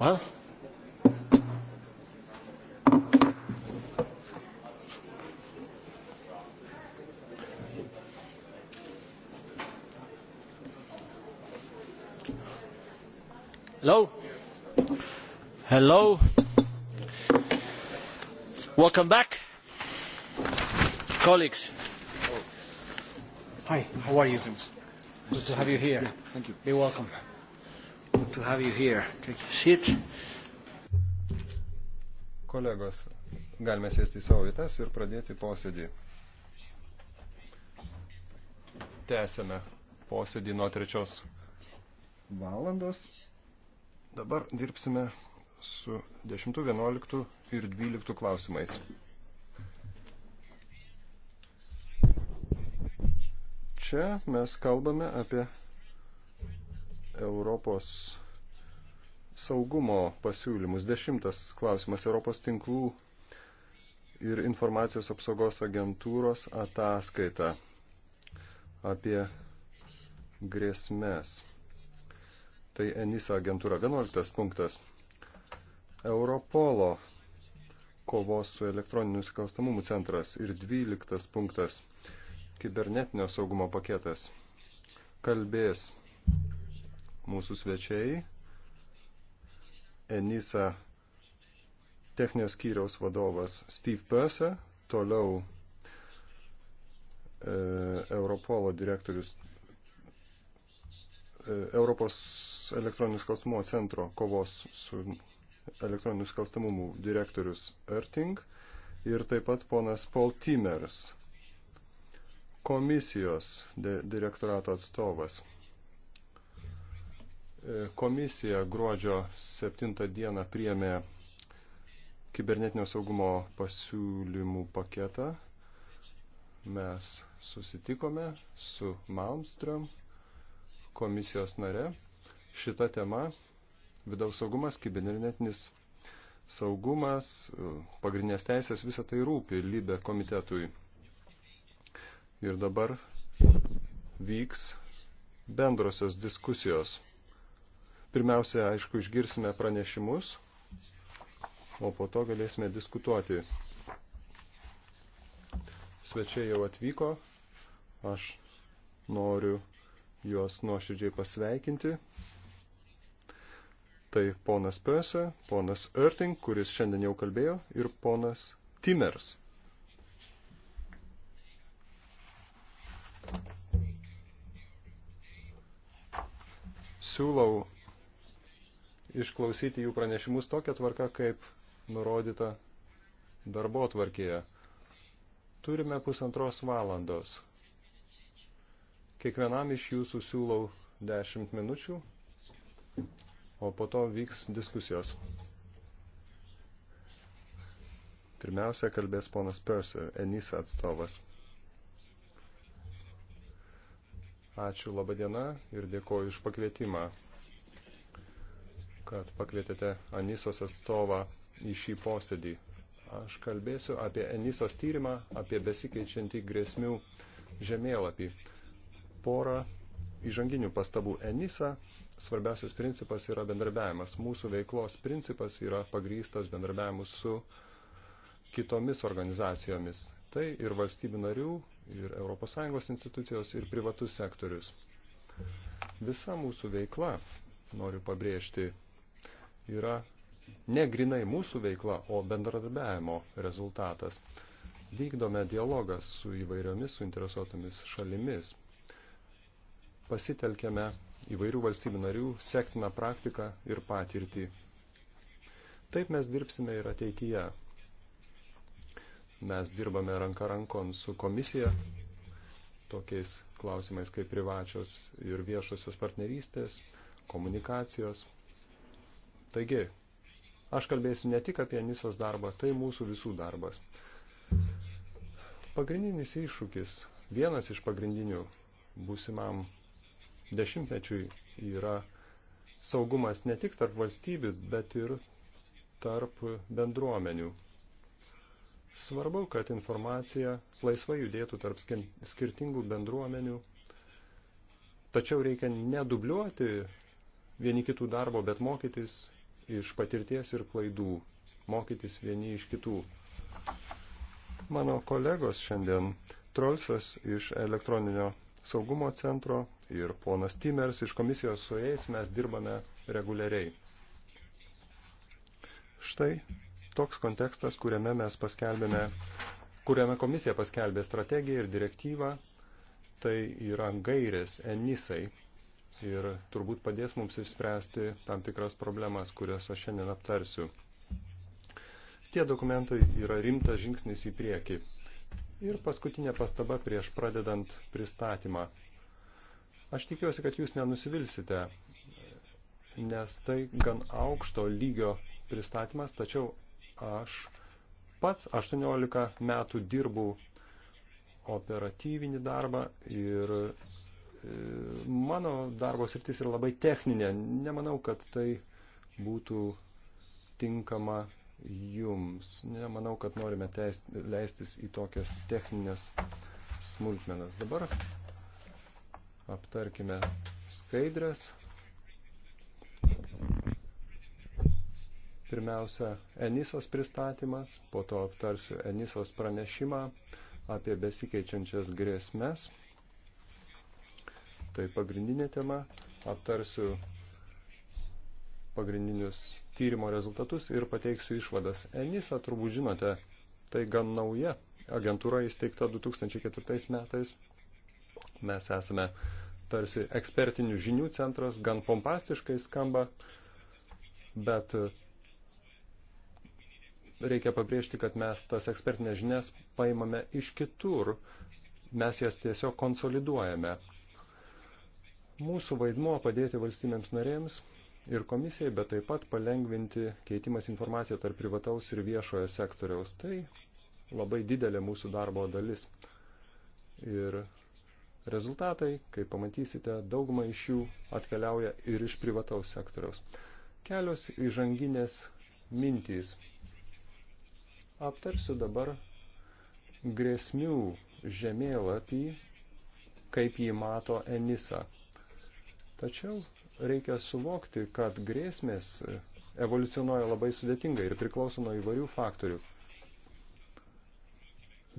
What? Hello? Hello? Welcome back, colleagues. Hi, how are you? Good to have you here. Yeah, thank you. Be welcome good to have you here. Take a seat. Kolegos, galime sėsti į savo vietas ir pradėti posėdį. Tęsėme posėdį nuo trečios valandos. Dabar dirbsime su 10, 11 ir 12 klausimais. Čia mes kalbame apie Europos saugumo pasiūlymus. Dešimtas klausimas Europos tinklų ir informacijos apsaugos agentūros ataskaita apie grėsmės. Tai ENISA agentūra 11 punktas. Europolo kovos su elektroniniu nusikalstamumu centras ir 12 punktas. Kibernetinio saugumo paketas. Kalbės mūsų svečiai. Enisa techninės skyriaus vadovas Steve Persa, toliau e, Europolo direktorius e, Europos elektroninis kalstumo centro kovos su elektroniniu skalstamumu direktorius Erting ir taip pat ponas Paul Timers, komisijos direktorato atstovas. Komisija gruodžio 7 dieną priėmė kibernetinio saugumo pasiūlymų paketą. Mes susitikome su Malmström komisijos nare. Šita tema - vidaus saugumas, kibernetinis saugumas, pagrindinės teisės, visą tai rūpi lybė komitetui. Ir dabar vyks bendrosios diskusijos Pirmiausia, aišku, išgirsime pranešimus, o po to galėsime diskutuoti. Svečiai jau atvyko, aš noriu juos nuoširdžiai pasveikinti. Tai ponas Pöse, ponas Erting, kuris šiandien jau kalbėjo, ir ponas Timers. siūlau išklausyti jų pranešimus tokią tvarką, kaip nurodyta darbo tvarkėje. Turime pusantros valandos. Kiekvienam iš jūsų siūlau 10 minučių, o po to vyks diskusijos. Pirmiausia, kalbės ponas Perser, Enisa atstovas. Ačiū, laba diena ir dėkoju iš pakvietimą kad pakvietėte Anisos atstovą į šį posėdį. Aš kalbėsiu apie Anisos tyrimą, apie besikeičiantį grėsmių žemėlapį. Porą įžanginių pastabų. Enisa svarbiausias principas yra bendrabiavimas. Mūsų veiklos principas yra pagrystas bendrabiavimu su kitomis organizacijomis. Tai ir valstybių narių, ir ES institucijos, ir privatus sektorius. Visa mūsų veikla, noriu pabrėžti, yra ne grinai mūsų veikla, o bendradarbiavimo rezultatas. Vykdome dialogą su įvairiomis suinteresuotomis šalimis. Pasitelkėme įvairių valstybių narių sektiną praktiką ir patirtį. Taip mes dirbsime ir ateityje. Mes dirbame ranka rankon su komisija tokiais klausimais kaip privačios ir viešosios partnerystės, komunikacijos Taigi, aš kalbėsiu ne tik apie Nisos darbą, tai mūsų visų darbas. Pagrindinis iššūkis, vienas iš pagrindinių būsimam dešimtmečiui yra saugumas ne tik tarp valstybių, bet ir tarp bendruomenių. Svarbu, kad informacija laisvai judėtų tarp skirtingų bendruomenių, tačiau reikia nedubliuoti vieni kitų darbo, bet mokytis iš patirties ir klaidų, mokytis vieni iš kitų. Mano kolegos šiandien Trolsas iš elektroninio saugumo centro ir ponas Timers iš komisijos su jais mes dirbame reguliariai. Štai toks kontekstas, kuriame mes paskelbėme, kuriame komisija paskelbė strategiją ir direktyvą, tai yra gairės Enisai ir turbūt padės mums išspręsti tam tikras problemas, kurias aš šiandien aptarsiu. Tie dokumentai yra rimtas žingsnis į priekį. Ir paskutinė pastaba prieš pradedant pristatymą. Aš tikiuosi, kad jūs nenusivilsite, nes tai gan aukšto lygio pristatymas, tačiau aš pats 18 metų dirbau operatyvinį darbą ir Mano darbo sritis yra labai techninė. Nemanau, kad tai būtų tinkama jums. Nemanau, kad norime teist, leistis į tokias techninės smulkmenas. Dabar aptarkime skaidrės. Pirmiausia, Enisos pristatymas, po to aptarsiu Enisos pranešimą apie besikeičiančias grėsmes tai pagrindinė tema. Aptarsiu pagrindinius tyrimo rezultatus ir pateiksiu išvadas. Enisa, turbūt žinote, tai gan nauja agentūra įsteigta 2004 metais. Mes esame tarsi ekspertinių žinių centras, gan pompastiškai skamba, bet reikia pabrėžti, kad mes tas ekspertinės žinias paimame iš kitur, mes jas tiesiog konsoliduojame. Mūsų vaidmuo padėti valstybėms narėms ir komisijai, bet taip pat palengvinti keitimas informaciją tarp privataus ir viešojo sektoriaus. Tai labai didelė mūsų darbo dalis. Ir rezultatai, kaip pamatysite, dauguma iš jų atkeliauja ir iš privataus sektoriaus. Kelios įžanginės mintys. Aptarsiu dabar grėsmių žemėlapį, kaip jį mato Enisa. Tačiau reikia suvokti, kad grėsmės evoliucionuoja labai sudėtingai ir priklauso nuo įvairių faktorių.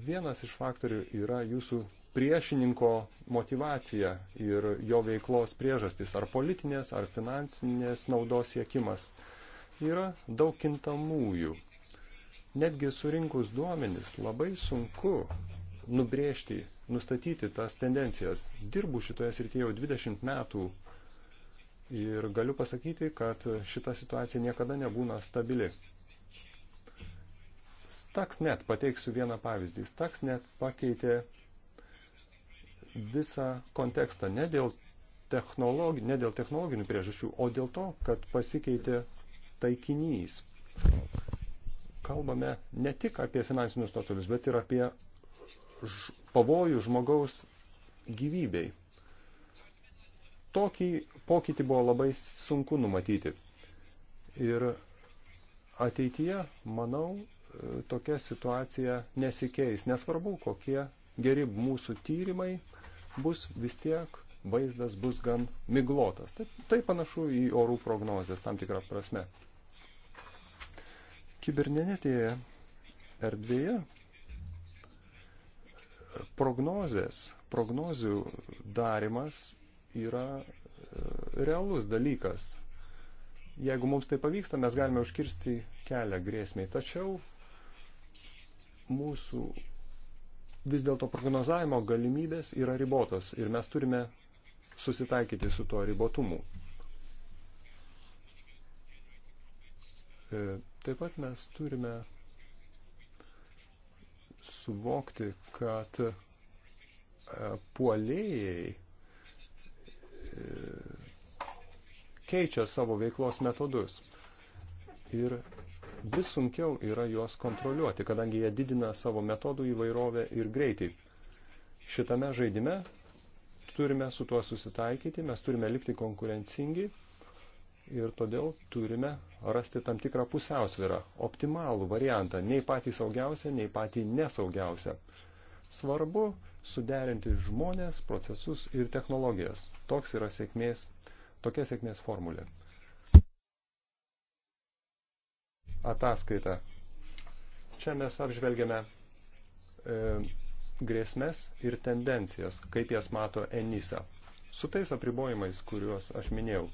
Vienas iš faktorių yra jūsų priešininko motivacija ir jo veiklos priežastis, ar politinės, ar finansinės naudos siekimas. Yra daug kintamųjų. Netgi surinkus duomenis labai sunku nubrėžti, nustatyti tas tendencijas. Dirbu šitoje srityje jau 20 metų Ir galiu pasakyti, kad šita situacija niekada nebūna stabili. Stuxnet, pateiksiu vieną pavyzdį. Stuxnet pakeitė visą kontekstą ne dėl, technologi, ne dėl technologinių priežasčių, o dėl to, kad pasikeitė taikinys. Kalbame ne tik apie finansinius nuotolius, bet ir apie pavojų žmogaus gyvybei. Tokį pokytį buvo labai sunku numatyti. Ir ateityje, manau, tokia situacija nesikeis. Nesvarbu, kokie geri mūsų tyrimai bus vis tiek vaizdas bus gan miglotas. Tai, tai panašu į orų prognozes tam tikrą prasme. Kibernetinėje erdvėje prognozės, prognozių darimas yra realus dalykas. Jeigu mums tai pavyksta, mes galime užkirsti kelią grėsmiai. Tačiau mūsų vis dėlto prognozavimo galimybės yra ribotos ir mes turime susitaikyti su tuo ribotumu. E, taip pat mes turime suvokti, kad e, puolėjai e, keičia savo veiklos metodus. Ir vis sunkiau yra juos kontroliuoti, kadangi jie didina savo metodų įvairovę ir greitį. Šitame žaidime turime su tuo susitaikyti, mes turime likti konkurencingi ir todėl turime rasti tam tikrą pusiausvyrą, optimalų variantą, nei patį saugiausią, nei patį nesaugiausią. Svarbu suderinti žmonės, procesus ir technologijas. Toks yra sėkmės Tokia sėkmės formulė. Ataskaita. Čia mes apžvelgiame e, grėsmės ir tendencijas, kaip jas mato Enisa. Su tais apribojimais, kuriuos aš minėjau.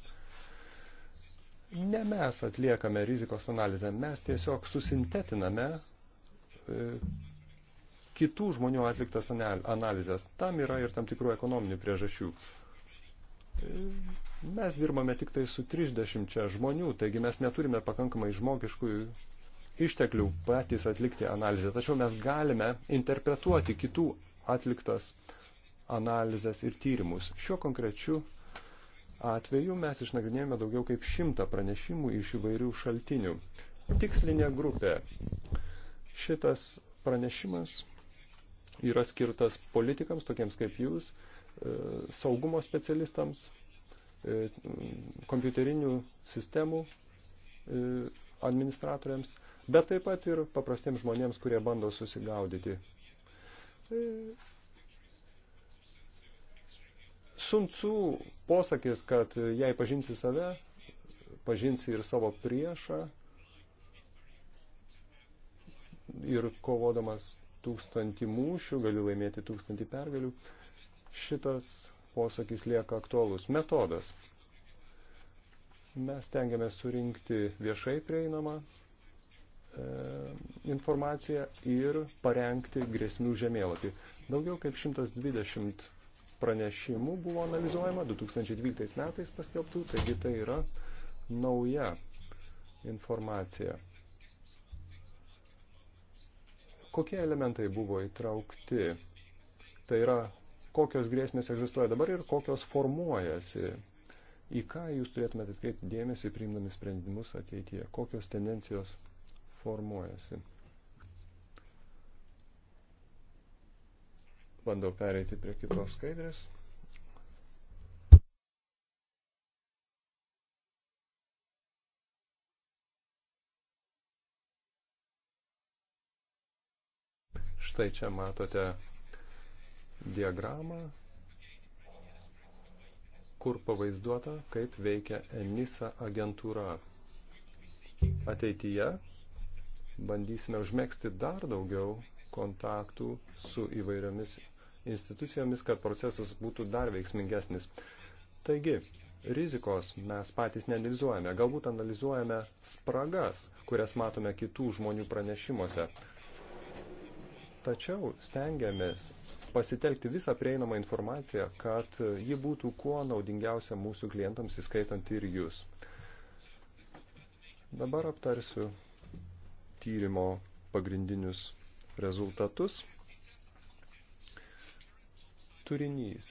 Ne mes atliekame rizikos analizę, mes tiesiog susintetiname e, kitų žmonių atliktas analizės. Tam yra ir tam tikrų ekonominių priežasčių. Mes dirbame tik tai su 30 žmonių, taigi mes neturime pakankamai žmogiškųjų išteklių patys atlikti analizę, tačiau mes galime interpretuoti kitų atliktas analizės ir tyrimus. Šiuo konkrečiu atveju mes išnagrinėjome daugiau kaip šimtą pranešimų iš įvairių šaltinių. Tikslinė grupė. Šitas pranešimas yra skirtas politikams, tokiems kaip jūs, E, saugumo specialistams, e, kompiuterinių sistemų e, administratoriams, bet taip pat ir paprastiems žmonėms, kurie bando susigaudyti. Suncu posakis, kad jei pažinsi save, pažinsi ir savo priešą ir kovodamas tūkstantį mūšių gali laimėti tūkstantį pergalių. E, šitas posakis lieka aktuolus. Metodas. Mes tengiame surinkti viešai prieinamą e, informaciją ir parengti grėsmių žemėlapį. Daugiau kaip 120 pranešimų buvo analizuojama 2012 metais paskelbtų, taigi tai yra nauja informacija. Kokie elementai buvo įtraukti? Tai yra kokios grėsmės egzistuoja dabar ir kokios formuojasi. Į ką jūs turėtumėte atkreipti dėmesį, priimdami sprendimus ateityje? Kokios tendencijos formuojasi? Bandau pereiti prie kitos skaidrės. Štai čia matote diagramą, kur pavaizduota, kaip veikia ENISA agentūra. Ateityje bandysime užmėgsti dar daugiau kontaktų su įvairiomis institucijomis, kad procesas būtų dar veiksmingesnis. Taigi, rizikos mes patys neanalizuojame, galbūt analizuojame spragas, kurias matome kitų žmonių pranešimuose. Tačiau stengiamės pasitelkti visą prieinamą informaciją, kad ji būtų kuo naudingiausia mūsų klientams, įskaitant ir jūs. Dabar aptarsiu tyrimo pagrindinius rezultatus. Turinys.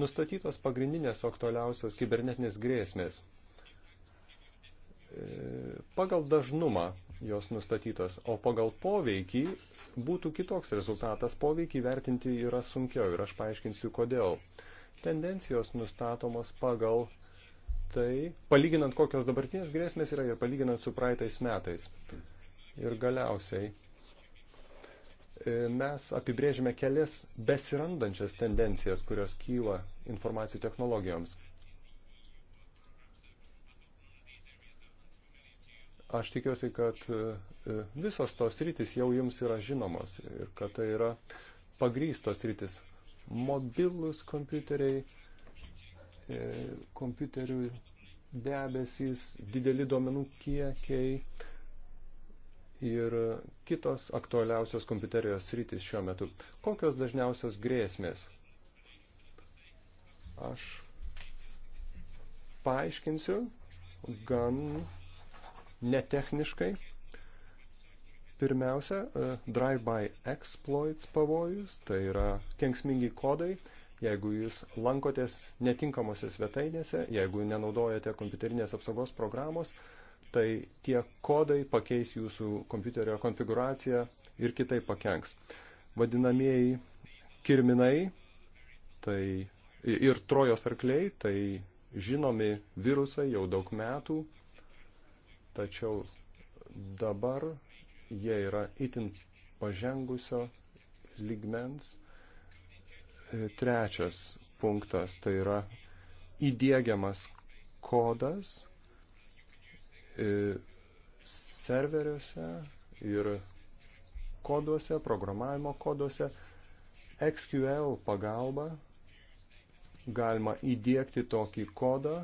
Nustatytos pagrindinės aktualiausios kibernetinės grėsmės. E, pagal dažnumą jos nustatytos, o pagal poveikį būtų kitoks rezultatas, poveikį vertinti yra sunkiau ir aš paaiškinsiu kodėl. Tendencijos nustatomos pagal tai, palyginant kokios dabartinės grėsmės yra ir palyginant su praeitais metais. Ir galiausiai e, mes apibrėžime kelias besirandančias tendencijas, kurios kyla informacijų technologijoms. Aš tikiuosi, kad e, e, visos tos rytis jau jums yra žinomos ir kad tai yra pagrystos rytis. Mobilus kompiuteriai, e, kompiuterių debesys, dideli duomenų kiekiai ir kitos aktualiausios kompiuterijos rytis šiuo metu. Kokios dažniausios grėsmės? Aš paaiškinsiu gan netechniškai. Pirmiausia, e, drive-by exploits pavojus, tai yra kenksmingi kodai, jeigu jūs lankotės netinkamose svetainėse, jeigu nenaudojate kompiuterinės apsaugos programos, tai tie kodai pakeis jūsų kompiuterio konfiguraciją ir kitai pakenks. Vadinamieji kirminai tai, ir trojos arkliai, tai žinomi virusai jau daug metų, tačiau dabar jie yra itin pažengusio lygmens. E, trečias punktas tai yra įdėgiamas kodas e, serveriuose ir koduose, programavimo koduose. XQL pagalba galima įdėkti tokį kodą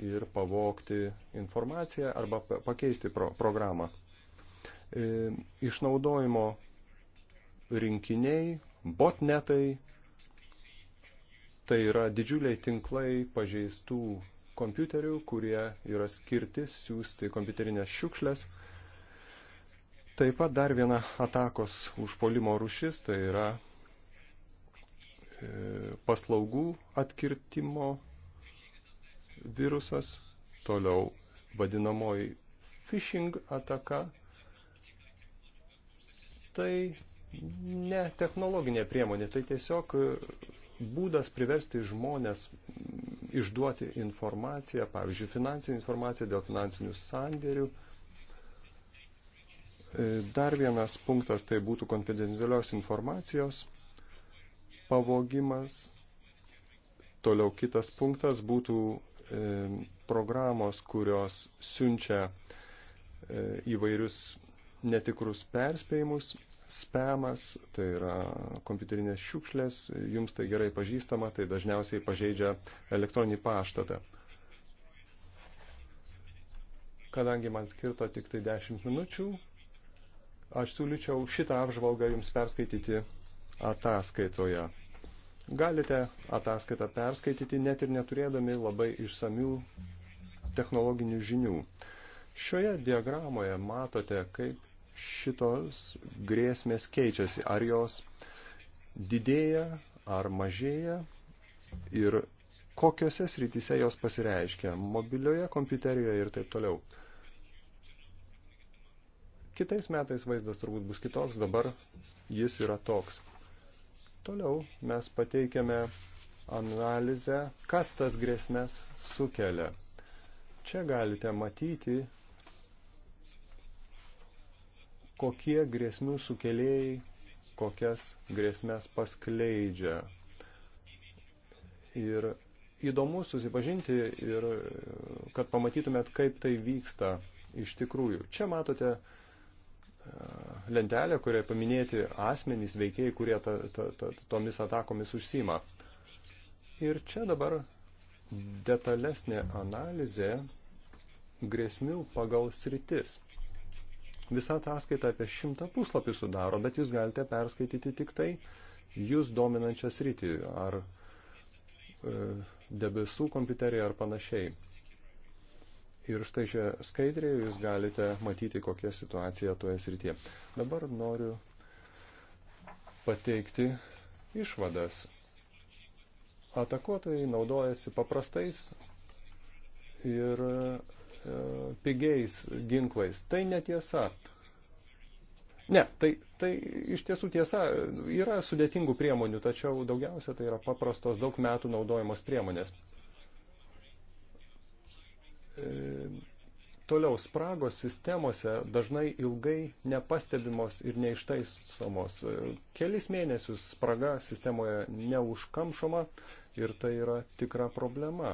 ir pavokti informaciją arba pakeisti pro programą. E, išnaudojimo rinkiniai, botnetai, tai yra didžiuliai tinklai pažeistų kompiuterių, kurie yra skirti siūsti kompiuterinės šiukšlės. Taip pat dar viena atakos užpolimo rušis, tai yra e, paslaugų atkirtimo virusas, toliau vadinamoji phishing ataka. Tai ne technologinė priemonė, tai tiesiog būdas priversti žmonės išduoti informaciją, pavyzdžiui, finansinį informaciją dėl finansinių sandėrių. E, dar vienas punktas tai būtų konfidencialios informacijos pavogimas. Toliau kitas punktas būtų E, programos, kurios siunčia e, įvairius netikrus perspėjimus, spamas, tai yra kompiuterinės šiukšlės, jums tai gerai pažįstama, tai dažniausiai pažeidžia elektroninį paštatą. Kadangi man skirta tik tai 10 minučių, aš siūlyčiau šitą apžvalgą jums perskaityti ataskaitoje. Galite ataskaitą perskaityti net ir neturėdami labai išsamių technologinių žinių. Šioje diagramoje matote, kaip šitos grėsmės keičiasi, ar jos didėja ar mažėja ir kokiose srityse jos pasireiškia - mobilioje kompiuterijoje ir taip toliau. Kitais metais vaizdas turbūt bus kitoks, dabar jis yra toks. Toliau mes pateikiame analizę, kas tas grėsmės sukelia. Čia galite matyti, kokie grėsmių sukėlėjai kokias grėsmės paskleidžia. Ir įdomu susipažinti ir kad pamatytumėt, kaip tai vyksta iš tikrųjų. Čia matote uh, lentelę, kurioje paminėti asmenys, veikėjai, kurie ta, ta, ta, tomis atakomis užsima. Ir čia dabar detalesnė analizė grėsmių pagal sritis. Visa ataskaita apie šimtą puslapį sudaro, bet jūs galite perskaityti tik tai jūs dominančią sritį ar e, debesų kompiuterį ar panašiai. Ir štai šią skaidrę jūs galite matyti, kokia situacija toje srityje. Dabar noriu pateikti išvadas. Atakuotojai naudojasi paprastais ir e, pigiais ginklais. Tai netiesa. Ne, tai, tai iš tiesų tiesa, yra sudėtingų priemonių, tačiau daugiausia tai yra paprastos daug metų naudojamos priemonės. Toliau spragos sistemose dažnai ilgai nepastebimos ir neištaisomos. Kelis mėnesius spraga sistemoje neužkamšoma ir tai yra tikra problema.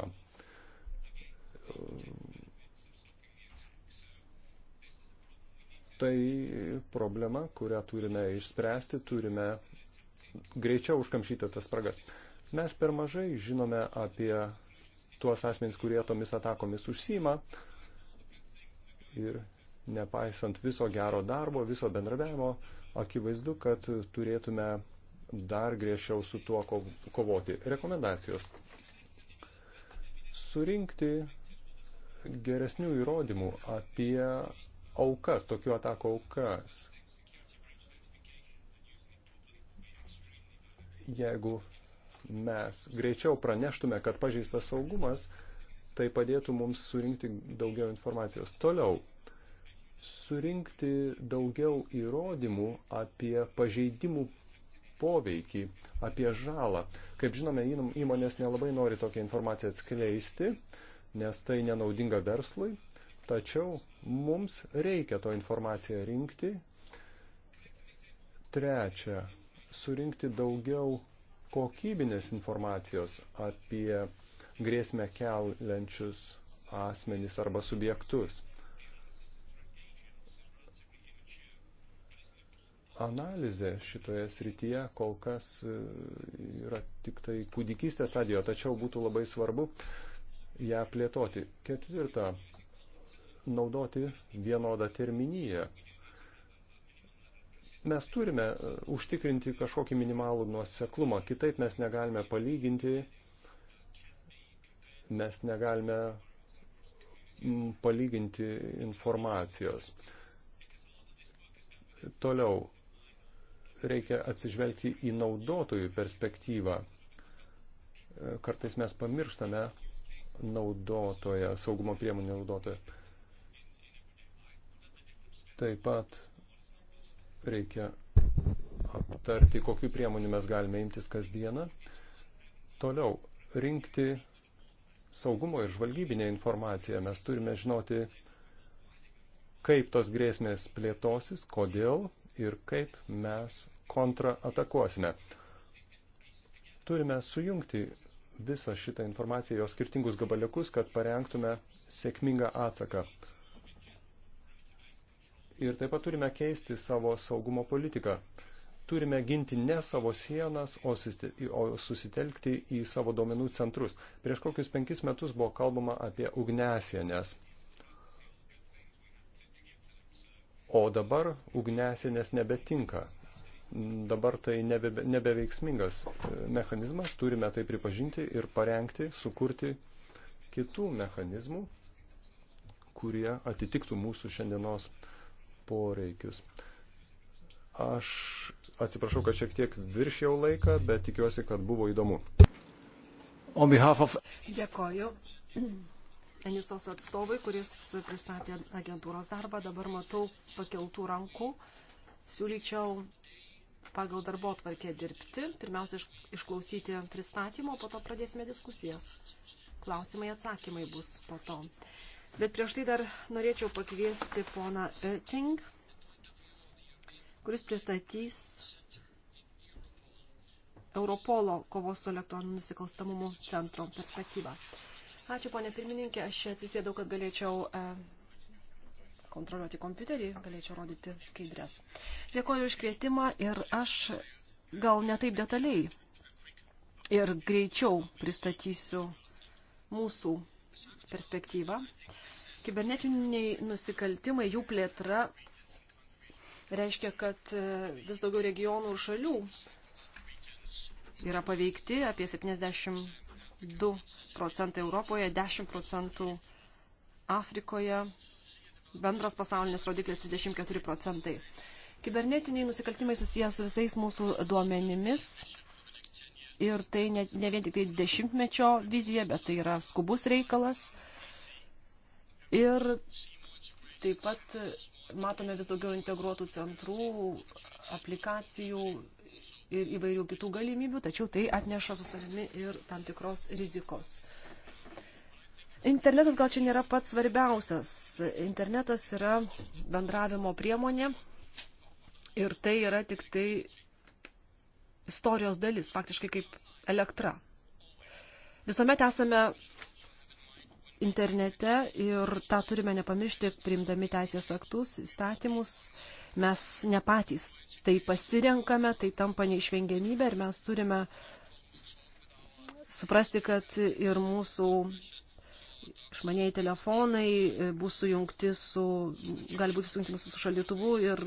Tai problema, kurią turime išspręsti, turime greičiau užkamšyti tas spragas. Mes per mažai žinome apie tuos asmenys, kurie tomis atakomis užsima. Ir nepaisant viso gero darbo, viso bendradavimo, akivaizdu, kad turėtume dar griežčiau su tuo kovoti. Rekomendacijos. Surinkti geresnių įrodymų apie aukas, tokių atako aukas. Jeigu mes greičiau praneštume, kad pažeistas saugumas, tai padėtų mums surinkti daugiau informacijos. Toliau, surinkti daugiau įrodymų apie pažeidimų poveikį, apie žalą. Kaip žinome, įmonės nelabai nori tokią informaciją atskleisti, nes tai nenaudinga verslui, tačiau mums reikia to informaciją rinkti. Trečia, surinkti daugiau kokybinės informacijos apie grėsmę keliančius asmenys arba subjektus. Analizė šitoje srityje kol kas e, yra tik tai kūdikystės stadijoje, tačiau būtų labai svarbu ją plėtoti. Ketvirta, naudoti vienodą terminiją Mes turime e, užtikrinti kažkokį minimalų nuoseklumą, kitaip mes negalime palyginti, mes negalime palyginti informacijos. Toliau reikia atsižvelgti į naudotojų perspektyvą. E, kartais mes pamirštame naudotoją, saugumo priemonių naudotoją. Taip pat Reikia aptarti, kokiu priemonių mes galime imtis kasdieną. Toliau, rinkti saugumo ir žvalgybinę informaciją. Mes turime žinoti, kaip tos grėsmės plėtosis, kodėl ir kaip mes kontraatakuosime. Turime sujungti visą šitą informaciją, jos skirtingus gabaliukus, kad parengtume sėkmingą atsaką. Ir taip pat turime keisti savo saugumo politiką. Turime ginti ne savo sienas, o susitelkti į savo duomenų centrus. Prieš kokius penkis metus buvo kalbama apie ugnesienės. O dabar ugnesienės nebetinka. Dabar tai nebe, nebeveiksmingas e, mechanizmas, turime tai pripažinti ir parengti, sukurti kitų mechanizmų, kurie atitiktų mūsų šiandienos uh, poreikius. Aš atsiprašau, kad šiek tiek viršėjau laiką, bet tikiuosi, kad buvo įdomu. Of... Dėkoju. Enisos atstovui, kuris pristatė agentūros darbą, dabar matau pakeltų rankų. Siūlyčiau pagal darbo tvarkę dirbti. Pirmiausia, išklausyti pristatymo, po to pradėsime diskusijas. Klausimai, atsakymai bus po to. Bet prieš tai dar norėčiau pakviesti poną Eching, kuris pristatys Europolo kovos su elektroniniu nusikalstamumu centro perspektyvą. Ačiū, ponė pirmininkė, aš atsisėdau, kad galėčiau e, kontroliuoti kompiuterį, galėčiau rodyti skaidrės. Dėkuoju už kvietimą ir aš gal netaip detaliai ir greičiau pristatysiu mūsų perspektyvą. Kibernetiniai nusikaltimai, jų plėtra reiškia, kad e, vis daugiau regionų ir šalių yra paveikti, apie 72 procentai Europoje, 10 procentų Afrikoje, bendras pasaulinis rodiklis 34 procentai. Kibernetiniai nusikaltimai susijęs su visais mūsų duomenimis Ir tai ne, ne vien tik tai dešimtmečio vizija, bet tai yra skubus reikalas. Ir taip pat matome vis daugiau integruotų centrų, aplikacijų ir įvairių kitų galimybių, tačiau tai atneša su savimi ir tam tikros rizikos. Internetas gal čia nėra pats svarbiausias. Internetas yra bendravimo priemonė ir tai yra tik tai istorijos dalis, faktiškai kaip elektra. Visuomet esame internete ir tą turime nepamiršti, priimdami teisės aktus, įstatymus. Mes ne patys tai pasirenkame, tai tampa neišvengiamybė ir mes turime suprasti, kad ir mūsų išmaniai telefonai bus sujungti su, gali būti sujungti su šaldytuvu ir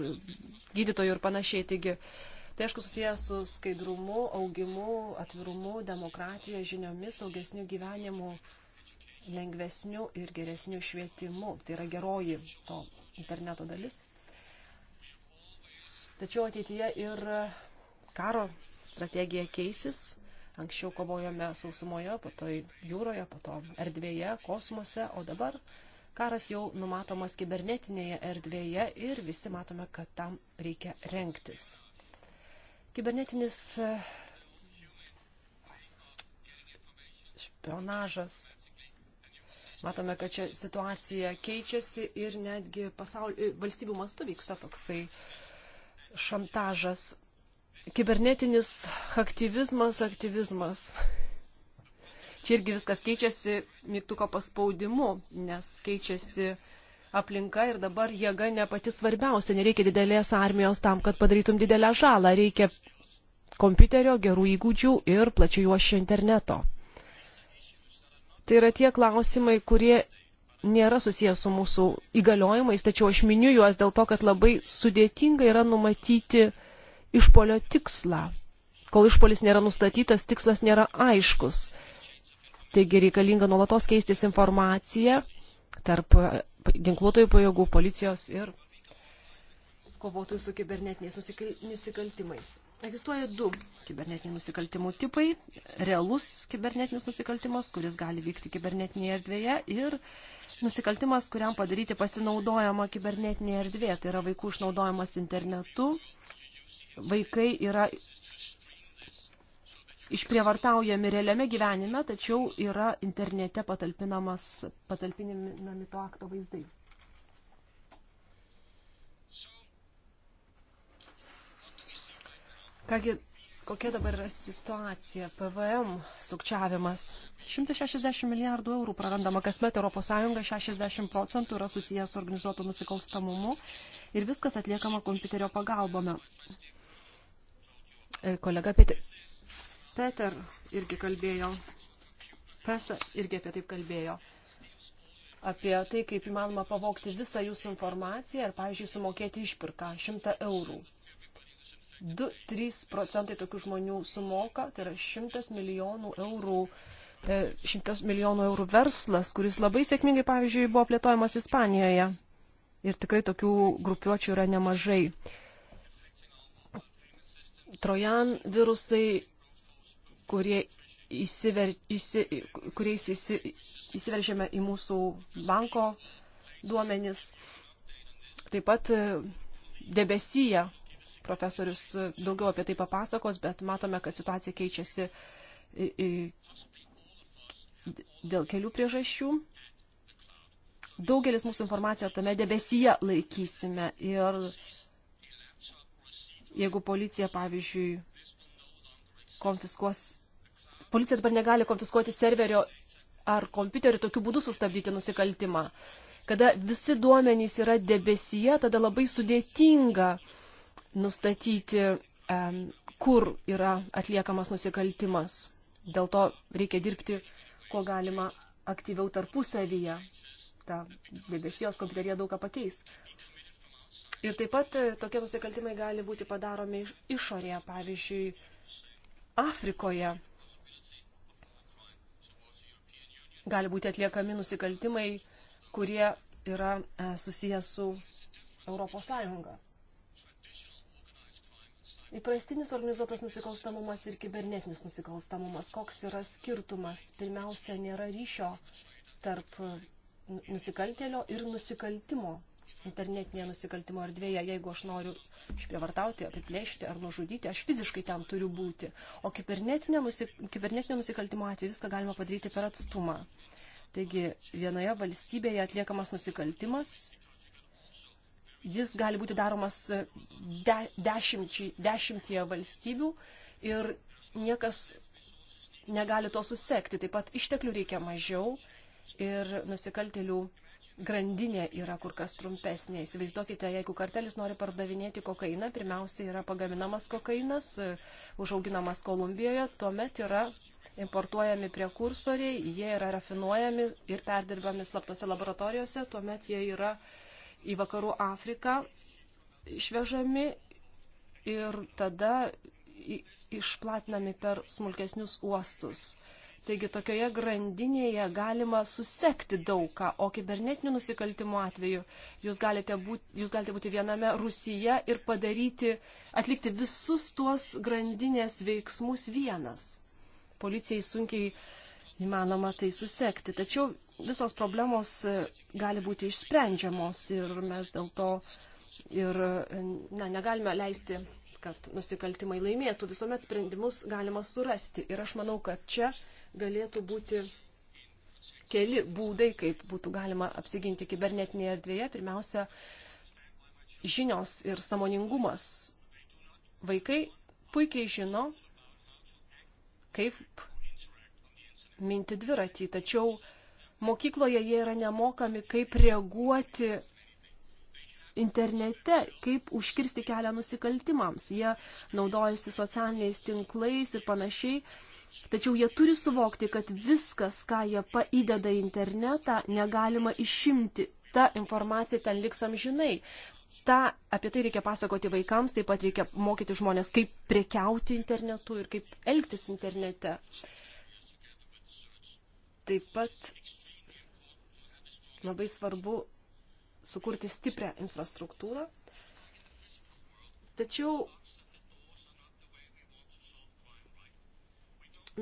gydytoju ir panašiai. Taigi, uh, Tai aišku susijęs su skaidrumu, augimu, atvirumu, demokratija, žiniomis, saugesniu gyvenimu, lengvesniu ir geresniu švietimu. Tai yra geroji to interneto dalis. Tačiau ateityje ir karo strategija keisis. Anksčiau kovojome sausumoje, po to jūroje, po to erdvėje, kosmose, o dabar karas jau numatomas kibernetinėje erdvėje ir visi matome, kad tam reikia renktis. Kibernetinis e, špionažas. Matome, kad čia situacija keičiasi ir netgi pasaulio, e, valstybių mastu vyksta toksai šantažas. Kibernetinis aktyvizmas, aktyvizmas. Čia irgi viskas keičiasi mygtuko paspaudimu, nes keičiasi uh, aplinka ir dabar jėga ne pati svarbiausia, nereikia didelės armijos tam, kad padarytum didelę žalą, reikia kompiuterio, gerų įgūdžių ir plačių juošio interneto. Tai yra tie klausimai, kurie nėra susijęs su mūsų įgaliojimais, tačiau aš miniu juos dėl to, kad labai sudėtinga yra numatyti išpolio tikslą. Kol išpolis nėra nustatytas, tikslas nėra aiškus. Taigi reikalinga nuolatos keistis informacija tarp ginkluotojų pajėgų, policijos ir kovotojų su kibernetiniais nusikaltimais. Egzistuoja du kibernetinių nusikaltimų tipai - realus kibernetinis nusikaltimas, kuris gali vykti kibernetinėje erdvėje ir nusikaltimas, kuriam padaryti pasinaudojama kibernetinėje erdvėje, tai yra vaikų išnaudojimas internetu. Vaikai yra išprievartaujami realiame gyvenime, tačiau yra internete patalpinamas, patalpinami to akto vaizdai. Kągi, kokia dabar yra situacija? PVM sukčiavimas. 160 milijardų eurų prarandama kasmet ES, 60 procentų yra susijęs su organizuotu nusikalstamumu ir viskas atliekama kompiuterio pagalbame. E, kolega Peti Peter irgi kalbėjo, Pesa irgi apie taip kalbėjo, apie tai, kaip įmanoma pavokti visą jūsų informaciją ir, pavyzdžiui, sumokėti išpirką 100 eurų. 2-3 procentai tokių žmonių sumoka, tai yra 100 milijonų eurų e, šimtas milijonų eurų verslas, kuris labai sėkmingai, pavyzdžiui, buvo plėtojamas Ispanijoje. Ir tikrai tokių grupiuočių yra nemažai. Trojan virusai kurie, įsiver, įsi, kuriais įsi, įsiveržėme į mūsų banko duomenis. Taip pat e, debesyje profesorius daugiau apie tai papasakos, bet matome, kad situacija keičiasi dėl kelių priežasčių. Daugelis mūsų informaciją tame debesyje laikysime ir jeigu policija, pavyzdžiui, konfiskuos policija dabar negali konfiskuoti serverio ar kompiuterį tokiu būdu sustabdyti nusikaltimą. Kada visi duomenys yra debesyje, tada labai sudėtinga nustatyti, um, kur yra atliekamas nusikaltimas. Dėl to reikia dirbti, kuo galima aktyviau tarpusavyje. Ta debesijos kompiuterija daug ką pakeis. Ir taip pat e, tokie nusikaltimai gali būti padaromi išorėje, pavyzdžiui, Afrikoje gali būti atliekami nusikaltimai, kurie yra e, susijęs su ES. Įprastinis organizuotas nusikalstamumas ir kibernetinis nusikalstamumas. Koks yra skirtumas? Pirmiausia, nėra ryšio tarp nusikaltėlio ir nusikaltimo internetinėje nusikaltimo erdvėje, jeigu aš noriu išprievartauti, apiplėšti ar nužudyti, aš fiziškai ten turiu būti. O kibernetinio, nusik kibernetinio nusikaltimo atveju viską galima padaryti per atstumą. Taigi vienoje valstybėje atliekamas nusikaltimas, jis gali būti daromas de, dešimčiai, dešimtyje valstybių ir niekas negali to susekti. Taip pat išteklių reikia mažiau ir nusikaltelių grandinė yra kur kas trumpesnė. Įsivaizduokite, jeigu kartelis nori pardavinėti kokainą, pirmiausia yra pagaminamas kokainas, užauginamas Kolumbijoje, tuomet yra importuojami prekursoriai, jie yra rafinuojami ir perdirbami slaptose laboratorijose, tuomet jie yra į vakarų Afriką išvežami ir tada išplatinami per smulkesnius uostus. Uh, Taigi tokioje grandinėje galima susekti daugą, o kibernetinių nusikaltimų atveju jūs galite, būti, jūs galite būti viename Rusija ir padaryti, atlikti visus tuos grandinės veiksmus vienas. Policijai sunkiai įmanoma tai susekti. Tačiau visos problemos e, gali būti išsprendžiamos ir mes dėl to ir e, na, negalime leisti, kad nusikaltimai laimėtų. Visuomet sprendimus galima surasti. Ir aš manau, kad čia galėtų būti keli būdai, kaip būtų galima apsiginti kibernetinėje erdvėje. Pirmiausia, žinios ir samoningumas. Vaikai puikiai žino, kaip minti dviratį, tačiau mokykloje jie yra nemokami, kaip reaguoti internete, kaip užkirsti kelią nusikaltimams. Jie naudojasi socialiniais tinklais ir panašiai. Tačiau jie turi suvokti, kad viskas, ką jie paideda į internetą, negalima išimti. Ta informacija ten liks amžinai. Ta, apie tai reikia pasakoti vaikams, taip pat reikia mokyti žmonės, kaip prekiauti internetu ir kaip elgtis internete. Taip pat labai svarbu sukurti stiprią infrastruktūrą. Tačiau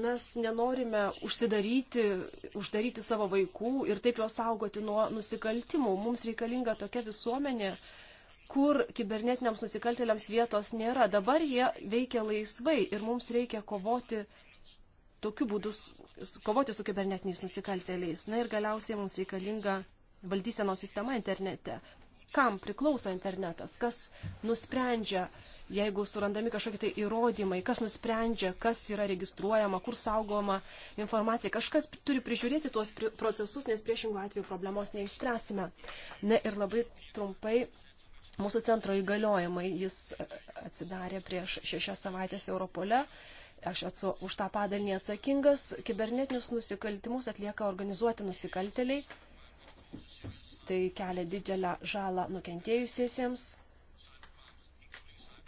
mes nenorime užsidaryti, uždaryti savo vaikų ir taip juos saugoti nuo nusikaltimų. Mums reikalinga tokia visuomenė, kur kibernetiniams nusikaltėliams vietos nėra. Dabar jie veikia laisvai ir mums reikia kovoti tokiu būdu, kovoti su kibernetiniais nusikaltėliais. Na ir galiausiai mums reikalinga valdysenos sistema internete kam priklauso internetas, kas nusprendžia, jeigu surandami kažkokie tai įrodymai, kas nusprendžia, kas yra registruojama, kur saugoma informacija. Kažkas turi prižiūrėti tuos procesus, nes priešingų atveju problemos neišspręsime. Na ir labai trumpai mūsų centro įgaliojimai. Jis e, atsidarė prieš šešias savaitės Europole. Aš esu už tą padalinį atsakingas. Kibernetinius nusikaltimus atlieka organizuoti nusikalteliai. Tai kelia didelę žalą nukentėjusiesiems.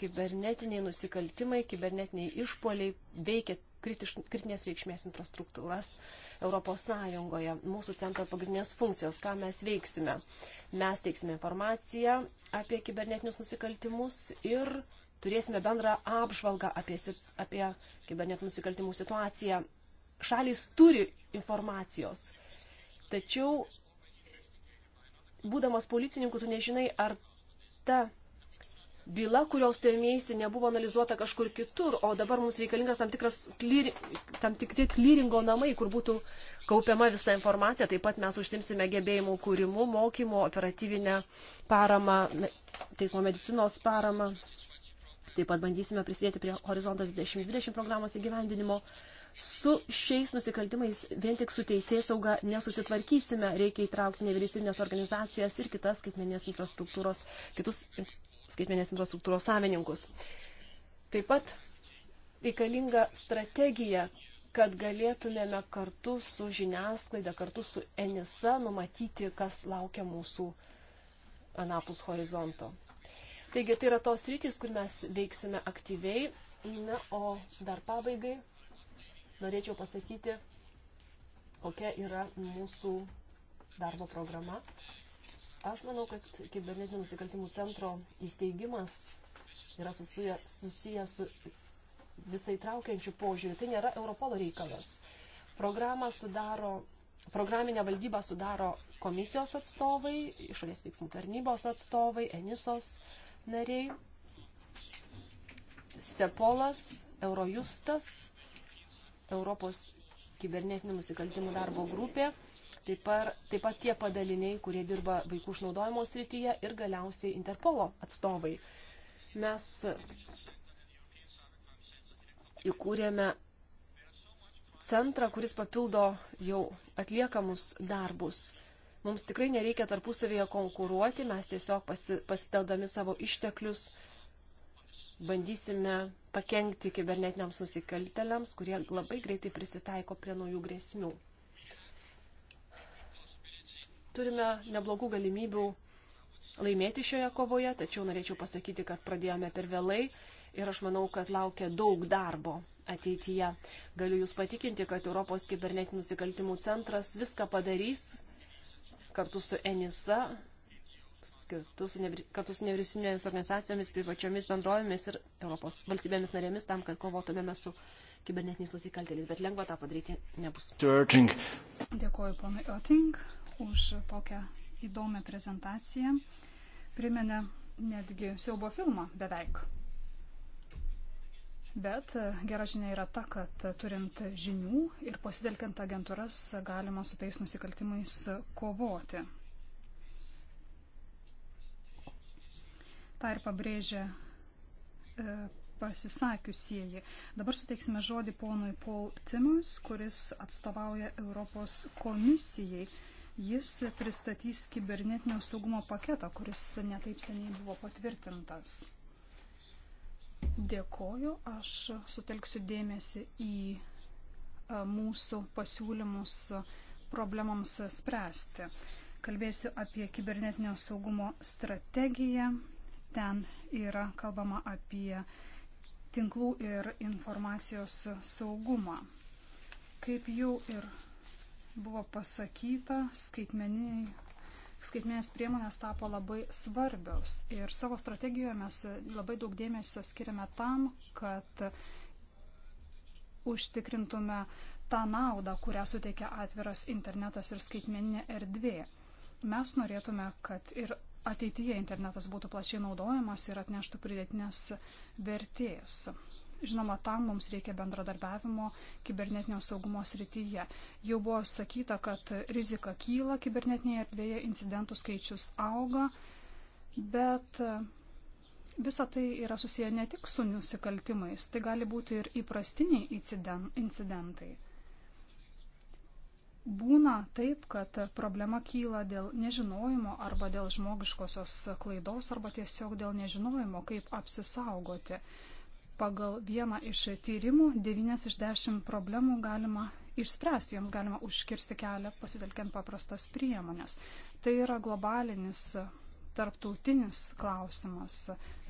Kibernetiniai nusikaltimai, kibernetiniai išpoliai veikia kritiš, kritinės reikšmės infrastruktūras Europos Sąjungoje. Mūsų centro pagrindinės funkcijos, ką mes veiksime. Mes teiksime informaciją apie kibernetinius nusikaltimus ir turėsime bendrą apžvalgą apie, apie kibernetinių nusikaltimų situaciją. Šalys turi informacijos, tačiau būdamas policininku, tu nežinai, ar ta byla, kurios tu ėmėsi, nebuvo analizuota kažkur kitur, o dabar mums reikalingas tam, tikras, klyri, tam tikri klyringo namai, kur būtų kaupiama visa informacija. Taip pat mes užsimsime gebėjimų kūrimu, mokymu, operatyvinę paramą, teismo medicinos paramą. Taip pat bandysime prisidėti prie Horizontas 2020 programos įgyvendinimo. Su šiais nusikaltimais vien tik su teisės sauga nesusitvarkysime, reikia įtraukti nevyriausybinės organizacijas ir kitas skaitmenės infrastruktūros, kitus skaitmenės infrastruktūros savininkus. Taip pat reikalinga strategija, kad galėtumėme kartu su žiniasklaida, kartu su Enisa numatyti, kas laukia mūsų anapus horizonto. Taigi tai yra tos rytis, kur mes veiksime aktyviai. Na, o dar pabaigai norėčiau pasakyti, kokia yra mūsų darbo programa. Aš manau, kad kibernetinių nusikaltimų centro įsteigimas yra susijęs susiję su visai traukiančių požiūrių. Tai nėra Europolo reikalas. Programą sudaro, programinę valdybą sudaro komisijos atstovai, išorės veiksmų tarnybos atstovai, Enisos nariai, Sepolas, Eurojustas Europos kibernetinių nusikaltimų darbo grupė, taip pat, taip pat tie padaliniai, kurie dirba vaikų išnaudojimo srityje ir galiausiai Interpolo atstovai. Mes įkūrėme centrą, kuris papildo jau atliekamus darbus. Mums tikrai nereikia tarpusavėje konkuruoti, mes tiesiog pasiteldami savo išteklius uh, bandysime pakengti kibernetiniams nusikalteliams, kurie labai greitai prisitaiko prie naujų grėsmių. Turime neblogų galimybių laimėti šioje kovoje, tačiau norėčiau pasakyti, kad pradėjome per vėlai ir aš manau, kad laukia daug darbo ateityje. Galiu Jūs patikinti, kad Europos kibernetinių nusikaltimų centras viską padarys kartu su ENISA, skirtus kartu su nevyriausybinėmis organizacijomis, privačiomis bendrovėmis ir Europos valstybėmis narėmis tam, kad kovotumėme su kibernetiniais nusikaltėliais, bet lengva tą padaryti nebus. Dėkuoju ponui Oting už tokią įdomią prezentaciją. Primena netgi siaubo filmą beveik. Bet e, gera žinia yra ta, kad e, turint žinių ir pasitelkiant agentūras galima su tais nusikaltimais e, kovoti. Ta ir pabrėžia e, pasisakiusieji. Dabar suteiksime žodį ponui Paul Timmers, kuris atstovauja Europos komisijai. Jis pristatys kibernetinio saugumo paketą, kuris netaip seniai buvo patvirtintas. Dėkoju, aš sutelksiu dėmesį į e, mūsų pasiūlymus problemams spręsti. Kalbėsiu apie kibernetinio saugumo strategiją, Ten yra kalbama apie tinklų ir informacijos saugumą. Kaip jau ir buvo pasakyta, skaitmeniniai skaitminės priemonės tapo labai svarbios. Ir savo strategijoje mes labai daug dėmesio skiriame tam, kad užtikrintume tą naudą, kurią suteikia atviras internetas ir skaitmeninė erdvė. Mes norėtume, kad ir ateityje internetas būtų plačiai naudojamas ir atneštų pridėtinės vertės. Žinoma, tam mums reikia bendradarbiavimo kibernetinio saugumo srityje. Jau buvo sakyta, kad rizika kyla kibernetinėje erdvėje, incidentų skaičius auga, bet visa tai yra susiję ne tik su nusikaltimais, tai gali būti ir įprastiniai incidentai. Būna taip, kad problema kyla dėl nežinojimo arba dėl žmogiškosios klaidos arba tiesiog dėl nežinojimo, kaip apsisaugoti. Pagal vieną iš tyrimų 9 iš 10 problemų galima išspręsti, joms galima užkirsti kelią pasitelkiant paprastas priemonės. Tai yra globalinis tarptautinis klausimas,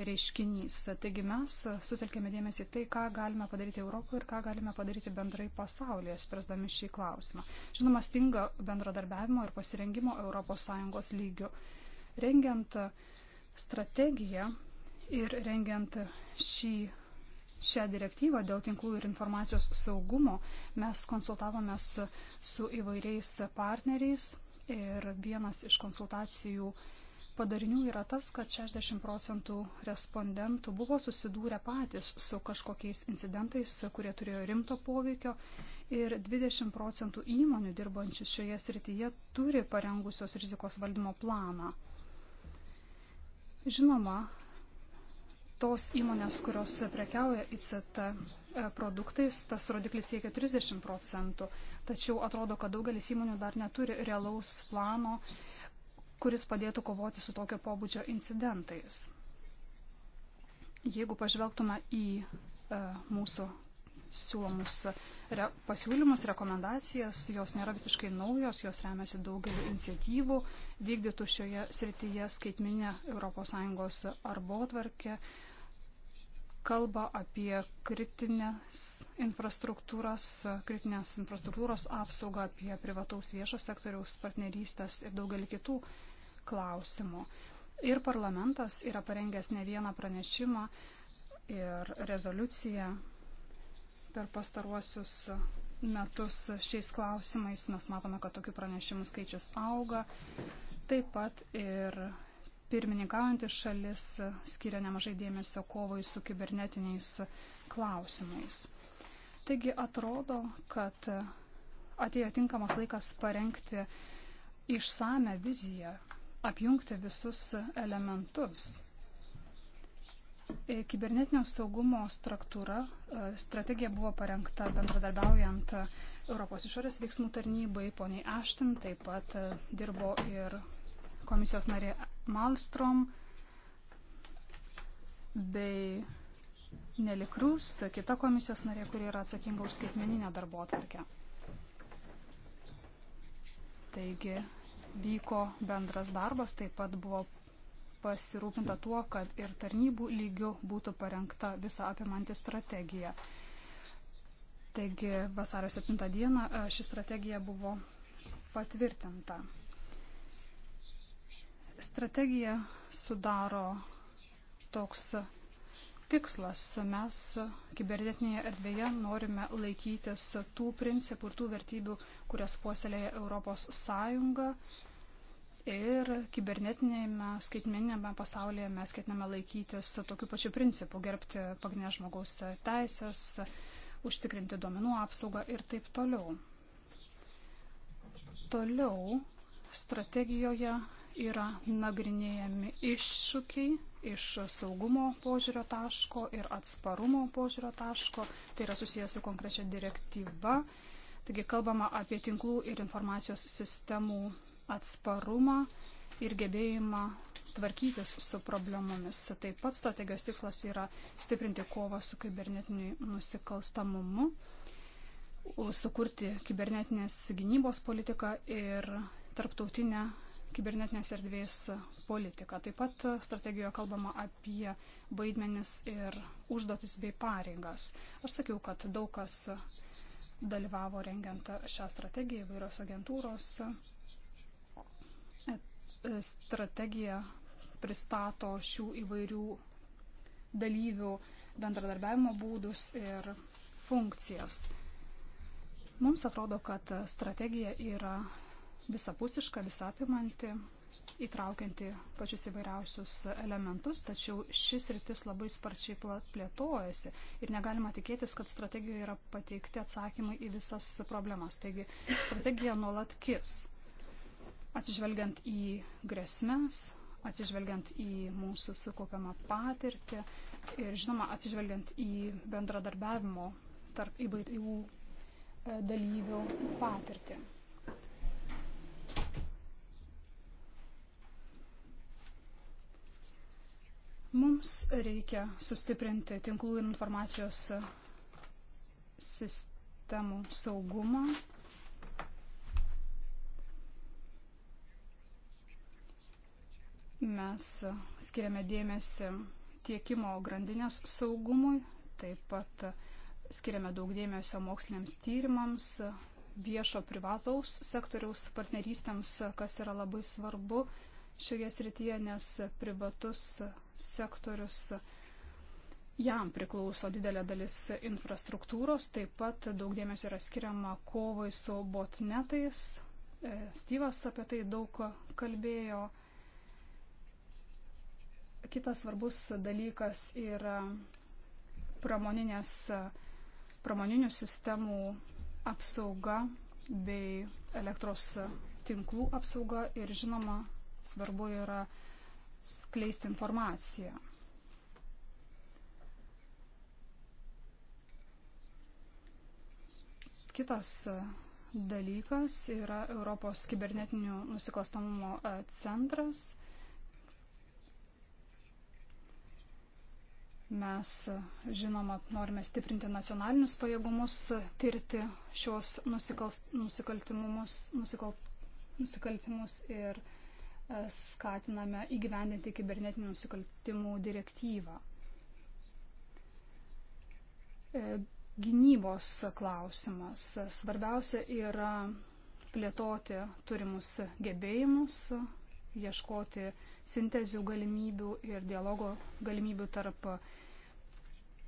reiškinys. Taigi mes sutelkėme dėmesį tai, ką galime padaryti Europoje ir ką galime padaryti bendrai pasaulyje, spręsdami šį klausimą. Žinoma, stinga bendradarbiavimo ir pasirengimo ES lygių. Rengiant strategiją ir rengiant šį šią direktyvą dėl tinklų ir informacijos saugumo mes konsultavomės su įvairiais partneriais ir vienas iš konsultacijų uh, padarinių yra tas, kad 60 procentų respondentų buvo susidūrę patys su kažkokiais incidentais, kurie turėjo rimto poveikio ir 20 procentų įmonių dirbančių šioje srityje turi parengusios rizikos valdymo planą. Žinoma, tos įmonės, kurios prekiauja ICT e, produktais, tas rodiklis siekia 30 procentų, tačiau atrodo, kad daugelis įmonių dar neturi realaus plano kuris padėtų kovoti su tokio pobūdžio incidentais. Jeigu pažvelgtume į e, mūsų siūlomus re, pasiūlymus, rekomendacijas, jos nėra visiškai naujos, jos remiasi daugeliu iniciatyvų vykdytų šioje srityje skaitminė ES arbotvarkė kalba apie kritinės infrastruktūras, kritinės infrastruktūros apsaugą, apie privataus viešo sektoriaus partnerystės ir daugelį kitų klausimu. Ir parlamentas yra parengęs ne vieną pranešimą ir rezoliuciją per pastaruosius metus šiais klausimais. Mes matome, kad tokių pranešimų skaičius auga. Taip pat ir pirmininkaujantis šalis skiria nemažai dėmesio kovai su kibernetiniais klausimais. Taigi atrodo, kad atėjo tinkamas laikas parengti išsame viziją apjungti visus elementus. E, kibernetinio saugumo struktūra, e, strategija buvo parengta bendradarbiaujant Europos išorės veiksmų tarnybai, poniai Ashton, taip pat e, dirbo ir komisijos narė Malstrom bei Nelikrus, kita komisijos narė, kuri yra atsakinga už skaitmeninę darbo atvarkę. Taigi vyko bendras darbas, taip pat buvo pasirūpinta tuo, kad ir tarnybų lygių būtų parengta visa apimanti strategija. Taigi vasario 7 dieną e, ši strategija buvo patvirtinta. Strategija sudaro toks tikslas. Mes kibernetinėje erdvėje norime laikytis tų principų ir tų vertybių, kurias puoselėja Europos Sąjunga. Ir kibernetinėme skaitmeninėme pasaulyje mes ketiname laikytis tokių pačių principų, gerbti pagrindinės žmogaus teisės, užtikrinti duomenų apsaugą ir taip toliau. Toliau strategijoje yra nagrinėjami iššūkiai iš saugumo požiūrio taško ir atsparumo požiūrio taško. Tai yra susijęs su konkrečia direktyva. Taigi kalbama apie tinklų ir informacijos sistemų atsparumą ir gebėjimą tvarkytis su problemomis. Taip pat strategijos tikslas yra stiprinti kovą su kibernetiniu nusikalstamumu, sukurti kibernetinės gynybos politiką ir tarptautinę kibernetinės erdvės politiką. Taip pat strategijoje kalbama apie vaidmenis ir užduotis bei pareigas. Aš sakiau, kad daug kas dalyvavo rengiant šią strategiją, įvairios agentūros. E, strategija pristato šių įvairių dalyvių bendradarbiavimo būdus ir funkcijas. Mums atrodo, kad strategija yra visapusiška, visapimanti, įtraukianti pačius įvairiausius elementus, tačiau šis rytis labai sparčiai plėtojasi ir negalima tikėtis, kad strategijoje yra pateikti atsakymai į visas problemas. Taigi strategija nuolat kis, atsižvelgiant į grėsmės, atsižvelgiant į mūsų sukaupiamą patirtį ir, žinoma, atsižvelgiant į bendradarbiavimo tarp įvairių e, dalyvių patirtį. Mums reikia sustiprinti tinklų ir informacijos sistemų saugumą. Mes skiriame dėmesį tiekimo grandinės saugumui, taip pat skiriame daug dėmesio moksliniams tyrimams, viešo privataus sektoriaus partnerystėms, kas yra labai svarbu šioje srityje, nes privatus sektorius jam priklauso didelė dalis infrastruktūros, taip pat daug dėmesio yra skiriama kovai su botnetais. E, Styvas apie tai daug kalbėjo. Kitas svarbus dalykas yra pramoninės, pramoninių sistemų apsauga bei elektros tinklų apsauga ir žinoma svarbu yra skleisti informaciją. Kitas e, dalykas yra Europos kibernetinių nusikalstamumo e, centras. Mes, e, žinoma, norime stiprinti nacionalinius pajėgumus, tirti šios nusikaltimus ir skatiname įgyvendinti kibernetinių nusikaltimų direktyvą. E, gynybos klausimas. Svarbiausia yra plėtoti turimus gebėjimus, ieškoti sintezių galimybių ir dialogo galimybių tarp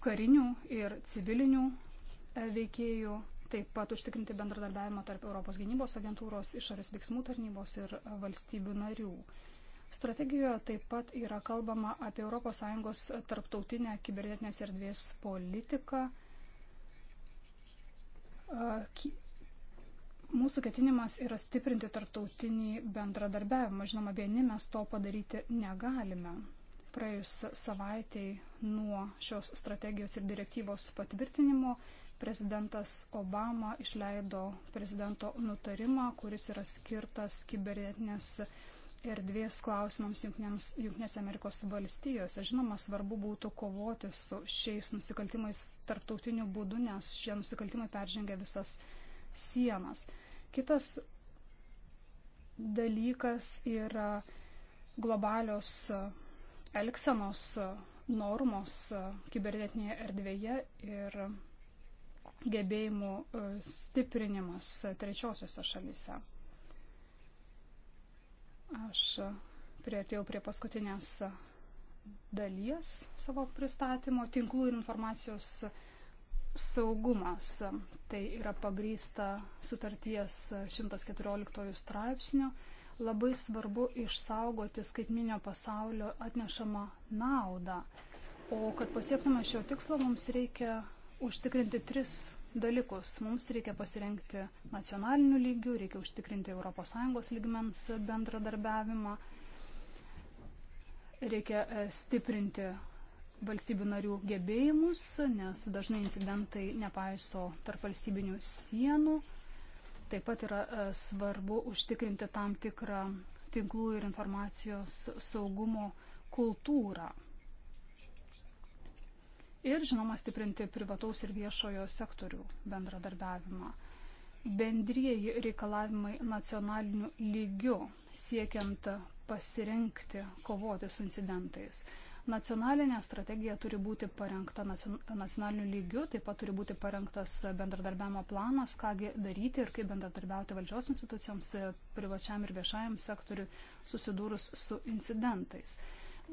karinių ir civilinių veikėjų taip pat užtikrinti bendradarbiavimą tarp Europos gynybos agentūros, išorės veiksmų tarnybos ir valstybių narių. Strategijoje taip pat yra kalbama apie ES tarptautinę kibernetinės erdvės politiką. Mūsų ketinimas yra stiprinti tarptautinį bendradarbiavimą. Žinoma, vieni mes to padaryti negalime. Praėjus savaitėj nuo šios strategijos ir direktyvos patvirtinimo Prezidentas Obama išleido prezidento nutarimą, kuris yra skirtas kibernetinės erdvės klausimams Junktinėse Amerikos valstijose. Žinoma, svarbu būtų kovoti su šiais nusikaltimais tarptautiniu būdu, nes šie nusikaltimai peržengia visas sienas. Kitas dalykas yra globalios elgsenos normos kibernetinėje erdvėje ir gebėjimų e, stiprinimas trečiosiuose šalyse. Aš prieartėjau prie paskutinės dalies savo pristatymo - tinklų ir informacijos saugumas. Tai yra pagrysta sutarties 114 straipsnių. Labai svarbu išsaugoti skaitminio pasaulio atnešamą naudą. O kad pasiektume šio tikslo, mums reikia užtikrinti tris dalykus. Mums reikia pasirengti nacionaliniu lygiu, reikia užtikrinti ES lygmens bendradarbiavimą, reikia e, stiprinti valstybių narių gebėjimus, nes dažnai incidentai nepaiso tarp valstybinių sienų. Taip pat yra e, svarbu užtikrinti tam tikrą tinklų ir informacijos saugumo kultūrą ir, žinoma, stiprinti privataus ir viešojo sektorių bendradarbiavimą. Bendrieji reikalavimai nacionaliniu lygiu siekiant pasirinkti kovoti su incidentais. Nacionalinė strategija turi būti parengta nacionaliniu lygiu, taip pat turi būti parengtas bendradarbiavimo planas, kągi daryti ir kaip bendradarbiauti valdžios institucijoms, privačiam ir viešajam sektoriu susidūrus su incidentais.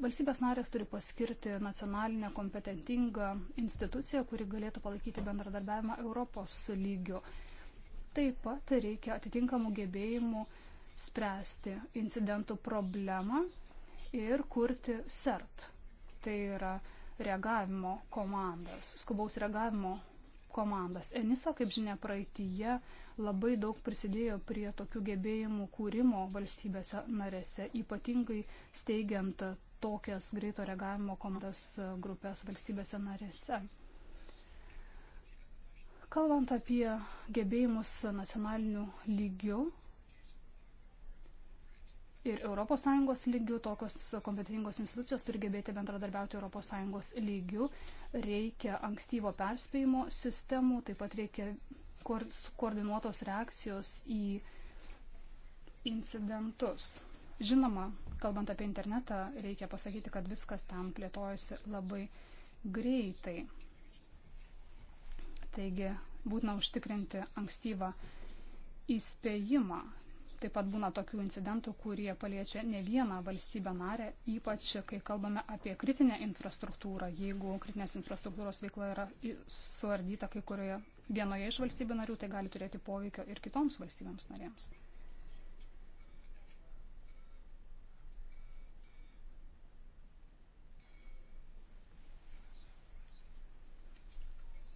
Valstybės narės turi paskirti nacionalinę kompetentingą instituciją, kuri galėtų palaikyti bendradarbiavimą Europos lygiu. Taip pat reikia atitinkamų gebėjimų spręsti incidentų problemą ir kurti CERT. Tai yra reagavimo komandas, skubaus reagavimo komandas. Enisa, kaip žinia, praeitįje labai daug prisidėjo prie tokių gebėjimų kūrimo valstybėse narėse, ypatingai steigiant tokias greito reagavimo komandas grupės valstybėse narėse. Kalbant apie gebėjimus nacionalinių lygių ir ES lygių, tokios kompetentingos institucijos turi gebėti bendradarbiauti ES lygių. Reikia ankstyvo perspėjimo sistemų, taip pat reikia koordinuotos reakcijos į incidentus. Žinoma, Kalbant apie internetą, reikia pasakyti, kad viskas ten plėtojasi labai greitai. Taigi būtina užtikrinti ankstyvą įspėjimą. Taip pat būna tokių incidentų, kurie paliečia ne vieną valstybę narę, ypač kai kalbame apie kritinę infrastruktūrą. Jeigu kritinės infrastruktūros veikla yra suardyta kai kurioje vienoje iš valstybių narių, tai gali turėti poveikio ir kitoms valstybėms narėms.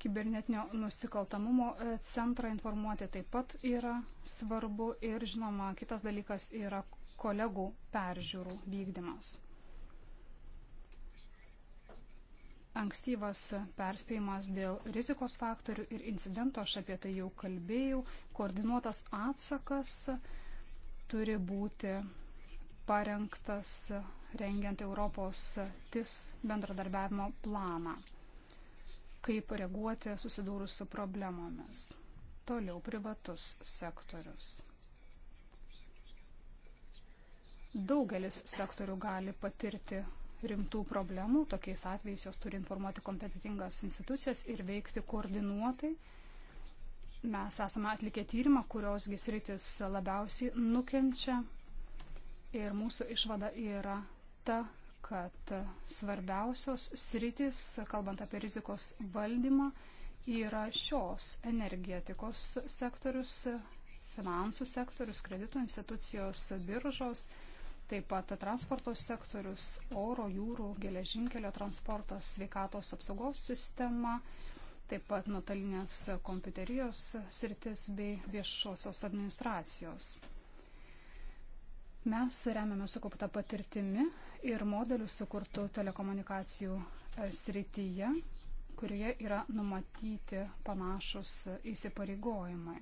kibernetinio nusikaltamumo e, centrą informuoti taip pat yra svarbu ir žinoma kitas dalykas yra kolegų peržiūrų vykdymas. Ankstyvas perspėjimas dėl rizikos faktorių ir incidento, aš apie tai jau kalbėjau, koordinuotas atsakas turi būti parengtas rengiant Europos TIS bendradarbiavimo planą kaip reaguoti susidūrus su problemomis. Toliau privatus sektorius. Daugelis sektorių gali patirti rimtų problemų, tokiais atvejais jos turi informuoti kompetitingas institucijas ir veikti koordinuotai. Mes esame atlikę tyrimą, kurios gisritis labiausiai nukenčia ir mūsų išvada yra ta, kad svarbiausios sritis, kalbant apie rizikos valdymą, yra šios energetikos sektorius, finansų sektorius, kredito institucijos, biržos, taip pat transporto sektorius, oro, jūrų, geležinkelio transportas, sveikatos apsaugos sistema, taip pat nuotolinės kompiuterijos sritis bei viešosios administracijos. Mes remiame sukauptą patirtimi ir modelių sukurtų telekomunikacijų e, srityje, kurioje yra numatyti panašus įsipareigojimai.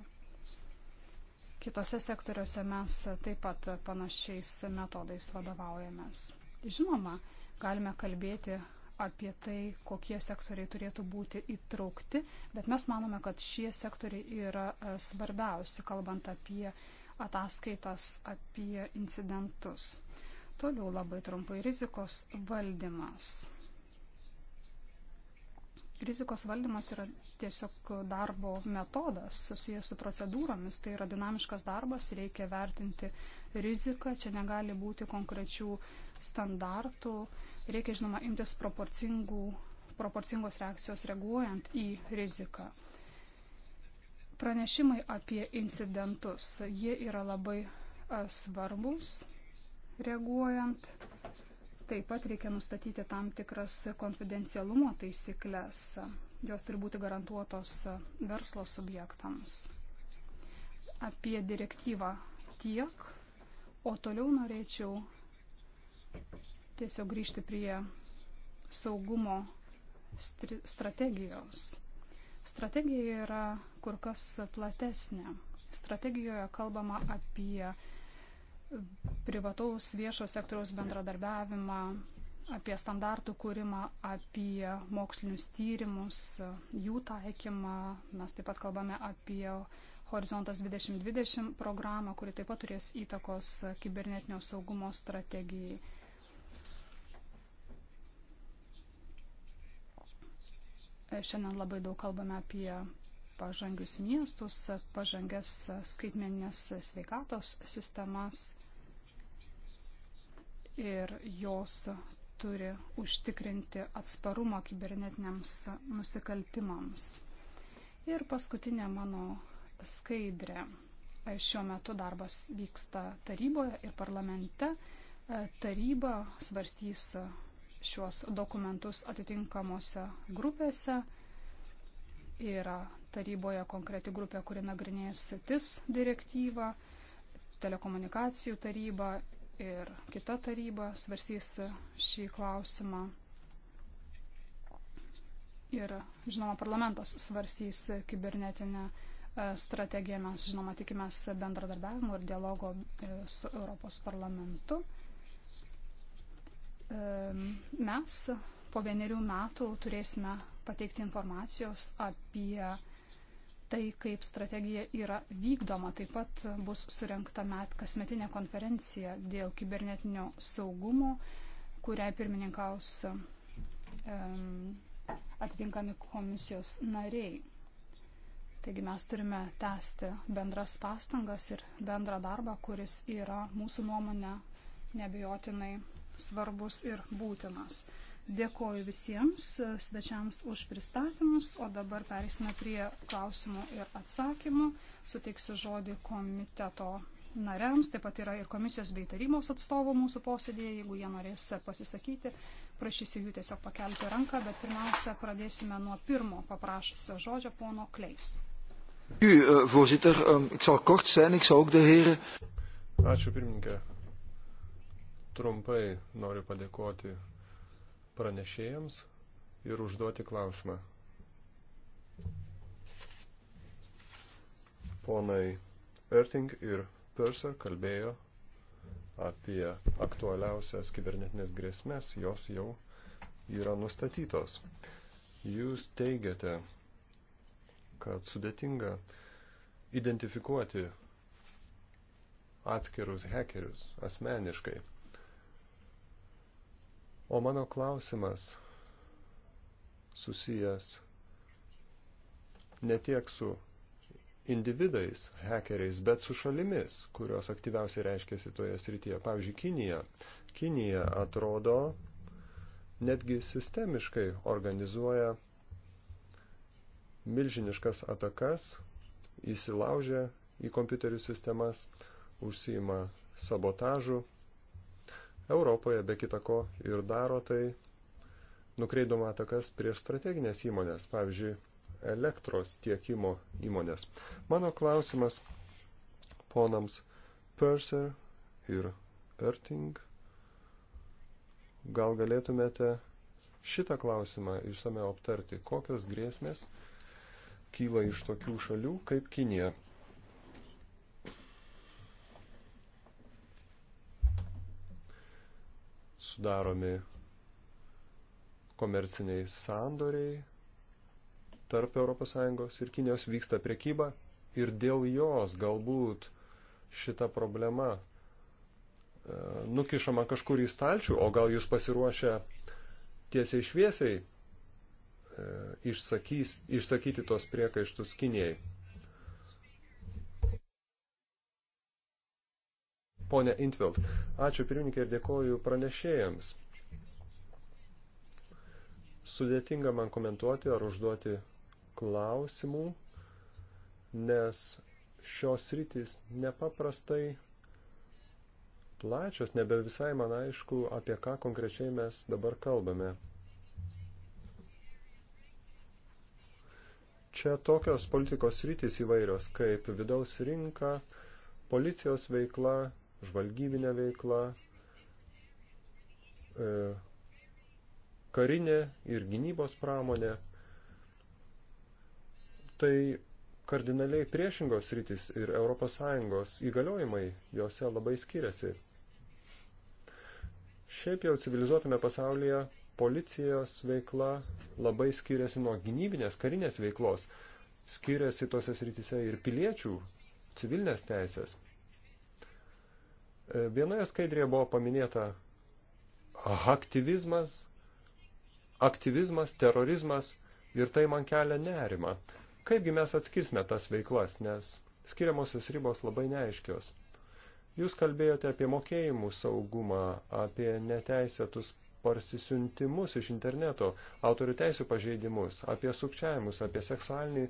Kitose sektoriuose mes taip pat panašiais metodais vadovaujamės. Žinoma, galime kalbėti apie tai, kokie sektoriai turėtų būti įtraukti, bet mes manome, kad šie sektoriai yra e, svarbiausi, kalbant apie ataskaitas, apie incidentus. Toliau labai trumpai rizikos valdymas. Rizikos valdymas yra tiesiog darbo metodas susijęs su procedūromis, tai yra dinamiškas darbas, reikia vertinti riziką, čia negali būti konkrečių standartų, reikia žinoma imtis proporcingos reakcijos reaguojant į riziką pranešimai apie incidentus. Jie yra labai svarbus, reaguojant. Taip pat reikia nustatyti tam tikras konfidencialumo taisyklės. Jos turi būti garantuotos verslo subjektams. Apie direktyvą tiek, o toliau norėčiau tiesiog grįžti prie saugumo strategijos. Strategija yra kur kas platesnė. Strategijoje kalbama apie privataus viešo sektoriaus bendradarbiavimą, apie standartų kūrimą, apie mokslinius tyrimus, jų taikymą. Mes taip pat kalbame apie Horizontas 2020 programą, kuri taip pat turės įtakos kibernetinio saugumo strategijai. Šiandien labai daug kalbame apie pažangius miestus, pažangias skaitmeninės sveikatos sistemas ir jos turi užtikrinti atsparumą kibernetiniams nusikaltimams. Ir paskutinė mano skaidrė. Šiuo metu darbas vyksta taryboje ir parlamente. Taryba svarstys šiuos dokumentus atitinkamuose grupėse. Yra taryboje konkreti grupė, kuri nagrinės SITIS direktyvą, telekomunikacijų taryba ir kita taryba svarstys šį klausimą. Ir, žinoma, parlamentas svarstys kibernetinę e, strategiją. Mes, žinoma, tikimės bendradarbiavimo ir dialogo e, su Europos parlamentu. E, mes po vienerių metų turėsime pateikti informacijos apie tai, kaip strategija yra vykdoma. Taip pat bus surinkta met kasmetinė konferencija dėl kibernetinio saugumo, kuriai pirmininkaus um, atitinkami komisijos nariai. Taigi mes turime tęsti bendras pastangas ir bendrą darbą, kuris yra mūsų nuomonė nebejotinai svarbus ir būtinas. Dėkoju visiems e, svečiams už pristatymus, o dabar perėsime prie klausimų ir atsakymų. Suteiksiu žodį komiteto nariams, taip pat yra ir komisijos bei tarybos atstovų mūsų posėdėje, jeigu jie norės pasisakyti. Prašysiu jų tiesiog pakelti ranką, bet pirmiausia, pradėsime nuo pirmo paprašusio žodžio pono Kleis. E, ehm, Ačiū pirmininkė. Trumpai noriu padėkoti pranešėjams ir užduoti klausimą. Ponai Erting ir Purser kalbėjo apie aktualiausias kibernetinės grėsmės, jos jau yra nustatytos. Jūs teigiate, kad sudėtinga identifikuoti atskirus hekerius asmeniškai. O mano klausimas susijęs ne tiek su individais, hakeriais, bet su šalimis, kurios aktyviausiai reiškėsi toje srityje. Pavyzdžiui, Kinija. Kinija atrodo netgi sistemiškai organizuoja milžiniškas atakas, įsilaužia į kompiuterių sistemas, užsima sabotažu, Europoje be kitako ir daro tai nukreidoma atakas prieš strateginės įmonės, pavyzdžiui, elektros tiekimo įmonės. Mano klausimas ponams Perser ir Erting. Gal galėtumėte šitą klausimą išsame aptarti, kokios grėsmės kyla iš tokių šalių kaip Kinija. sudaromi komerciniai sandoriai tarp ES ir Kinijos vyksta priekyba ir dėl jos galbūt šita problema e, nukišama kažkur į stalčių, o gal jūs pasiruošę tiesiai šviesiai e, išsakys, išsakyti tos priekaištus Kinijai. ponė Intvild. Ačiū pirmininkė ir dėkoju pranešėjams. Sudėtinga man komentuoti ar užduoti klausimų, nes šios rytis nepaprastai plačios, nebe visai man aišku, apie ką konkrečiai mes dabar kalbame. Čia tokios politikos rytis įvairios, kaip vidaus rinka, policijos veikla, žvalgybinė veikla, e, karinė ir gynybos pramonė. Tai kardinaliai priešingos rytis ir ES įgaliojimai jose labai skiriasi. Šiaip jau civilizuotame pasaulyje policijos veikla labai skiriasi nuo gynybinės karinės veiklos, skiriasi tose srityse ir piliečių civilinės teisės. Vienoje skaidrėje buvo paminėta aktyvizmas, aktyvizmas, terorizmas ir tai man kelia nerimą. Kaipgi mes atskirsime tas veiklas, nes skiriamosios ribos labai neaiškios. Jūs kalbėjote apie mokėjimų saugumą, apie neteisėtus parsisiuntimus iš interneto, autorių teisų pažeidimus, apie sukčiavimus, apie seksualinį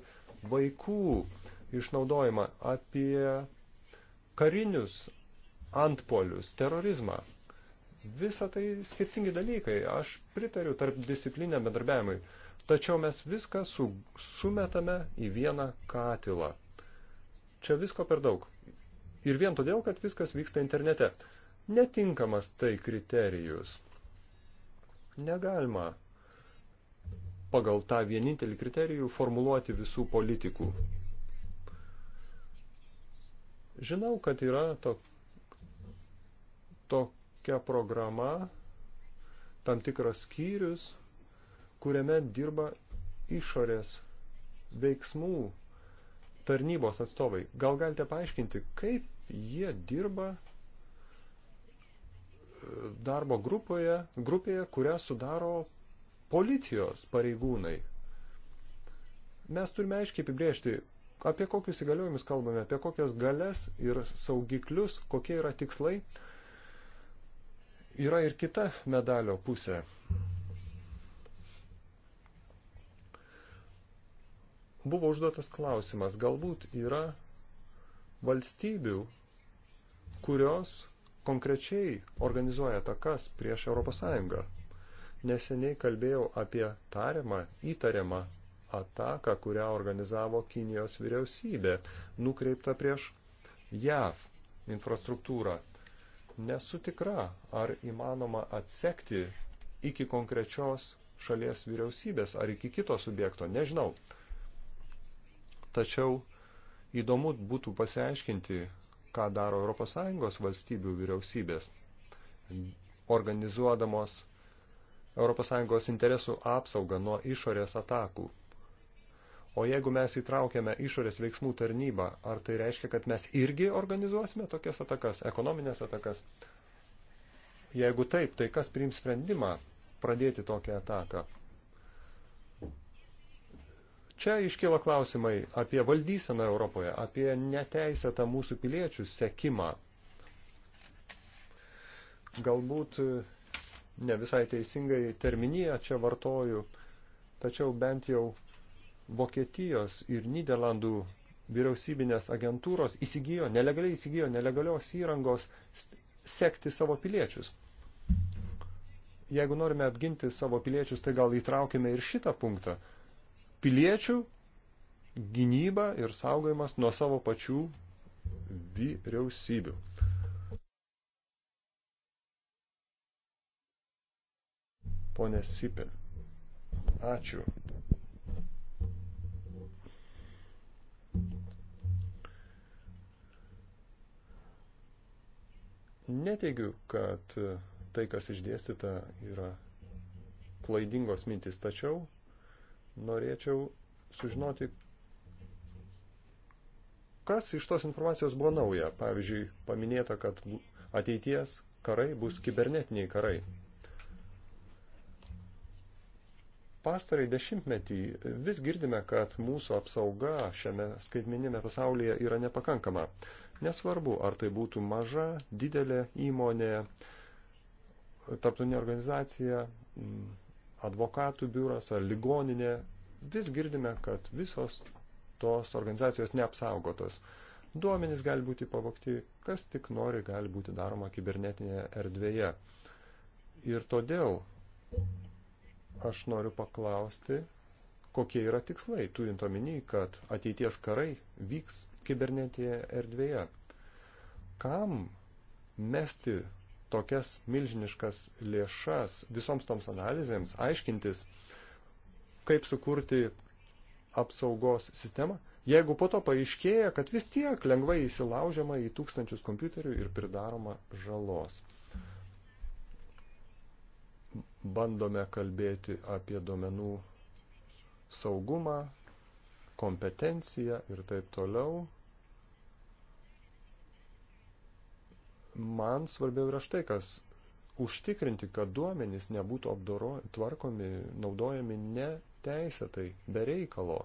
vaikų išnaudojimą, apie karinius antpolius, terorizmą. Visa tai skirtingi dalykai. Aš pritariu tarp discipliniam bendarbiavimui. Tačiau mes viską su, sumetame į vieną katilą. Čia visko per daug. Ir vien todėl, kad viskas vyksta internete. Netinkamas tai kriterijus. Negalima pagal tą vienintelį kriterijų formuluoti visų politikų. Žinau, kad yra tokia tokia programa, tam tikras skyrius, kuriame dirba išorės veiksmų tarnybos atstovai. Gal galite paaiškinti, kaip jie dirba e, darbo grupoje, grupėje, kurią sudaro policijos pareigūnai. Mes turime aiškiai apibrėžti, apie kokius įgaliojimus kalbame, apie kokias galės ir saugiklius, kokie yra tikslai, yra ir kita medalio pusė. Buvo užduotas klausimas, galbūt yra valstybių, kurios konkrečiai organizuoja atakas prieš ES. Neseniai kalbėjau apie tariamą, įtariamą ataką, kurią organizavo Kinijos vyriausybė, nukreipta prieš JAV infrastruktūrą nesu tikra, ar įmanoma atsekti iki konkrečios šalies vyriausybės ar iki kito subjekto, nežinau. Tačiau įdomu būtų pasiaiškinti, ką daro ES valstybių vyriausybės, organizuodamos ES interesų apsaugą nuo išorės atakų. O jeigu mes įtraukiame išorės veiksmų tarnybą, ar tai reiškia, kad mes irgi organizuosime tokias atakas, ekonominės atakas? Jeigu taip, tai kas priims sprendimą pradėti tokią ataką? Čia iškyla klausimai apie valdyseną Europoje, apie neteisėtą mūsų piliečių sekimą. Galbūt ne visai teisingai terminiją čia vartoju, tačiau bent jau Vokietijos ir Niderlandų vyriausybinės agentūros įsigijo, nelegaliai įsigijo nelegalios įrangos sekti savo piliečius. Jeigu norime apginti savo piliečius, tai gal įtraukime ir šitą punktą. Piliečių gynyba ir saugojimas nuo savo pačių vyriausybių. Pone Sipin, ačiū. Neteigiu, kad tai, kas išdėstyta, yra klaidingos mintis, tačiau norėčiau sužinoti, kas iš tos informacijos buvo nauja. Pavyzdžiui, paminėta, kad ateities karai bus kibernetiniai karai. Pastarai dešimtmetį vis girdime, kad mūsų apsauga šiame skaitmeninėme pasaulyje yra nepakankama. Nesvarbu, ar tai būtų maža, didelė įmonė, tarptautinė organizacija, mm, advokatų biuras ar ligoninė, vis girdime, kad visos tos organizacijos neapsaugotos. Duomenys gali būti pavokti, kas tik nori, gali būti daroma kibernetinėje erdvėje. Ir todėl aš noriu paklausti, kokie yra tikslai, turint omeny, kad ateities karai vyks kibernetinėje erdvėje. Kam mesti tokias milžiniškas lėšas visoms toms analizėms, aiškintis, kaip sukurti apsaugos sistemą, jeigu po to paaiškėja, kad vis tiek lengvai įsilaužiama į tūkstančius kompiuterių ir pridaroma žalos. Bandome kalbėti apie duomenų saugumą, kompetenciją ir taip toliau. Man svarbiau yra štai kas - užtikrinti, kad duomenys nebūtų apdoro, tvarkomi, naudojami neteisėtai, be reikalo.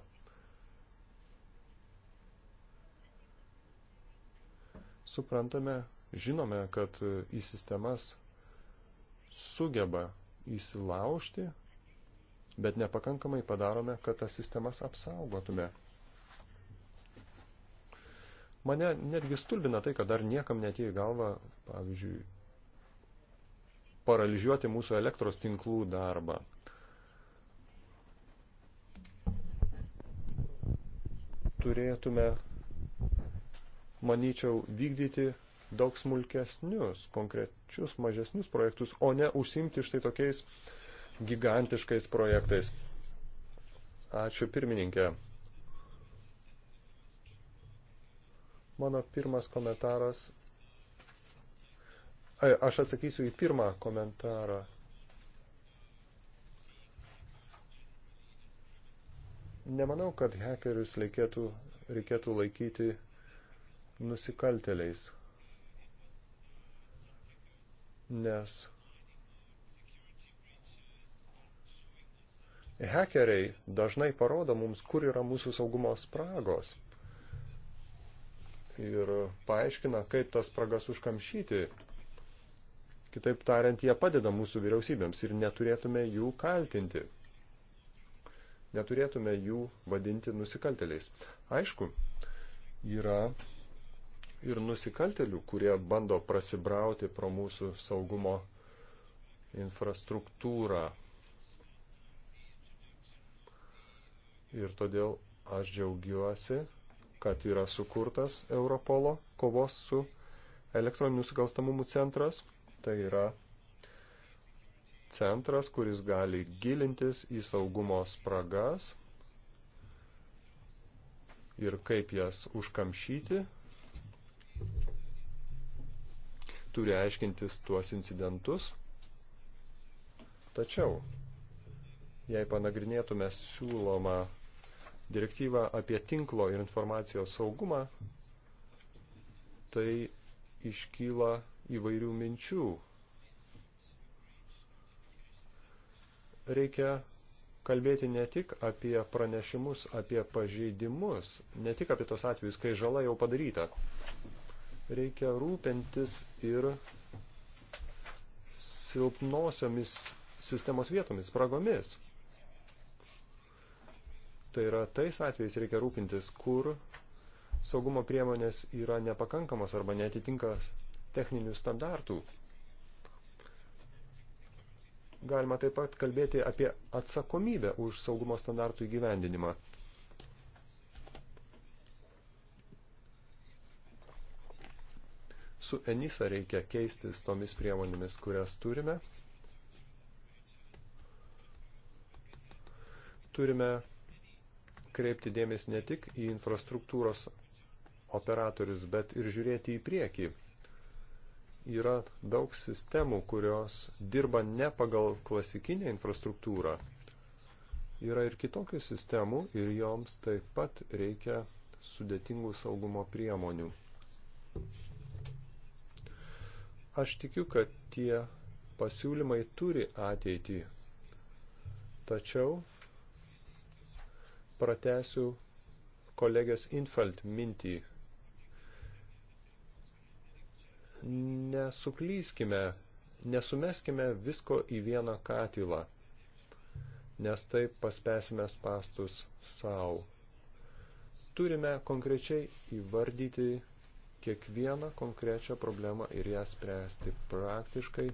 Suprantame, žinome, kad į sistemas sugeba įsilaužti bet nepakankamai padarome, kad tas sistemas apsaugotume. Mane netgi stulbina tai, kad dar niekam netėjo į galvą, pavyzdžiui, paralyžiuoti mūsų elektros tinklų darbą. Turėtume, manyčiau, vykdyti daug smulkesnius, konkrečius, mažesnius projektus, o ne užsimti štai tokiais uh, gigantiškais projektais. Ačiū pirmininkė. Mano pirmas komentaras. Aš atsakysiu į pirmą komentarą. Nemanau, kad hekerius reikėtų, reikėtų laikyti nusikalteliais, nes Hekeriai dažnai parodo mums, kur yra mūsų saugumo spragos ir paaiškina, kaip tas spragas užkamšyti. Kitaip tariant, jie padeda mūsų vyriausybėms ir neturėtume jų kaltinti. Neturėtume jų vadinti nusikalteliais. Aišku, yra ir nusikaltelių, kurie bando prasibrauti pro mūsų saugumo infrastruktūrą, Ir todėl aš džiaugiuosi, kad yra sukurtas Europolo kovos su elektroniniu nusikalstamumu centras. Tai yra centras, kuris gali gilintis į saugumo spragas ir kaip jas užkamšyti, turi aiškintis tuos incidentus. Tačiau, jei panagrinėtume siūlomą direktyvą apie tinklo ir informacijos saugumą, tai iškyla įvairių minčių. Reikia kalbėti ne tik apie pranešimus, apie pažeidimus, ne tik apie tos atvejus, kai žala jau padaryta. Reikia rūpintis ir silpnosiomis sistemos vietomis, spragomis. Tai yra tais atvejais reikia rūpintis, kur saugumo priemonės yra nepakankamos arba netitinka techninių standartų. Galima taip pat kalbėti apie atsakomybę už saugumo standartų įgyvendinimą. Su Enisa reikia keistis tomis priemonėmis, kurias turime. Turime kreipti dėmesį ne tik į infrastruktūros operatorius, bet ir žiūrėti į priekį. Yra daug sistemų, kurios dirba ne pagal klasikinę infrastruktūrą. Yra ir kitokių sistemų ir joms taip pat reikia sudėtingų saugumo priemonių. Aš tikiu, kad tie pasiūlymai turi ateitį. Tačiau pratesiu kolegės Infeld mintį. Nesuklyskime, nesumeskime visko į vieną katilą, nes taip paspėsime spastus savo. Turime konkrečiai įvardyti kiekvieną konkrečią problemą ir ją spręsti praktiškai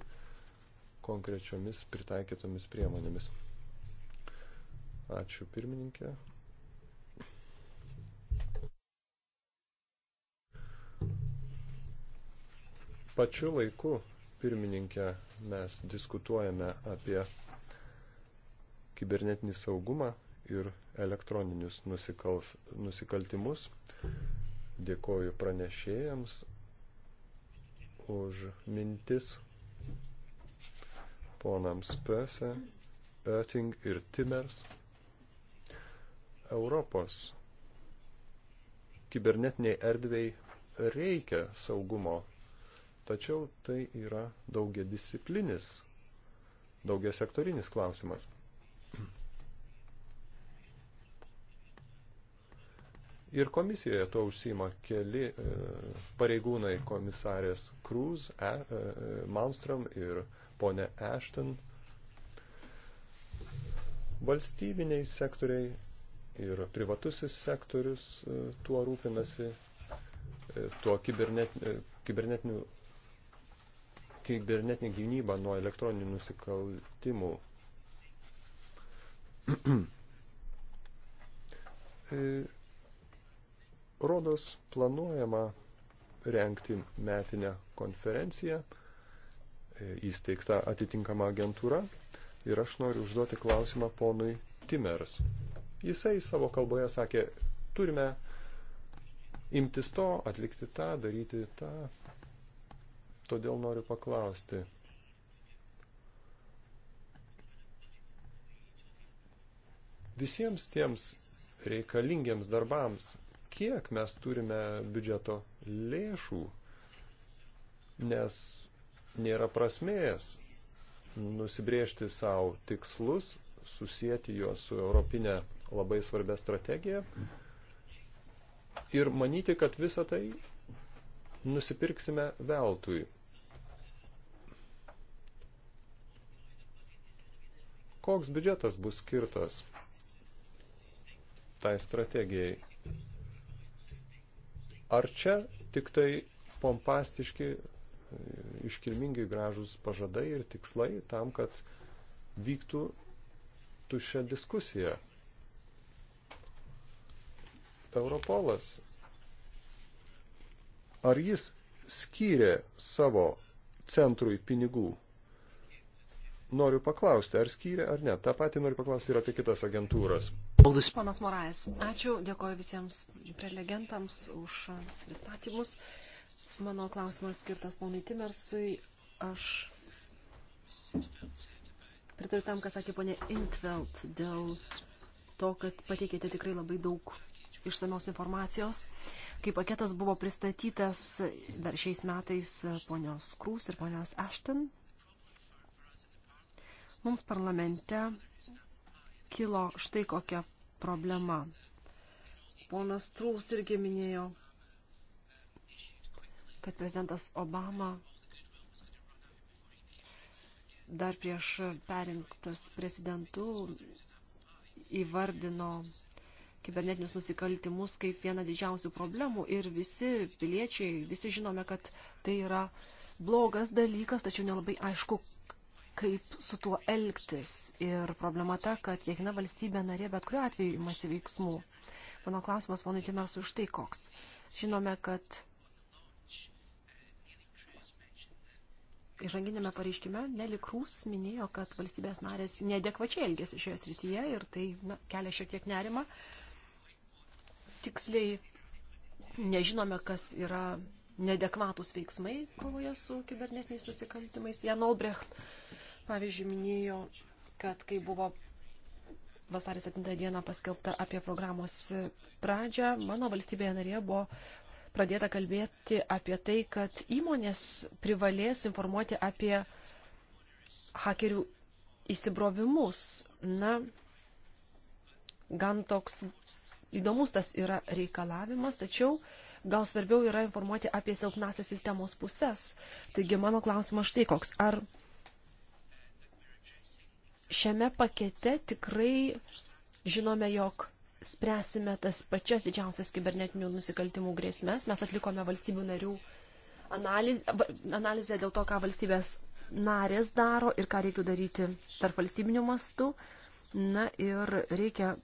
konkrečiomis pritaikytomis priemonėmis. Ačiū pirmininkė. pačiu laiku, pirmininkė, mes diskutuojame apie kibernetinį saugumą ir elektroninius nusikals, nusikaltimus. Dėkoju pranešėjams už mintis ponams Pese, Oetting ir Timers. Europos kibernetiniai erdvei reikia saugumo Tačiau tai yra daugia disciplinis, daugia sektorinis klausimas. Ir komisijoje tuo užsima keli e, pareigūnai komisarės Krūz, e, e, Malmström ir ponė Ashton. Valstybiniai sektoriai ir privatusis sektorius e, tuo rūpinasi, e, tuo kibernet, e, kibernetinių kibernetinė gynyba nuo elektroninių nusikaltimų. E, Rodos planuojama renkti metinę konferenciją, e, įsteigta atitinkama agentūra ir aš noriu užduoti klausimą ponui Timers. Jisai savo kalboje sakė, turime imtis to, atlikti tą, daryti tą, Todėl noriu paklausti. Visiems tiems reikalingiems darbams, kiek mes turime biudžeto lėšų, nes nėra prasmės nusibriežti savo tikslus, susijęti juos su Europinė labai svarbia strategija ir manyti, kad visą tai nusipirksime veltui. koks biudžetas bus skirtas tai strategijai. Ar čia tik tai pompastiški, iškilmingai gražus pažadai ir tikslai tam, kad vyktų tuščia diskusija. Europolas, ar jis skyrė savo centrui pinigų? noriu paklausti, ar skyrė ar ne. Ta pati noriu paklausti ir apie kitas agentūras. Ponas Morais, ačiū, dėkoju visiems prelegentams už pristatymus. Mano klausimas skirtas ponui Timersui. Aš pritariu tam, ką sakė ponė Intveld dėl to, kad pateikėte tikrai labai daug išsamios informacijos. Kai paketas buvo pristatytas dar šiais metais ponios Krūs ir ponios Ashton Mums parlamente kilo štai kokia problema. Ponas Trūs irgi minėjo, kad prezidentas Obama dar prieš perinktas prezidentu įvardino kibernetinius nusikaltimus kaip vieną didžiausių problemų ir visi piliečiai, visi žinome, kad tai yra blogas dalykas, tačiau nelabai aišku, kaip su tuo elgtis. Ir problema ta, kad kiekviena valstybė narė bet kuriuo atveju imasi veiksmų. Mano klausimas, ponai Timersu, už tai koks. Žinome, kad Įžanginėme pareiškime Nelly Krūs minėjo, kad valstybės narės nedekvačiai elgėsi šioje srityje ir tai na, kelia šiek tiek nerima. Tiksliai nežinome, kas yra nedekvatus veiksmai kovoje su kibernetiniais nusikaltimais. Jan Olbrecht pavyzdžiui, minėjo, kad kai buvo vasario 7 dieną paskelbta apie programos pradžią, mano valstybėje narėje buvo pradėta kalbėti apie tai, kad įmonės privalės informuoti apie hakerių įsibrovimus. Na, gan toks įdomus tas yra reikalavimas, tačiau gal svarbiau yra informuoti apie silpnasias sistemos pusės. Taigi mano klausimas štai koks. Ar šiame pakete tikrai žinome, jog spręsime tas pačias didžiausias kibernetinių nusikaltimų grėsmės. Mes atlikome valstybių narių analiz, analizę dėl to, ką valstybės narės daro ir ką reiktų daryti tarp valstybinių mastų. Na ir reikia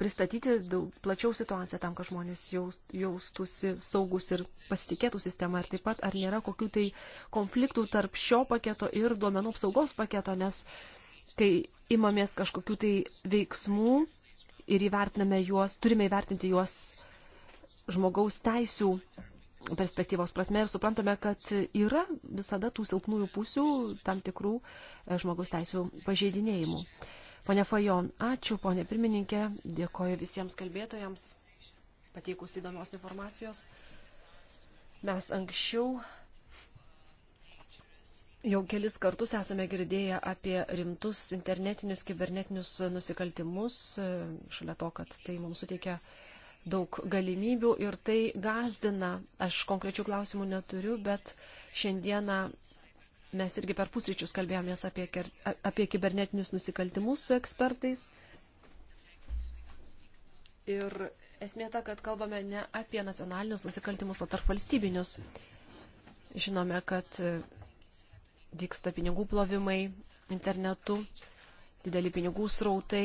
pristatyti daug, plačiau situaciją tam, kad žmonės jaus, jaustųsi saugus ir pasitikėtų sistemą. Ir taip pat, ar nėra kokių tai konfliktų tarp šio paketo ir duomenų apsaugos paketo, nes uh, kai imamės kažkokių tai veiksmų ir įvertiname juos, turime įvertinti juos žmogaus teisių perspektyvos prasme ir suprantame, kad yra visada tų silpnųjų pusių tam tikrų e, žmogaus teisų pažeidinėjimų. Pone Fajon, ačiū, ponė pirmininkė, dėkoju visiems kalbėtojams, pateikus įdomios informacijos. Mes anksčiau Jau kelis kartus esame girdėję apie rimtus internetinius kibernetinius nusikaltimus, e, šalia to, kad tai mums suteikia daug galimybių ir tai gazdina. Aš konkrečių klausimų neturiu, bet šiandieną mes irgi per pusryčius kalbėjomės apie, apie kibernetinius nusikaltimus su ekspertais. Ir esmė ta, kad kalbame ne apie nacionalinius nusikaltimus, o tarp valstybinius. Žinome, kad vyksta pinigų plovimai internetu, dideli pinigų srautai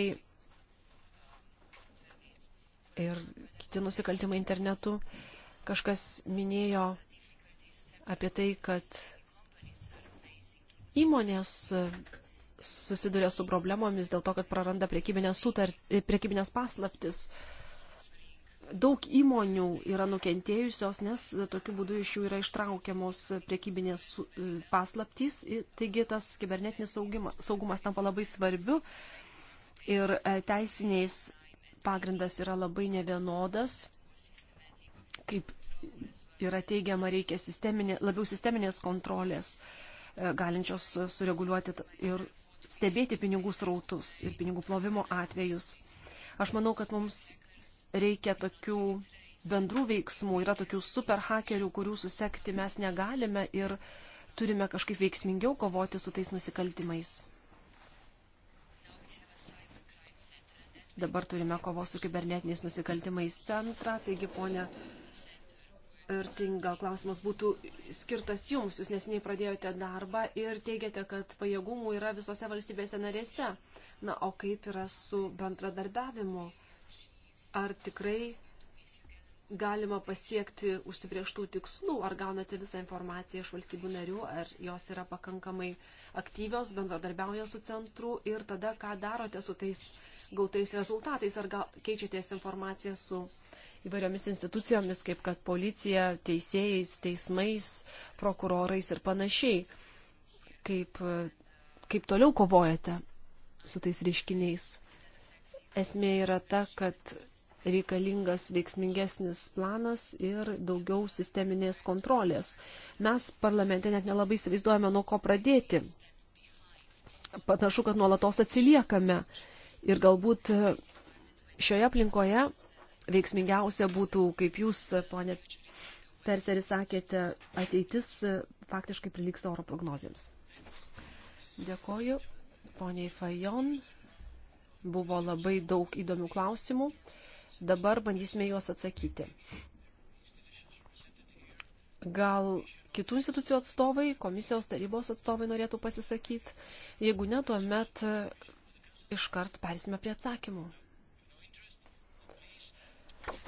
ir kiti nusikaltimai internetu. Kažkas minėjo apie tai, kad įmonės susiduria su problemomis dėl to, kad praranda priekybinės, sutar, priekybinės paslaptis. Uh, daug įmonių yra nukentėjusios, nes tokiu būdu iš jų yra ištraukiamos priekybinės e, paslaptys, taigi tas kibernetinis saugumas, saugumas tampa labai svarbiu ir e, teisiniais pagrindas yra labai nevienodas, kaip yra teigiama, reikia sisteminė, labiau sisteminės kontrolės, e, galinčios sureguliuoti ir stebėti pinigų srautus ir pinigų plovimo atvejus. Aš manau, kad mums reikia tokių bendrų veiksmų, yra tokių super hakerių, kurių susekti mes negalime ir turime kažkaip veiksmingiau kovoti su tais nusikaltimais. Dabar turime kovos su kibernetiniais nusikaltimais centrą, taigi ponia ir tai gal klausimas būtų skirtas jums, jūs nesiniai pradėjote darbą ir teigiate, kad pajėgumų yra visose valstybėse narėse. Na, o kaip yra su bendradarbiavimu? ar tikrai galima pasiekti užsibrieštų tikslų, ar gaunate visą informaciją iš valstybių narių, ar jos yra pakankamai aktyvios, bendradarbiauja su centru ir tada ką darote su tais gautais rezultatais, ar keičiatės informaciją su įvairiomis institucijomis, kaip kad policija, teisėjais, teismais, prokurorais ir panašiai. Kaip, kaip toliau kovojate su tais reiškiniais? Esmė yra ta, kad reikalingas veiksmingesnis planas ir daugiau sisteminės kontrolės. Mes parlamente net nelabai įsivaizduojame, nuo ko pradėti. Panašu, kad nuolatos atsiliekame. Ir galbūt šioje aplinkoje veiksmingiausia būtų, kaip jūs, ponė Perseris, sakėte, ateitis faktiškai priliksta oro prognozėms. Dėkoju, poniai Fajon. Buvo labai daug įdomių klausimų. Dabar bandysime juos atsakyti. Gal kitų institucijų atstovai, komisijos tarybos atstovai norėtų pasisakyti? Jeigu ne, tuomet iškart persime prie atsakymų.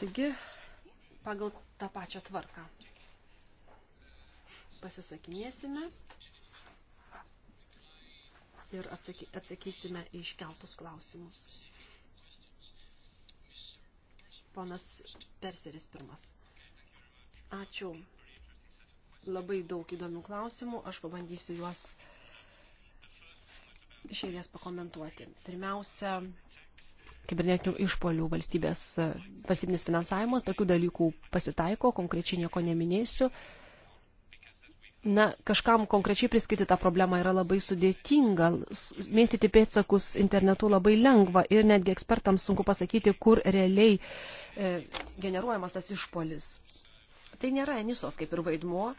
Taigi, pagal tą pačią tvarką pasisakinėsime ir atsakysime į iškeltus klausimus. Ponas Perseris pirmas. Ačiū. Labai daug įdomių klausimų. Aš pabandysiu juos išėlės pakomentuoti. Pirmiausia, kibernetinių išpolių valstybės, valstybinės finansavimas, tokių dalykų pasitaiko, konkrečiai nieko neminėsiu. Uh, na, kažkam konkrečiai priskirti tą problemą yra labai sudėtinga. Mėstyti pėtsakus internetu labai lengva ir netgi ekspertams sunku pasakyti, kur realiai e, generuojamas tas išpolis. Tai nėra Enisos kaip ir vaidmuo,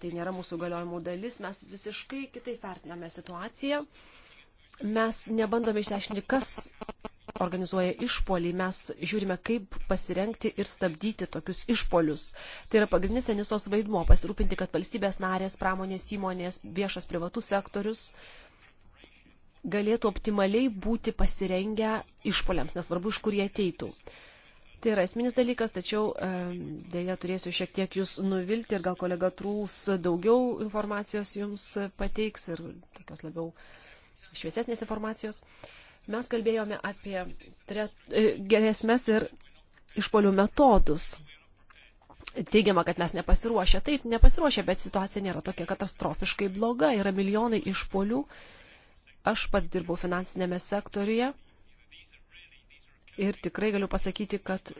tai nėra mūsų galiojimų dalis, mes visiškai kitaip vertiname situaciją. Mes nebandome išsiaiškinti, kas organizuoja išpolį, mes žiūrime, kaip pasirengti ir stabdyti tokius išpolius. Tai yra pagrindinis Enisos vaidmo - pasirūpinti, kad valstybės narės, pramonės įmonės, viešas privatus sektorius galėtų optimaliai būti pasirengę išpoliams, nesvarbu, iš kur jie ateitų. Tai yra esminis dalykas, tačiau dėja turėsiu šiek tiek jūs nuvilti ir gal kolega Trūs daugiau informacijos jums pateiks ir tokios labiau šviesesnės informacijos. Uh, Mes kalbėjome apie tre... E, grėsmės ir išpolių metodus. Teigiama, kad mes nepasiruošę. Taip, nepasiruošę, bet situacija nėra tokia katastrofiškai bloga. Yra milijonai išpolių. Aš pats dirbau finansinėme sektoriuje ir tikrai galiu pasakyti, kad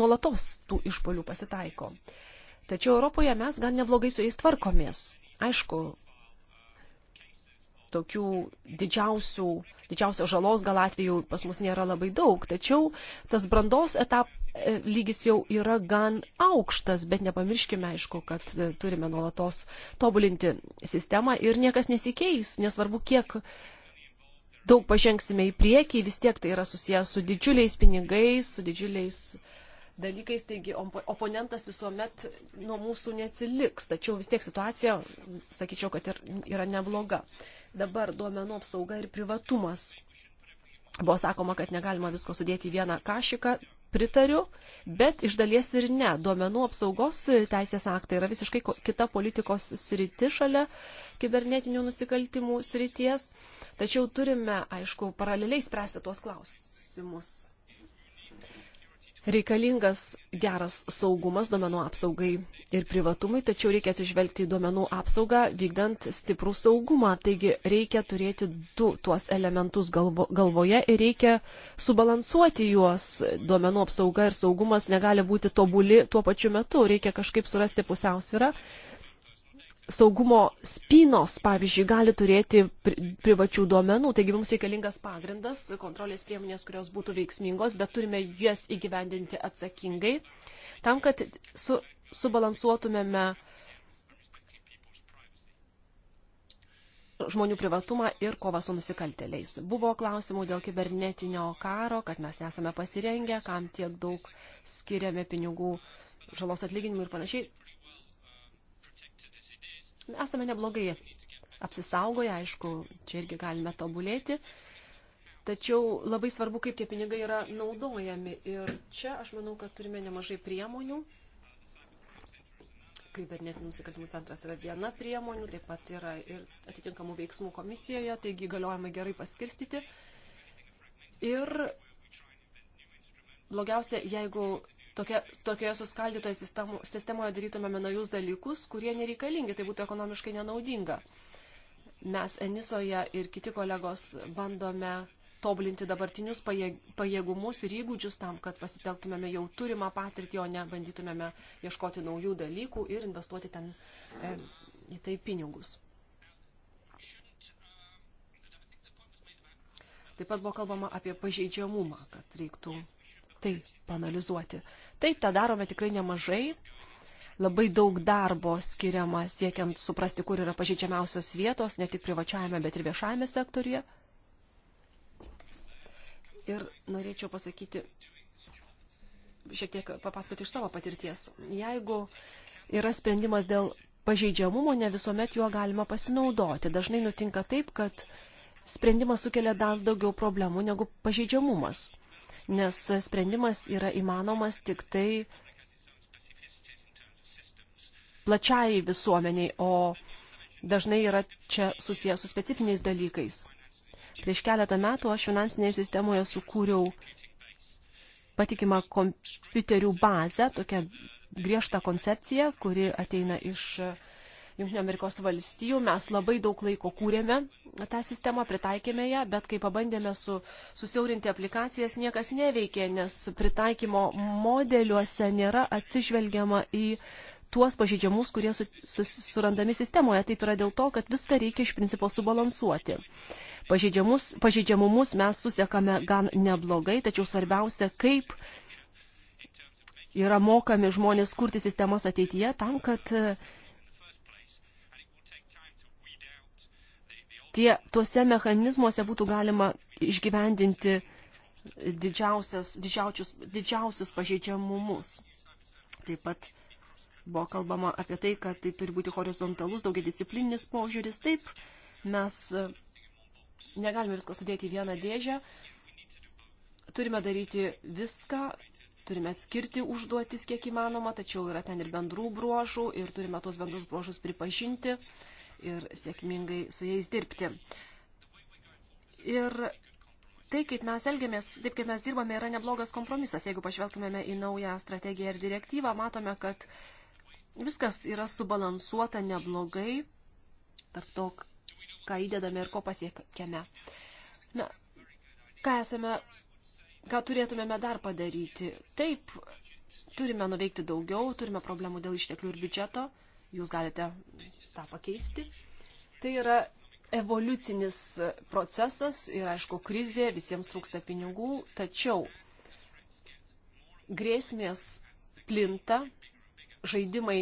nuolatos tų išpolių pasitaiko. Tačiau Europoje mes gan neblogai su jais tvarkomės. Aišku, tokių didžiausių, didžiausios žalos gal atveju pas mus nėra labai daug, tačiau tas brandos etap e, lygis jau yra gan aukštas, bet nepamirškime, aišku, kad e, turime nuolatos tobulinti sistemą ir niekas nesikeis, nesvarbu, kiek daug pažengsime į priekį, vis tiek tai yra susijęs su didžiuliais pinigais, su didžiuliais dalykais, taigi oponentas visuomet nuo mūsų neatsiliks, tačiau vis tiek situacija, sakyčiau, kad ir yra nebloga. Dabar duomenų apsauga ir privatumas. Buvo sakoma, kad negalima visko sudėti į vieną kašiką, pritariu, bet iš dalies ir ne. Duomenų apsaugos teisės aktai yra visiškai kita politikos sriti šalia kibernetinių nusikaltimų srities, tačiau turime, aišku, paraleliai spręsti tuos klausimus. Reikalingas geras saugumas duomenų apsaugai ir privatumui, tačiau reikia atsižvelgti į duomenų apsaugą, vykdant stiprų saugumą. Taigi reikia turėti du tuos elementus galvo, galvoje ir reikia subalansuoti juos. Duomenų apsauga ir saugumas negali būti tobuli tuo pačiu metu, reikia kažkaip surasti pusiausvyrą saugumo spynos, pavyzdžiui, gali turėti pri privačių duomenų, taigi mums reikalingas pagrindas, kontrolės priemonės, kurios būtų veiksmingos, bet turime jas įgyvendinti atsakingai, tam, kad su, subalansuotumėme žmonių privatumą ir kovą su nusikalteliais. Buvo klausimų dėl kibernetinio karo, kad mes nesame pasirengę, kam tiek daug skiriame pinigų žalos atlyginimų ir panašiai esame neblogai apsisaugoję, aišku, čia irgi galime tobulėti. Tačiau labai svarbu, kaip tie pinigai yra naudojami. Ir čia aš manau, kad turime nemažai priemonių. Kibernetinių nusikaltimų centras yra viena priemonių, taip pat yra ir atitinkamų veiksmų komisijoje, taigi galiojame gerai paskirstyti. Ir blogiausia, jeigu tokia, tokioje suskaldytoje sistemo, sistemoje darytumėme naujus dalykus, kurie nereikalingi, tai būtų ekonomiškai nenaudinga. Mes Enisoje ir kiti kolegos bandome tobulinti dabartinius pajėgumus ir įgūdžius tam, kad pasitelktumėme jau turimą patirtį, o ne bandytumėme ieškoti naujų dalykų ir investuoti ten e, į tai pinigus. Taip pat buvo kalbama apie pažeidžiamumą, kad reiktų tai panalizuoti. Taip, tą darome tikrai nemažai. Labai daug darbo skiriama siekiant suprasti, kur yra pažydžiamiausios vietos, ne tik privačiajame, bet ir viešajame sektorije. Ir norėčiau pasakyti, šiek tiek papasakoti iš savo patirties. Jeigu yra sprendimas dėl pažeidžiamumo, ne visuomet juo galima pasinaudoti. Dažnai nutinka taip, kad sprendimas sukelia dar daugiau problemų negu pažeidžiamumas nes sprendimas yra įmanomas tik tai plačiai visuomeniai, o dažnai yra čia susijęs su specifiniais dalykais. Prieš keletą metų aš finansinėje sistemoje sukūriau patikimą kompiuterių bazę, tokią griežtą koncepciją, kuri ateina iš uh, Junktinio Amerikos valstijų. Mes labai daug laiko kūrėme tą sistemą, pritaikėme ją, bet kai pabandėme su, susiaurinti aplikacijas, niekas neveikė, nes pritaikymo modeliuose nėra atsižvelgiama į tuos pažeidžiamus, kurie su, su, surandami sistemoje. Taip yra dėl to, kad viską reikia iš principo subalansuoti. Pažeidžiamumus mes susiekame gan neblogai, tačiau svarbiausia, kaip yra mokami žmonės kurti sistemas ateityje tam, kad tie, tuose mechanizmuose būtų galima išgyvendinti didžiausias, didžiausius, didžiausius pažeidžiamumus. Taip pat buvo kalbama apie tai, kad tai turi būti horizontalus, daugiadisciplininis požiūris. Taip, mes e, negalime visko sudėti į vieną dėžę. Turime daryti viską, turime atskirti užduotis kiek įmanoma, tačiau yra ten ir bendrų bruožų ir turime tuos bendrus bruožus pripažinti. Uh, ir sėkmingai su jais dirbti. Ir tai, kaip mes elgiamės, taip kaip mes dirbame, yra neblogas kompromisas. Jeigu pažvelgtumėme į naują strategiją ir direktyvą, matome, kad viskas yra subalansuota neblogai tarp to, ką įdedame ir ko pasiekėme. Na, ką esame, ką turėtumėme dar padaryti? Taip, turime nuveikti daugiau, turime problemų dėl išteklių ir biudžeto. Jūs galite tą pakeisti. Tai yra evoliucinis procesas ir, aišku, krizė, visiems trūksta pinigų, tačiau grėsmės plinta, žaidimai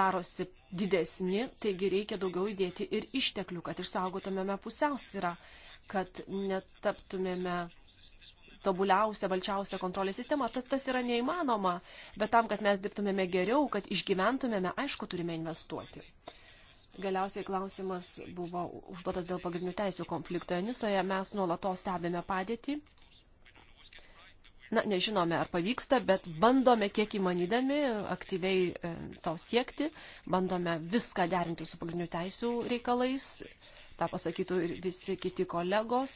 darosi didesni, taigi reikia daugiau įdėti ir išteklių, kad išsaugotumėme pusiausvyrą, kad netaptumėme tobuliausia, balčiausia kontrolės sistema, tad tas yra neįmanoma, bet tam, kad mes dirbtumėme geriau, kad išgyventumėme, aišku, turime investuoti. Galiausiai klausimas buvo užduotas dėl pagrindinių teisų konflikto. Nisoje mes nuolatos stebime padėtį. Na, nežinome, ar pavyksta, bet bandome kiek įmanydami aktyviai e, to siekti, bandome viską derinti su pagrindinių teisų reikalais, tą pasakytų ir visi kiti kolegos.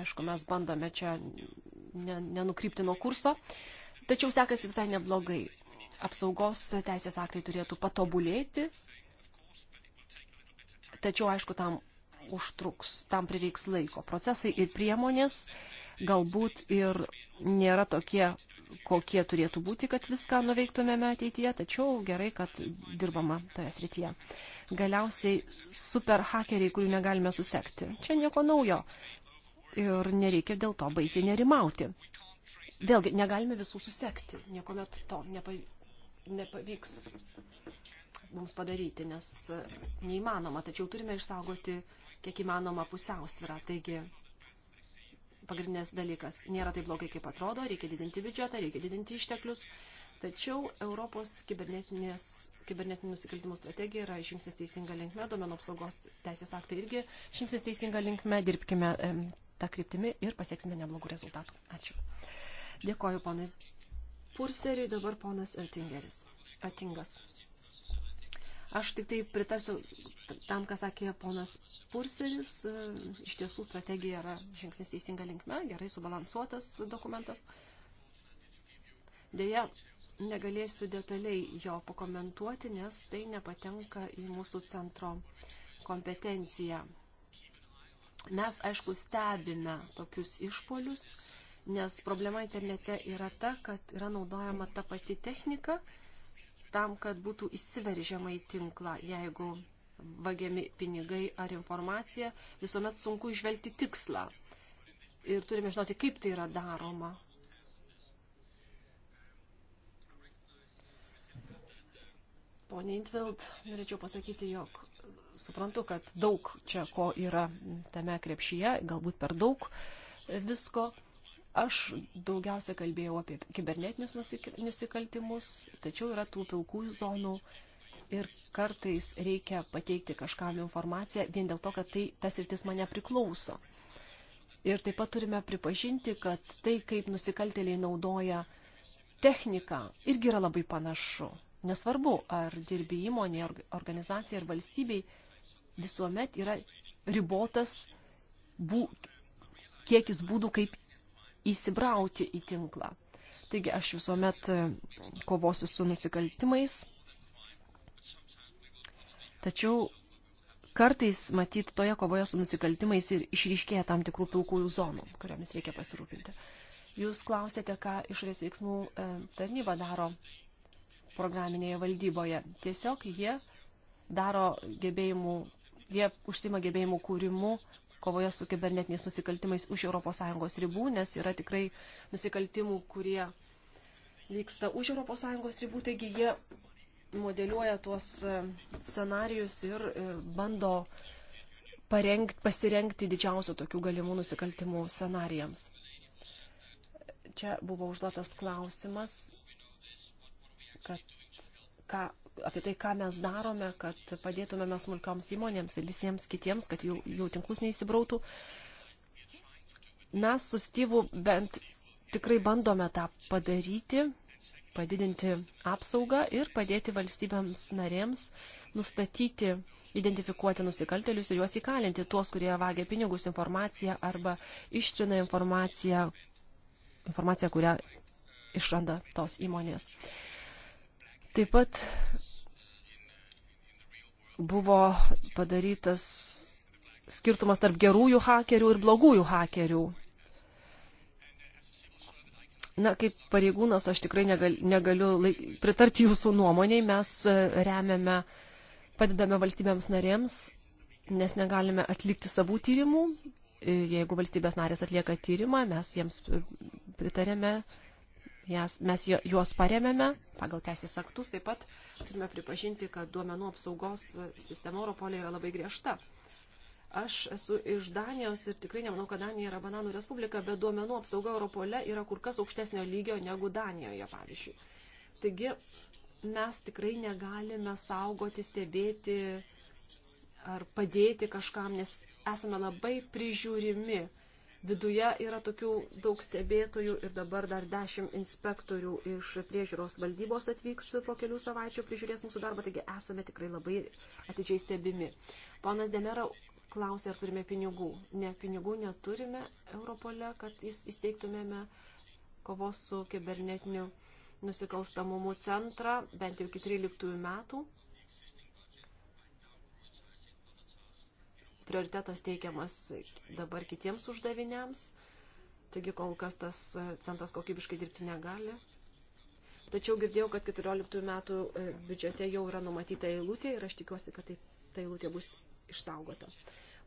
Aišku, mes bandome čia nenukrypti nuo kurso, tačiau sekasi visai neblogai. Apsaugos teisės aktai turėtų patobulėti, Tačiau, aišku, tam užtruks, tam prireiks laiko. Procesai ir priemonės galbūt ir nėra tokie, kokie turėtų būti, kad viską nuveiktumėme ateityje, tačiau gerai, kad dirbama toje srityje. Galiausiai superhakeriai, kurių negalime susekti. Čia nieko naujo ir nereikia dėl to baisiai nerimauti. Vėlgi, negalime visų susekti, niekuomet to nepavyks mums padaryti, nes neįmanoma, tačiau turime išsaugoti kiek įmanoma pusiausvirą. Taigi, pagrindinės dalykas nėra taip blogai, kaip atrodo, reikia didinti biudžetą, reikia didinti išteklius, tačiau Europos kibernetinės kibernetinių nusikaltimų strategija yra žingsnis teisinga linkme, domenų apsaugos teisės aktai irgi žingsnis teisinga linkme, dirbkime em, tą kryptimį ir pasieksime neblogų rezultatų. Ačiū. Dėkoju ponui Purseriui, dabar ponas Oettingeris. Oettingas. Aš tik tai pritarsiu tam, ką sakė ponas Purseris. Iš tiesų strategija yra žingsnis teisinga linkme, gerai subalansuotas dokumentas. Deja, negalėsiu detaliai jo pakomentuoti, nes tai nepatenka į mūsų centro kompetenciją. Mes, aišku, stebime tokius išpolius, nes problema internete yra ta, kad yra naudojama ta pati technika, tam, kad būtų įsiveržiama į tinklą, jeigu vagiami pinigai ar informacija, visuomet sunku išvelgti tikslą. Ir turime žinoti, kaip tai yra daroma. Pone Intvild, norėčiau pasakyti, jog suprantu, kad daug čia ko yra tame krepšyje, galbūt per daug visko. Aš daugiausia kalbėjau apie kibernetinius nusikaltimus, tačiau yra tų pilkų zonų ir kartais reikia pateikti kažkam informaciją vien dėl to, kad tai, tas rytis mane priklauso. Ir taip pat turime pripažinti, kad tai, kaip nusikaltėliai naudoja techniką, irgi yra labai panašu. Nesvarbu, ar dirbi įmonė, organizacija ar valstybei, visuomet yra ribotas bū, kiekis būdų, kaip įsibrauti į tinklą. Taigi aš visuomet e, kovosiu su nusikaltimais. Tačiau kartais matyti toje kovoje su nusikaltimais ir išryškėja tam tikrų pilkųjų zonų, kuriomis reikia pasirūpinti. Jūs klausėte, ką išorės veiksmų e, tarnyba daro programinėje valdyboje. Tiesiog jie daro gebėjimų, jie užsima gebėjimų kūrimu kovoje su kibernetiniais nusikaltimais už ES ribų, nes yra tikrai nusikaltimų, kurie vyksta už ES ribų, taigi jie modeliuoja tuos e, scenarius ir e, bando parengt, pasirengti didžiausių tokių galimų nusikaltimų scenarijams. Čia buvo užduotas klausimas, kad ką, apie tai, ką mes darome, kad padėtumėme smulkioms įmonėms ir visiems kitiems, kad jų, jų tinklus neįsibrautų. Mes su Styvu bent tikrai bandome tą padaryti, padidinti apsaugą ir padėti valstybėms narėms nustatyti, identifikuoti nusikaltelius ir juos įkalinti, tuos, kurie vagia pinigus informaciją arba ištrina informaciją, informaciją kurią išranda tos įmonės. Uh, Taip pat buvo padarytas skirtumas tarp gerųjų hakerių ir blogųjų hakerių. Na, kaip pareigūnas, aš tikrai negaliu, negaliu laik, pritarti jūsų nuomoniai, mes e, remiame, padedame valstybėms narėms, nes negalime atlikti savų tyrimų. E, jeigu valstybės narės atlieka tyrimą, mes jiems e, pritarėme jas, mes juos paremėme pagal teisės aktus, taip pat turime pripažinti, kad duomenų apsaugos sistema Europolė yra labai griežta. Aš esu iš Danijos ir tikrai nemanau, kad Danija yra bananų respublika, bet duomenų apsauga Europole yra kur kas aukštesnio lygio negu Danijoje, pavyzdžiui. Taigi mes tikrai negalime saugoti, stebėti ar padėti kažkam, nes esame labai prižiūrimi viduje yra tokių daug stebėtojų ir dabar dar dešimt inspektorių iš priežiūros valdybos atvyks po kelių savaičių, prižiūrės mūsų darbą, taigi esame tikrai labai atidžiai stebimi. Ponas Demera klausė, ar turime pinigų. Ne, pinigų neturime Europole, kad įsteigtumėme kovos su kibernetiniu nusikalstamumu centrą bent jau iki 13 metų. prioritetas teikiamas dabar kitiems uždaviniams, taigi kol kas tas centras kokybiškai dirbti negali. Tačiau girdėjau, kad 14 metų e, biudžete jau yra numatyta eilutė ir aš tikiuosi, kad tai, ta eilutė bus išsaugota.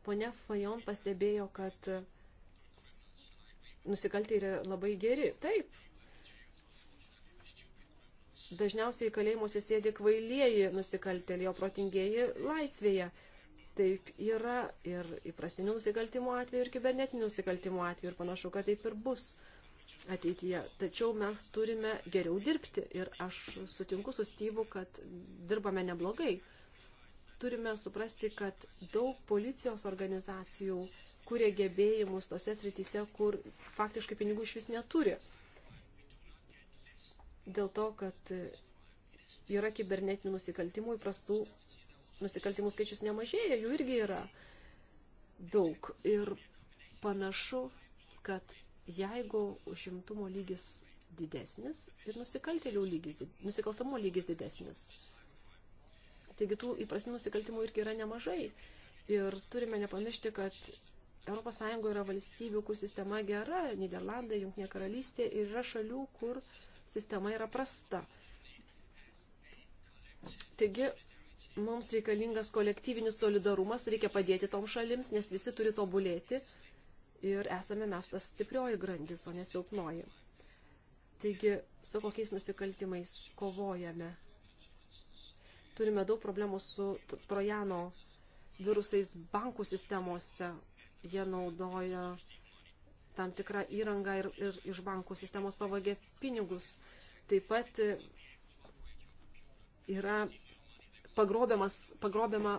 Pone Fajon pastebėjo, kad e, nusikaltė yra labai geri. Taip. Dažniausiai kalėjimuose sėdi kvailieji nusikaltėliai, o protingieji laisvėje taip yra ir įprastinių nusikaltimų atveju, ir kibernetinių nusikaltimų atveju, ir panašu, kad taip ir bus ateityje. Tačiau mes turime geriau dirbti ir aš sutinku su Styvu, kad dirbame neblogai. Turime suprasti, kad daug policijos organizacijų kuria gebėjimus tose srityse, kur faktiškai pinigų iš vis neturi. Dėl to, kad yra kibernetinių nusikaltimų įprastų nusikaltimų skaičius nemažėja, jų irgi yra daug. Ir panašu, kad jeigu užimtumo lygis didesnis ir nusikaltėlių lygis, nusikalstamo lygis didesnis. Taigi tų įprastinių nusikaltimų irgi yra nemažai. Ir turime nepamiršti, kad ES yra valstybių, kur sistema gera, Niderlandai, Junktinė karalystė ir yra šalių, kur sistema yra prasta. Taigi mums reikalingas kolektyvinis solidarumas, reikia padėti tom šalims, nes visi turi tobulėti ir esame mes tas stiprioji grandis, o nesilpnoji. Taigi, su kokiais nusikaltimais kovojame? Turime daug problemų su Trojano virusais bankų sistemose. Jie naudoja tam tikrą įrangą ir, ir iš bankų sistemos pavagė pinigus. Taip pat yra pagrobiama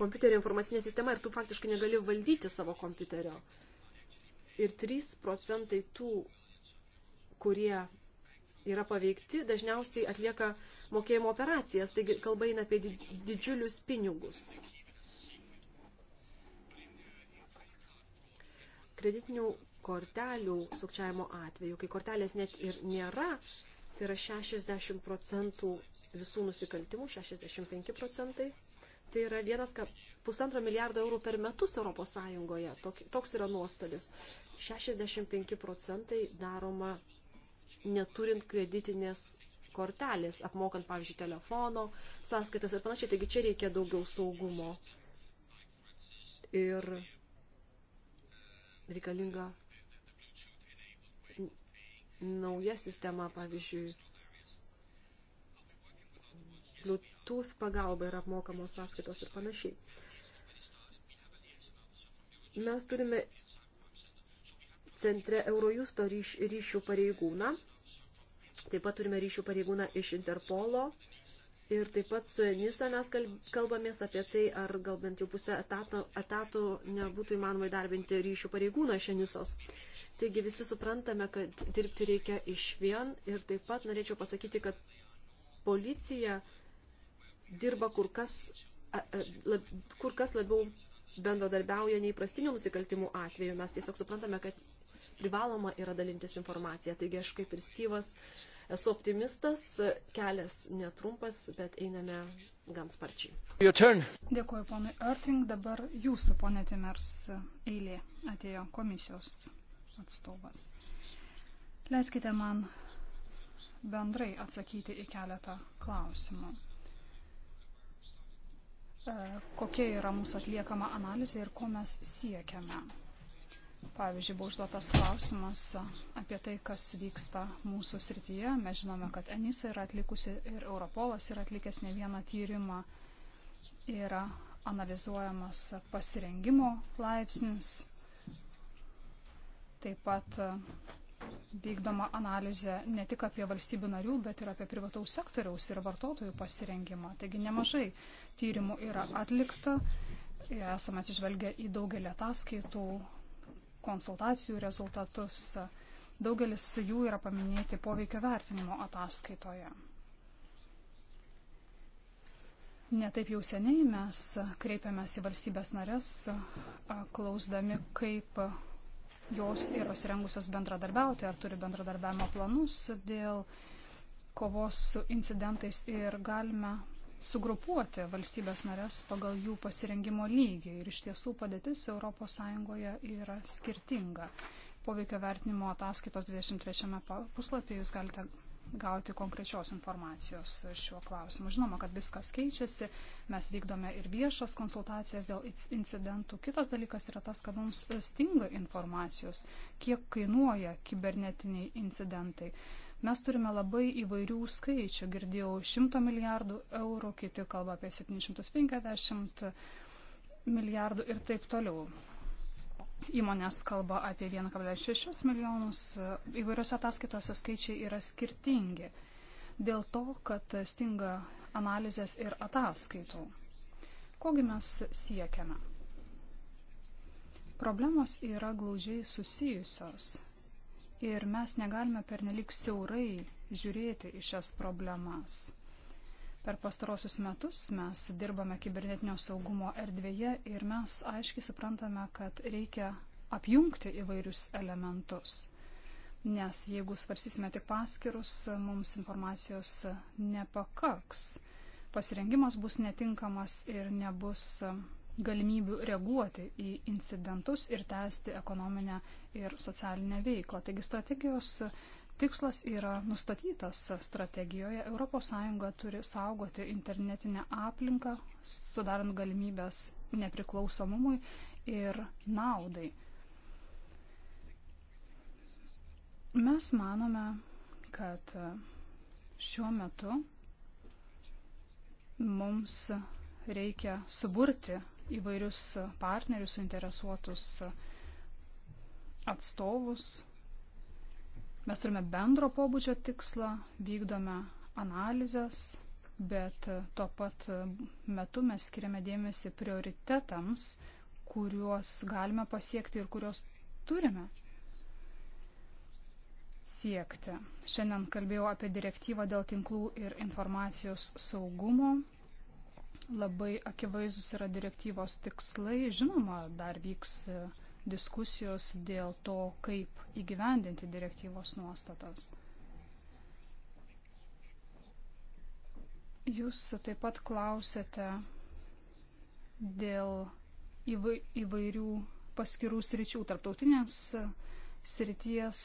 kompiuterio informacinė sistema ir tu faktiškai negali valdyti savo kompiuterio. Ir 3 procentai tų, kurie yra paveikti, dažniausiai atlieka mokėjimo operacijas, taigi kalba eina apie didžiulius pinigus. Kreditinių kortelių sukčiavimo atveju, kai kortelės net ir nėra, tai yra 60 procentų visų nusikaltimų 65 procentai. Tai yra vienas, ka pusantro milijardo eurų per metus Europos Sąjungoje. Tok, toks yra nuostolis. 65 procentai daroma neturint kreditinės kortelės, apmokant, pavyzdžiui, telefono, sąskaitas ir panašiai. Taigi čia reikia daugiau saugumo. Ir reikalinga nauja sistema, pavyzdžiui, tūs pagalba yra apmokamos sąskaitos ir panašiai. Mes turime centre Eurojusto ryš, ryšių pareigūną, taip pat turime ryšių pareigūną iš Interpolo ir taip pat su Enisa mes kalbamės apie tai, ar gal bent jau pusę etato, etato nebūtų įmanoma įdarbinti ryšių pareigūną iš Enisos. Taigi visi suprantame, kad dirbti reikia iš vien ir taip pat norėčiau pasakyti, kad policija dirba kur kas, kur kas labiau bendradarbiauja neįprastinių nusikaltimų atveju. Mes tiesiog suprantame, kad privaloma yra dalintis informacija. Taigi aš kaip ir Styvas esu optimistas, kelias netrumpas, bet einame gan sparčiai. Dėkuoju ponui Erting, dabar jūsų ponė Timers eilė atėjo komisijos atstovas. Leiskite man bendrai atsakyti į keletą klausimų. E, kokia yra mūsų atliekama analizė ir ko mes siekiame. Pavyzdžiui, buvo užduotas klausimas apie tai, kas vyksta mūsų srityje. Mes žinome, kad Enisa yra atlikusi ir Europolas yra atlikęs ne vieną tyrimą. Yra analizuojamas pasirengimo laipsnis. Taip pat vykdoma analizė ne tik apie valstybių narių, bet ir apie privataus sektoriaus ir vartotojų pasirengimą. Taigi nemažai tyrimų yra atlikta, esame atsižvelgę į daugelį ataskaitų, konsultacijų rezultatus. Daugelis jų yra paminėti poveikio vertinimo ataskaitoje. Netaip jau seniai mes kreipiamės į valstybės narės, klausdami, kaip jos yra sirengusios bendradarbiauti, ar turi bendradarbiavimo planus dėl kovos su incidentais ir galime sugrupuoti valstybės narės pagal jų pasirengimo lygį. Ir iš tiesų padėtis ES yra skirtinga. Poveikio vertinimo ataskaitos 23 puslapyje jūs galite gauti konkrečios informacijos šiuo klausimu. Žinoma, kad viskas keičiasi, mes vykdome ir viešas konsultacijas dėl incidentų. Kitas dalykas yra tas, kad mums stinga informacijos, kiek kainuoja kibernetiniai incidentai. Mes turime labai įvairių skaičių, girdėjau 100 milijardų eurų, kiti kalba apie 750 milijardų ir taip toliau. Įmonės kalba apie 1,6 milijonus. Įvairiose ataskaitose skaičiai yra skirtingi dėl to, kad stinga analizės ir ataskaitų. Kogi mes siekiame? Problemos yra glaužiai susijusios ir mes negalime pernelik siaurai žiūrėti į šias problemas. Per pastarosius metus mes dirbame kibernetinio saugumo erdvėje ir mes aiškiai suprantame, kad reikia apjungti įvairius elementus. Nes jeigu svarsysime tik paskirus, mums informacijos nepakaks. Pasirengimas bus netinkamas ir nebus um, galimybių reaguoti į incidentus ir tęsti ekonominę ir socialinę veiklą. Taigi strategijos Tikslas yra nustatytas strategijoje. ES turi saugoti internetinę aplinką, sudarant galimybės nepriklausomumui ir naudai. Mes manome, kad šiuo metu mums reikia suburti įvairius partnerius, suinteresuotus atstovus Mes turime bendro pobūdžio tikslą, vykdome analizės, bet tuo pat metu mes skiriame dėmesį prioritetams, kuriuos galime pasiekti ir kuriuos turime siekti. Šiandien kalbėjau apie direktyvą dėl tinklų ir informacijos saugumo. Labai akivaizdus yra direktyvos tikslai. Žinoma, dar vyks uh, diskusijos dėl to, kaip įgyvendinti direktyvos nuostatas. Jūs taip pat klausėte dėl įvairių paskirų sričių, tarptautinės srities,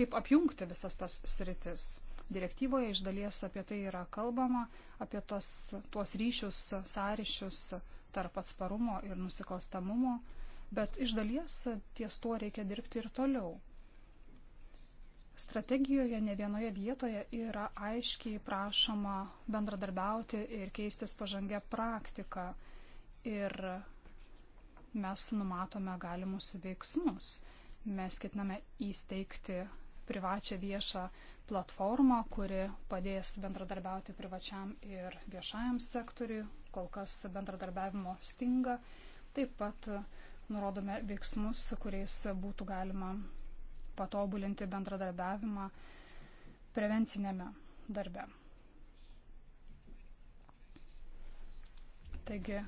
kaip apjungti visas tas sritis. Direktyvoje iš dalies apie tai yra kalbama, apie tos, tuos ryšius, sąryšius tarp atsparumo ir nusikalstamumo. Uh, Bet iš dalies ties tuo reikia dirbti ir toliau. Strategijoje ne vienoje vietoje yra aiškiai prašoma bendradarbiauti ir keistis pažangę praktiką. Ir mes numatome galimus veiksmus. Mes ketiname įsteigti privačią viešą platformą, kuri padės bendradarbiauti privačiam ir viešajam sektoriui. Kol kas bendradarbiavimo stinga. Taip pat uh, nurodome veiksmus, kuriais būtų galima patobulinti bendradarbiavimą prevencinėme darbe. Taigi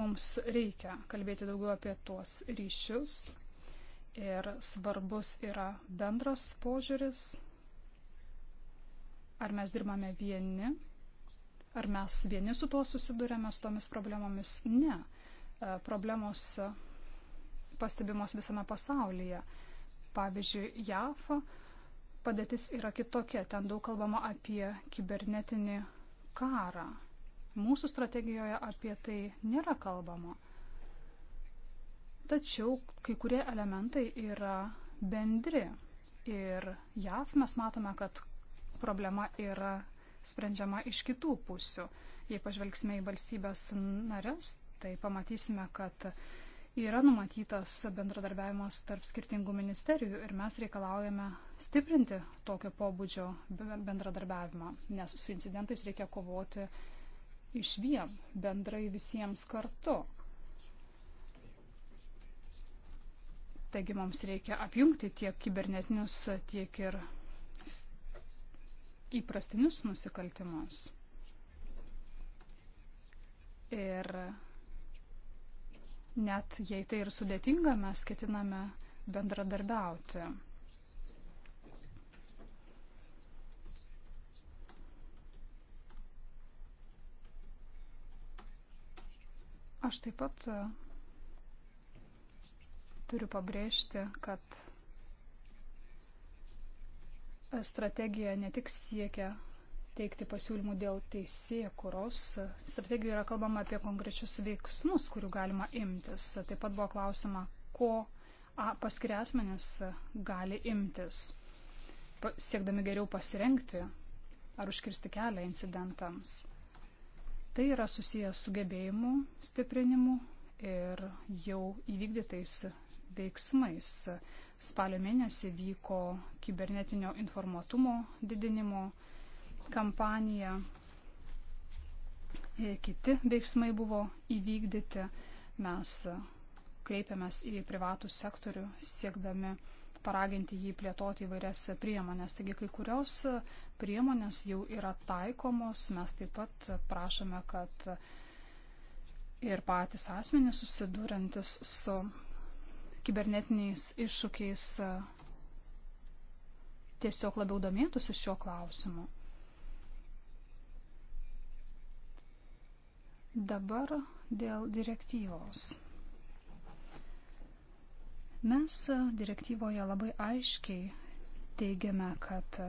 mums reikia kalbėti daugiau apie tuos ryšius ir svarbus yra bendras požiūris, ar mes dirbame vieni, ar mes vieni su tuo susidurėme, su tomis problemomis. Ne E, problemos pastebimos visame pasaulyje. Pavyzdžiui, JAF padėtis yra kitokia, ten daug kalbama apie kibernetinį karą. Mūsų strategijoje apie tai nėra kalbama. Tačiau kai kurie elementai yra bendri. Ir JAV mes matome, kad problema yra sprendžiama iš kitų pusių. Jei pažvelgsime į valstybės narės, tai pamatysime, kad yra numatytas bendradarbiavimas tarp skirtingų ministerijų ir mes reikalaujame stiprinti tokio pobūdžio bendradarbiavimą, nes su incidentais reikia kovoti iš vien, bendrai visiems kartu. Taigi mums reikia apjungti tiek kibernetinius, tiek ir įprastinius nusikaltimus. Ir Net jei tai ir sudėtinga, mes ketiname bendradarbiauti. Aš taip pat e, turiu pabrėžti, kad e, strategija ne tik siekia teikti pasiūlymų dėl teisėkuros. Strategijoje yra kalbama apie konkrečius veiksmus, kurių galima imtis. Taip pat buvo klausima, ko paskiria asmenys gali imtis, siekdami geriau pasirengti ar užkirsti kelią incidentams. Tai yra susijęs su gebėjimu stiprinimu ir jau įvykdytais veiksmais. Spalio mėnesį vyko kibernetinio informatumo didinimo kampanija ir e, kiti veiksmai buvo įvykdyti. Mes kreipiamės į privatų sektorių siekdami paraginti jį plėtoti įvairias priemonės. Taigi kai kurios priemonės jau yra taikomos, mes taip pat prašome, kad ir patys asmenys susidūrantis su kibernetiniais iššūkiais tiesiog labiau domėtųsi šiuo klausimu. Dabar dėl direktyvos. Mes direktyvoje labai aiškiai teigiame, kad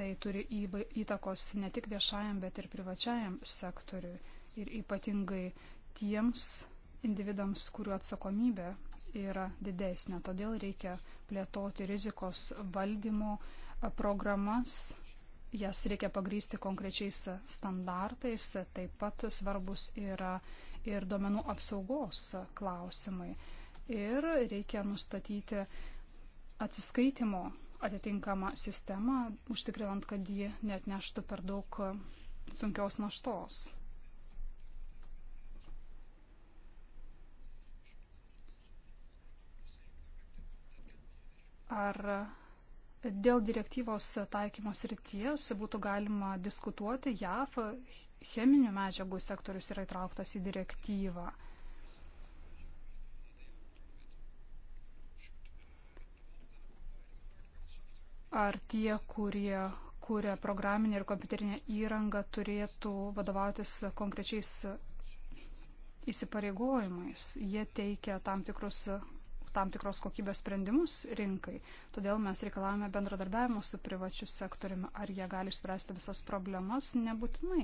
tai turi įtakos ne tik viešajam, bet ir privačiajam sektoriui ir ypatingai tiems individams, kurių atsakomybė yra didesnė. Todėl reikia plėtoti rizikos valdymo programas jas reikia pagrysti konkrečiais standartais, taip pat svarbus yra ir duomenų apsaugos klausimai. Ir reikia nustatyti atsiskaitimo atitinkamą sistemą, užtikrinant, kad ji net neštų per daug sunkios naštos. Ar Dėl direktyvos taikymos ryties būtų galima diskutuoti. JAF cheminių medžiagų sektorius yra įtrauktas į direktyvą. Ar tie, kurie kuria programinę ir kompiuterinę įrangą, turėtų vadovautis konkrečiais įsipareigojimais. Jie teikia tam tikrus tam tikros kokybės sprendimus rinkai. Todėl mes reikalavome bendradarbiavimo su privačiu sektoriumi. Ar jie gali išspręsti visas problemas? Nebūtinai.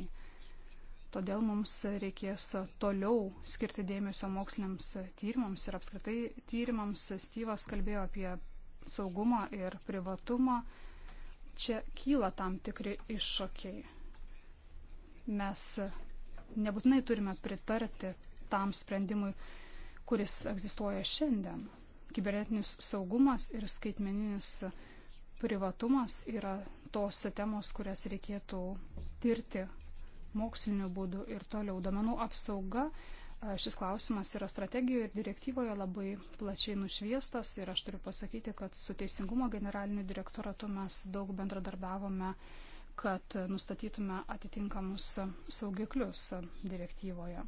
Todėl mums reikės toliau skirti dėmesio moksliniams tyrimams ir apskritai tyrimams. Styvas kalbėjo apie saugumą ir privatumą. Čia kyla tam tikri iššūkiai. Mes nebūtinai turime pritarti tam sprendimui, kuris egzistuoja šiandien. Kibernetinis saugumas ir skaitmeninis privatumas yra tos temos, kurias reikėtų tirti moksliniu būdu ir toliau. Domenų apsauga šis klausimas yra strategijoje ir direktyvoje labai plačiai nušviestas ir aš turiu pasakyti, kad su Teisingumo generaliniu direktoratu mes daug bendradarbiavome, kad nustatytume atitinkamus saugiklius direktyvoje.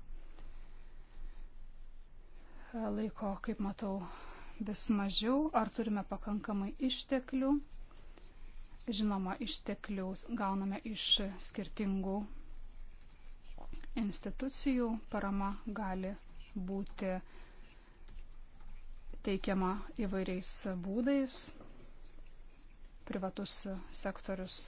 Laiko, kaip matau, vis mažiau, ar turime pakankamai išteklių. Žinoma, išteklių gauname iš skirtingų institucijų, parama gali būti teikiama įvairiais būdais. Privatus sektorius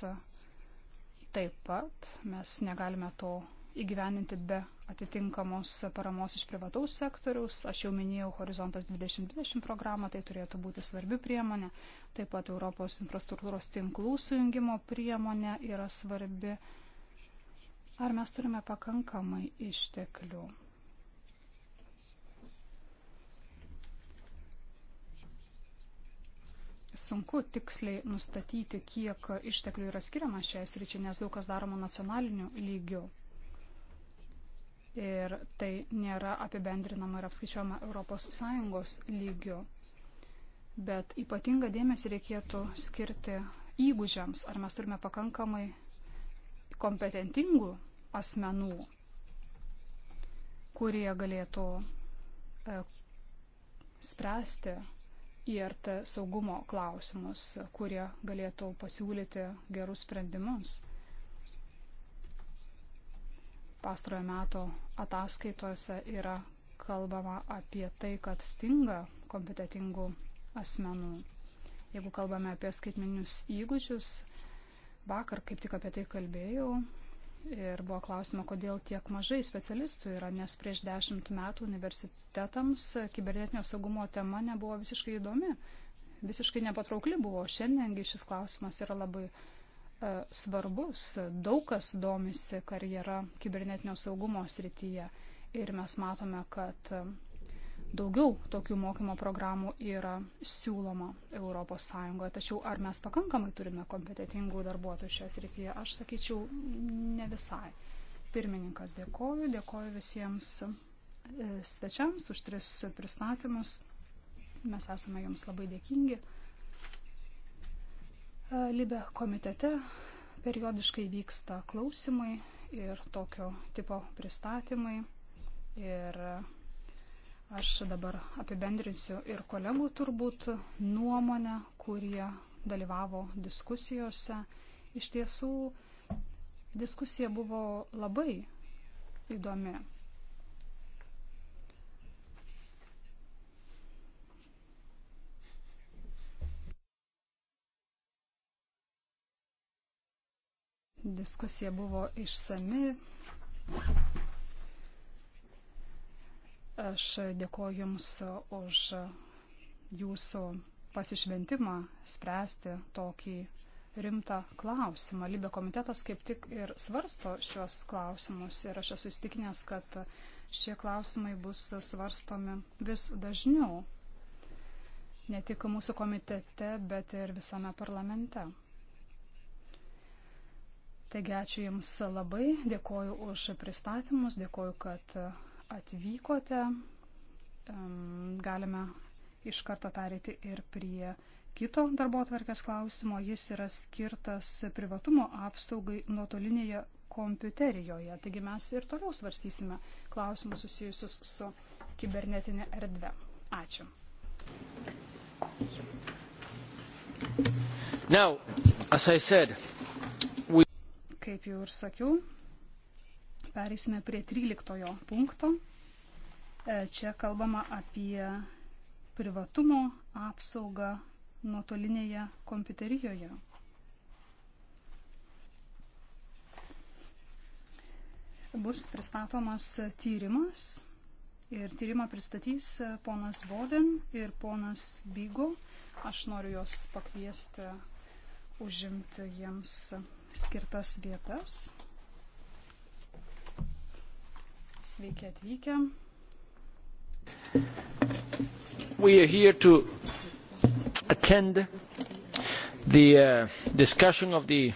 taip pat, mes negalime to įgyveninti be atitinkamos paramos iš privataus sektoriaus. Aš jau minėjau Horizontas 2020 programą, tai turėtų būti svarbi priemonė. Taip pat Europos infrastruktūros tinklų sujungimo priemonė yra svarbi. Ar mes turime pakankamai išteklių? Sunku tiksliai nustatyti, kiek išteklių yra skiriama šiai sričiai, nes daug kas daroma nacionaliniu lygiu ir tai nėra apibendrinama ir apskaičiuojama ES lygiu. Bet ypatingą dėmesį reikėtų skirti įgūdžiams, ar mes turime pakankamai kompetentingų asmenų, kurie galėtų e, spręsti IRT saugumo klausimus, kurie galėtų pasiūlyti gerus sprendimus pastarojo meto ataskaitose yra kalbama apie tai, kad stinga kompetitingų asmenų. Jeigu kalbame apie skaitmeninius įgūdžius, vakar kaip tik apie tai kalbėjau ir buvo klausima, kodėl tiek mažai specialistų yra, nes prieš dešimt metų universitetams kibernetinio saugumo tema nebuvo visiškai įdomi, visiškai nepatraukli buvo. Šiandiengi šis klausimas yra labai E, svarbus. Daug kas domisi karjera kibernetinio saugumo srityje ir mes matome, kad e, daugiau tokių mokymo programų yra siūloma ES. Tačiau ar mes pakankamai turime kompetitingų darbuotojų šioje srityje? Aš sakyčiau, ne visai. Pirmininkas dėkoju, dėkoju visiems e, svečiams už tris pristatymus. Mes esame jums labai dėkingi. Libe komitete periodiškai vyksta klausimai ir tokio tipo pristatymai. Ir aš dabar apibendrinsiu ir kolegų turbūt nuomonę, kurie dalyvavo diskusijose. Iš tiesų, diskusija buvo labai įdomi. Diskusija buvo išsami. Aš dėkoju Jums už Jūsų pasišventimą spręsti tokį rimtą klausimą. Libė komitetas kaip tik ir svarsto šios klausimus ir aš esu įstikinęs, kad šie klausimai bus svarstomi vis dažniau. Ne tik mūsų komitete, bet ir visame parlamente. Taigi ačiū Jums labai, dėkoju už pristatymus, dėkoju, kad atvykote. Galime iš karto pereiti ir prie kito darbo atvarkės klausimo. Jis yra skirtas privatumo apsaugai nuotolinėje kompiuterijoje. Taigi mes ir toliau svarstysime klausimus susijusius su kibernetinė erdvė. Ačiū. Now, as I said, Kaip jau ir sakiau, pereisime prie 13 punkto. E, čia kalbama apie privatumo apsaugą nuotolinėje kompiuterijoje. Bus pristatomas tyrimas ir tyrimą pristatys ponas Boden ir ponas Bygo. Aš noriu juos pakviesti užimti jiems skirtas vietas. Sveiki atvykę. We are here to attend the uh, discussion of the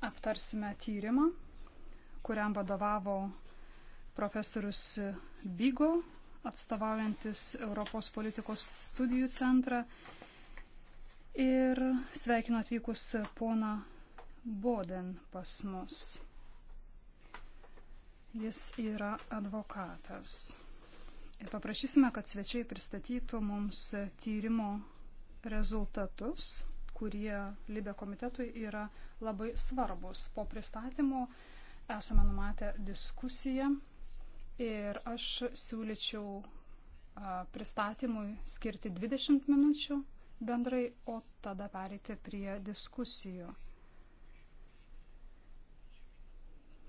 Aptarsime tyrimą, kuriam vadovavo profesorius Bigo, atstovaujantis Europos politikos studijų centrą ir sveikinu atvykus poną Boden pas mus. Jis yra advokatas. Ir paprašysime, kad svečiai pristatytų mums tyrimo rezultatus, kurie Libė komitetui yra labai svarbus. Po pristatymo esame numatę diskusiją ir aš siūlyčiau pristatymui skirti 20 minučių bendrai, o tada pereiti prie diskusijų.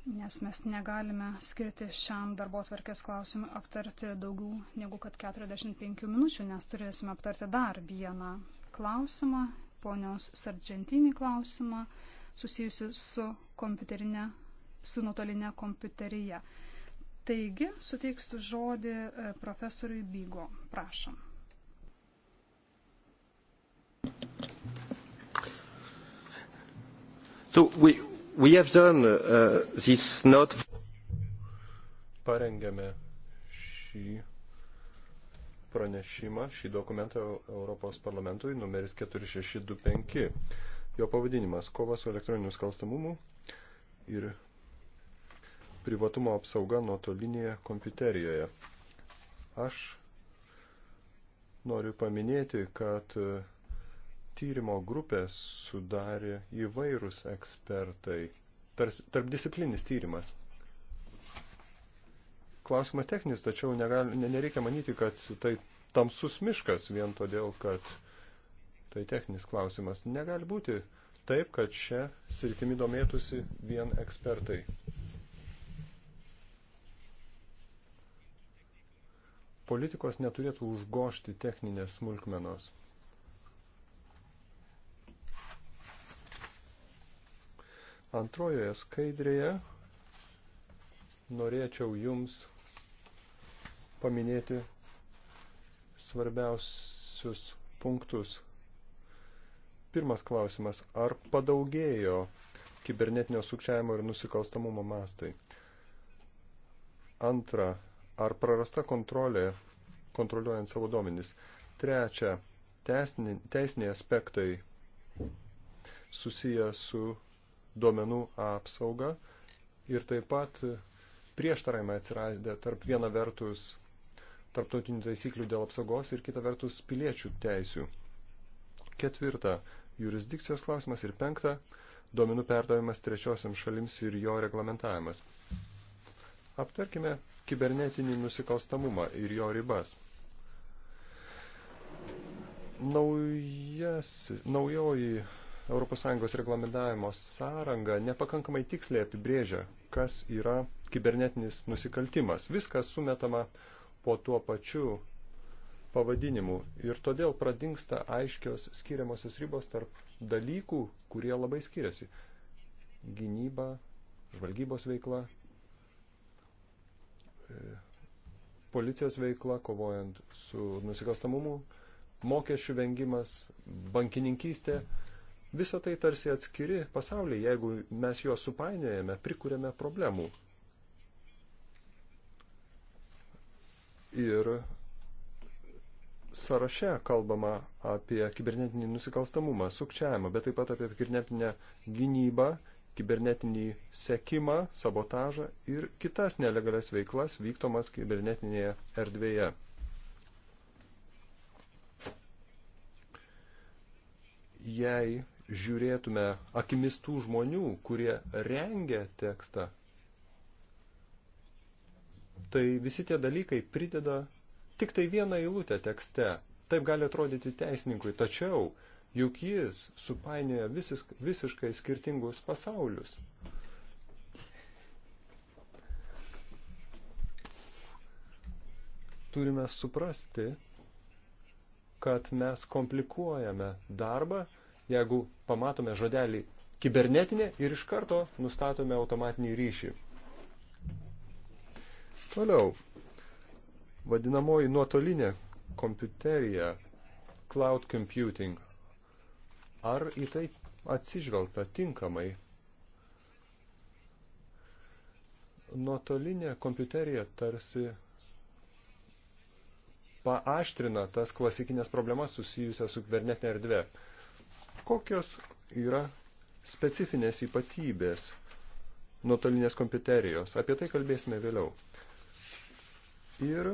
Nes mes negalime skirti šiam darbo atverkės klausimui aptarti daugiau negu kad 45 minučių, nes turėsime aptarti dar vieną klausimą, ponios Sargentinį klausimą, susijusi su kompiuterinė, su nuotolinė kompiuterija. Taigi, suteiksiu žodį e, profesoriui Bygo. Prašom. So we, we have done uh, this not. Parengėme šį pranešimą, šį dokumentą Europos parlamentui, numeris 4625. Jo pavadinimas - kova su elektroniniu skalstamumu ir privatumo apsauga nuotolinėje kompiuterijoje. Aš noriu paminėti, kad uh, tyrimo grupę sudarė įvairūs ekspertai. Tarpdisciplinis tyrimas. Klausimas techninis, tačiau negal, nereikia manyti, kad tai tamsus miškas vien todėl, kad tai techninis klausimas. Negali būti taip, kad šią sritimį domėtųsi vien ekspertai. Politikos neturėtų užgošti techninės smulkmenos. Antrojoje skaidrėje norėčiau Jums paminėti svarbiausius punktus. Pirmas klausimas. Ar padaugėjo kibernetinio sukčiavimo ir nusikalstamumo mastai? Antra. Ar prarasta kontrolė kontroliuojant savo duomenis? Trečia. Teisiniai aspektai susiję su duomenų apsaugą ir taip pat prieštaravimai atsiradę tarp viena vertus tarptautinių taisyklių dėl apsaugos ir kita vertus piliečių teisių. Ketvirta, jurisdikcijos klausimas ir penkta, duomenų perdavimas trečiosiam šalims ir jo reglamentavimas. Aptarkime kibernetinį nusikalstamumą ir jo ribas. Naujas, naujoji ES reglamentavimo sąranga nepakankamai tiksliai apibrėžia, kas yra kibernetinis nusikaltimas. Viskas sumetama po tuo pačiu pavadinimu ir todėl pradingsta aiškios skiriamosios ribos tarp dalykų, kurie labai skiriasi. Gynyba, žvalgybos veikla, e, policijos veikla, kovojant su nusikalstamumu, mokesčių vengimas, bankininkystė. Mhm Visą tai tarsi atskiri pasauliai, jeigu mes juos supainiojame, prikūrėme problemų. Ir sąraše kalbama apie kibernetinį nusikalstamumą, sukčiavimą, bet taip pat apie kibernetinę gynybą, kibernetinį sekimą, sabotažą ir kitas nelegalias veiklas vykdomas kibernetinėje erdvėje. jei žiūrėtume akimis tų žmonių, kurie rengia tekstą, tai visi tie dalykai prideda tik tai vieną eilutę tekste. Taip gali atrodyti teisininkui, tačiau juk jis supainioja visis, visiškai skirtingus pasaulius. Turime suprasti, kad mes komplikuojame darbą jeigu pamatome žodelį kibernetinė ir iš karto nustatome automatinį ryšį. Toliau, vadinamoji nuotolinė kompiuterija, cloud computing. Ar į tai atsižvelgta tinkamai? Nuotolinė kompiuterija tarsi paaštrina tas klasikinės problemas susijusias su kibernetinė erdvė. Kokios yra specifinės ypatybės nuotolinės kompiuterijos? Apie tai kalbėsime vėliau. Ir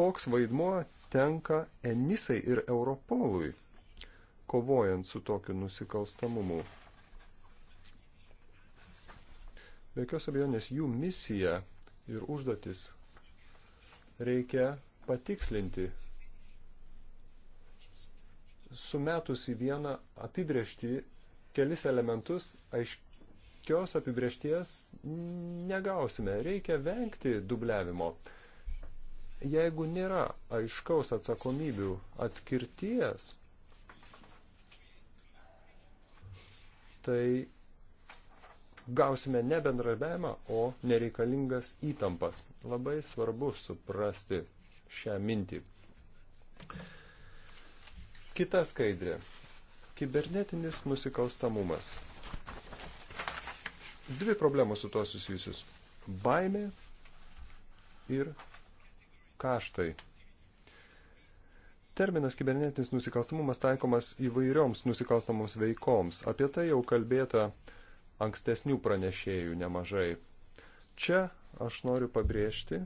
koks vaidmuo tenka Enisai ir Europolui, kovojant su tokiu nusikalstamumu? Be jokios abejonės jų misiją ir užduotis reikia patikslinti sumetus į vieną apibriešti kelis elementus, aiškios apibriešties negausime. Reikia vengti dubliavimo. Jeigu nėra aiškaus atsakomybių atskirties, tai gausime ne bendradarbiavimą, o nereikalingas įtampas. Labai svarbu suprasti šią mintį. Kita skaidrė. Kibernetinis nusikalstamumas. Dvi problemos su tuo susijusius. Baimė ir kaštai. Terminas kibernetinis nusikalstamumas taikomas įvairioms nusikalstamoms veikoms. Apie tai jau kalbėta ankstesnių pranešėjų nemažai. Čia aš noriu pabrėžti,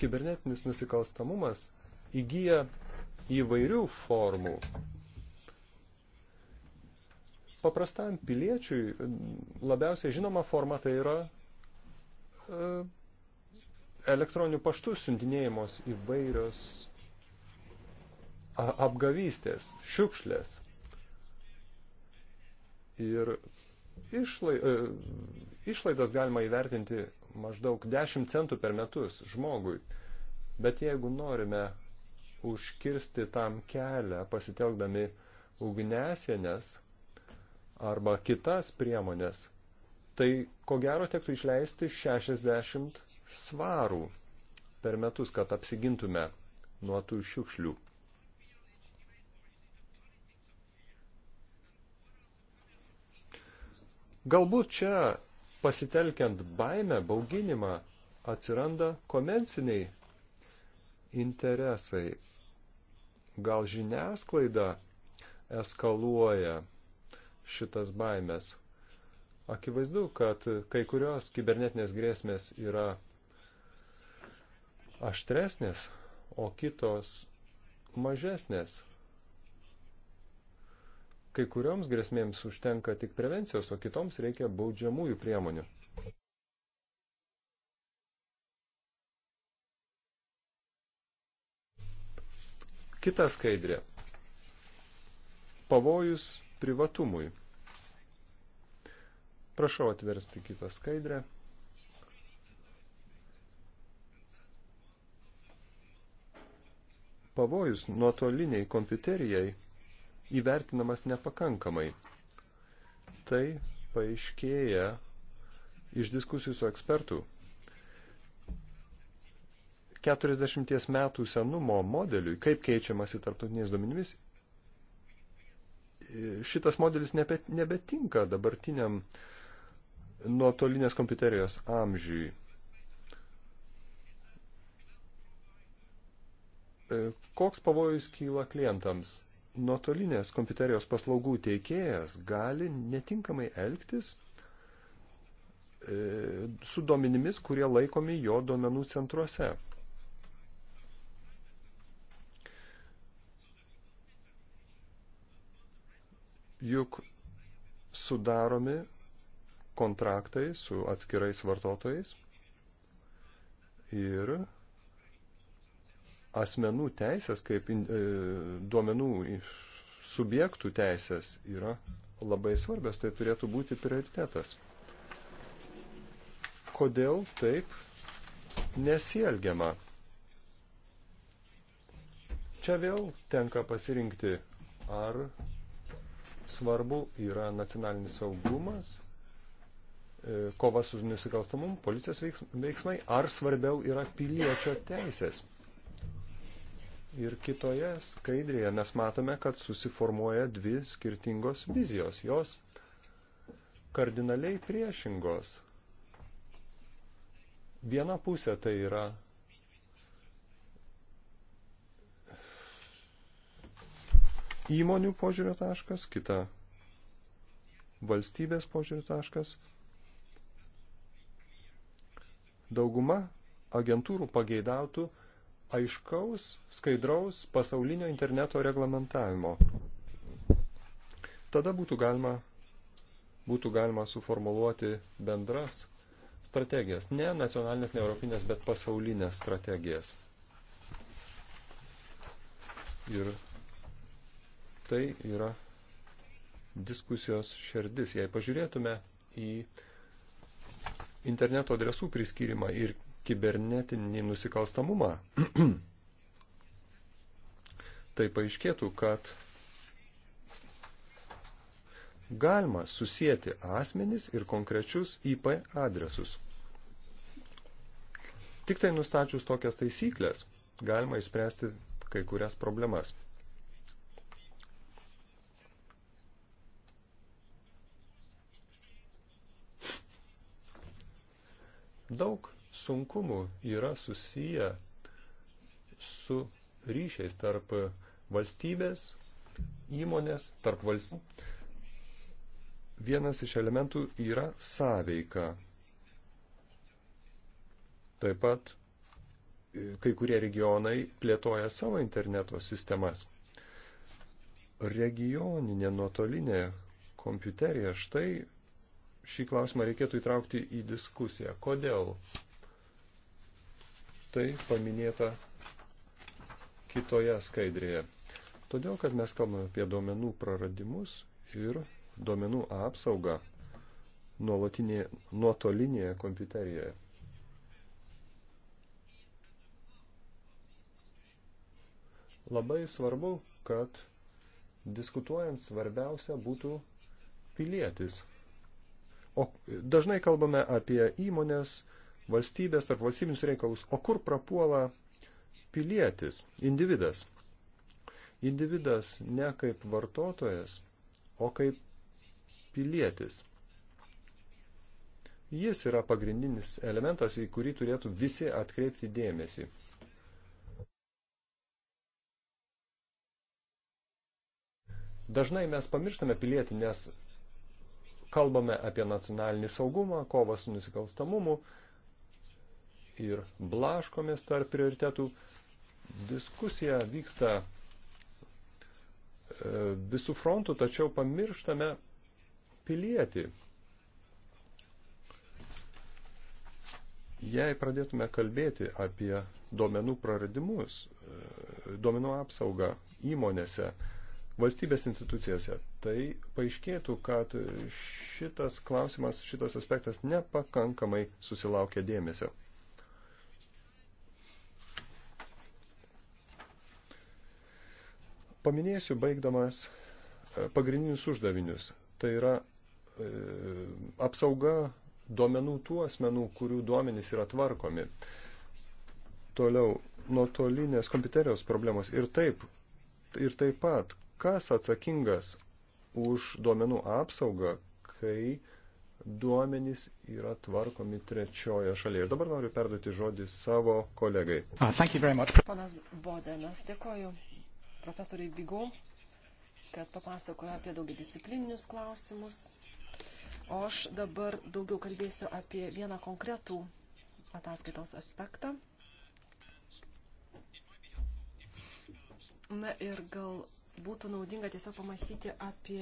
kibernetinis nusikalstamumas įgyja įvairių formų. Paprastam piliečiui labiausiai žinoma forma tai yra e, elektroninių paštų siuntinėjimos įvairios apgavystės, šiukšlės. Ir išlai, e, išlaidas galima įvertinti maždaug 10 centų per metus žmogui. Bet jeigu norime užkirsti tam kelią pasitelkdami ugnesienės arba kitas priemonės, tai ko gero tektų išleisti 60 svarų per metus, kad apsigintume nuo tų šiukšlių. Galbūt čia pasitelkiant baimę, bauginimą, atsiranda komerciniai interesai. Gal žiniasklaida eskaluoja šitas baimės. Akivaizdu, kad kai kurios kibernetinės grėsmės yra aštresnės, o kitos mažesnės. Kai kurioms grėsmėms užtenka tik prevencijos, o kitoms reikia baudžiamųjų priemonių. Kita skaidrė. Pavojus privatumui. Prašau atversti kitą skaidrę. Pavojus nuotoliniai kompiuterijai įvertinamas nepakankamai. Tai paaiškėja iš diskusijų su ekspertų. 40 metų senumo modeliui, kaip keičiamasi tarptautiniais duomenimis, šitas modelis nebe, nebetinka dabartiniam nuotolinės kompiuterijos amžiui. Koks pavojus kyla klientams? nuotolinės kompiuterijos paslaugų teikėjas gali netinkamai elgtis e, su duomenimis, kurie laikomi jo duomenų centruose. Juk sudaromi kontraktai su atskirais vartotojais ir asmenų teisės, kaip e, duomenų subjektų teisės yra labai svarbios, tai turėtų būti prioritetas. Kodėl taip nesielgiama? Čia vėl tenka pasirinkti, ar svarbu yra nacionalinis saugumas, e, kova su nusikalstamumu, policijos veiksmai, ar svarbiau yra piliečio teisės ir kitoje skaidrėje mes matome, kad susiformuoja dvi skirtingos vizijos. Jos kardinaliai priešingos. Viena pusė tai yra įmonių požiūrio taškas, kita valstybės požiūrio taškas. Dauguma agentūrų pageidautų aiškaus, skaidraus pasaulinio interneto reglamentavimo. Tada būtų galima, būtų galima suformuluoti bendras strategijas. Ne nacionalinės, ne europinės, bet pasaulinės strategijas. Ir tai yra diskusijos šerdis. Jei pažiūrėtume į interneto adresų priskyrimą ir kibernetinį nusikalstamumą, tai paaiškėtų, kad galima susijęti asmenis ir konkrečius IP adresus. Tik tai nustačius tokias taisyklės galima išspręsti kai kurias problemas. Daug sunkumų yra susiję su ryšiais tarp valstybės, įmonės, tarp valstybės. Vienas iš elementų yra sąveika. Taip pat e, kai kurie regionai plėtoja savo interneto sistemas. Regioninė nuotolinė kompiuterija štai šį klausimą reikėtų įtraukti į diskusiją. Kodėl tai paminėta kitoje skaidrėje. Todėl, kad mes kalbame apie duomenų praradimus ir duomenų apsaugą nuotolinėje kompiuterijoje. Labai svarbu, kad diskutuojant svarbiausia būtų pilietis. O dažnai kalbame apie įmonės, valstybės, tarp valstybinius reikalus, o kur prapuola pilietis, individas. Individas ne kaip vartotojas, o kaip pilietis. Jis yra pagrindinis elementas, į kurį turėtų visi atkreipti dėmesį. Dažnai mes pamirštame pilietį, nes kalbame apie nacionalinį saugumą, kovą su nusikalstamumu, ir blaškomės tarp prioritetų. Diskusija vyksta e, visų frontų, tačiau pamirštame pilietį. Jei pradėtume kalbėti apie duomenų praradimus, e, duomenų apsaugą įmonėse, valstybės institucijose, tai paaiškėtų, kad šitas klausimas, šitas aspektas nepakankamai susilaukia dėmesio. Paminėsiu baigdamas e, pagrindinius uždavinius. Tai yra e, apsauga duomenų tų asmenų, kurių duomenys yra tvarkomi. Toliau, nuotolinės kompiuterijos problemos ir taip, ir taip pat, kas atsakingas už duomenų apsaugą, kai duomenys yra tvarkomi trečioje šalyje. Ir dabar noriu perduoti žodį savo kolegai. Ah, Panas Bodenas, dėkoju profesoriai Bigo, kad papasakojo apie daugia disciplininius klausimus. O aš dabar daugiau kalbėsiu apie vieną konkretų ataskaitos aspektą. Na ir gal būtų naudinga tiesiog pamastyti apie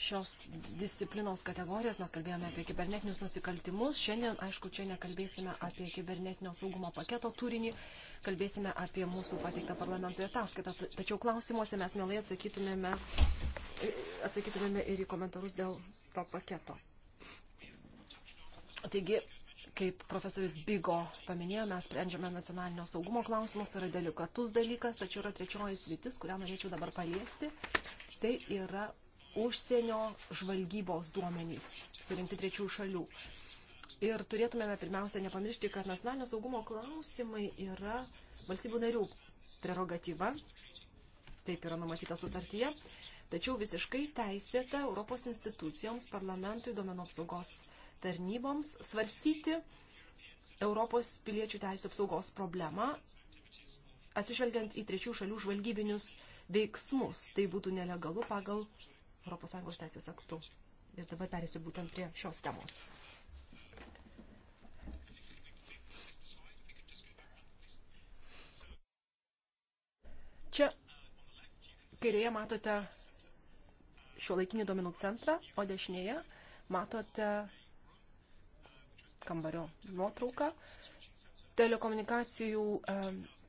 šios disciplinos kategorijas. Mes kalbėjome apie kibernetinius nusikaltimus. Šiandien, aišku, čia nekalbėsime apie kibernetinio saugumo paketo turinį, kalbėsime apie mūsų pateiktą parlamentui ataskaitą. Tačiau klausimuose mes mielai atsakytumėme, atsakytumėme ir į komentarus dėl to paketo. Taigi, kaip profesorius Bigo paminėjo, mes sprendžiame nacionalinio saugumo klausimus, tai yra delikatus dalykas, tačiau yra trečioji sritis, kurią norėčiau dabar paliesti. Tai yra užsienio žvalgybos duomenys surinkti trečių šalių. Ir turėtumėme pirmiausia nepamiršti, kad nacionalinio saugumo klausimai yra valstybių narių prerogatyva, taip yra numatyta sutartyje, tačiau visiškai teisėta Europos institucijoms, parlamentui, duomenų apsaugos tarnyboms svarstyti Europos piliečių teisų apsaugos problemą, atsižvelgiant į trečių šalių žvalgybinius veiksmus. Tai būtų nelegalu pagal ES teisės aktų. Ir dabar perėsiu būtent prie šios temos. Čia kairėje matote šio laikinį duomenų centrą, o dešinėje matote kambario nuotrauką telekomunikacijų,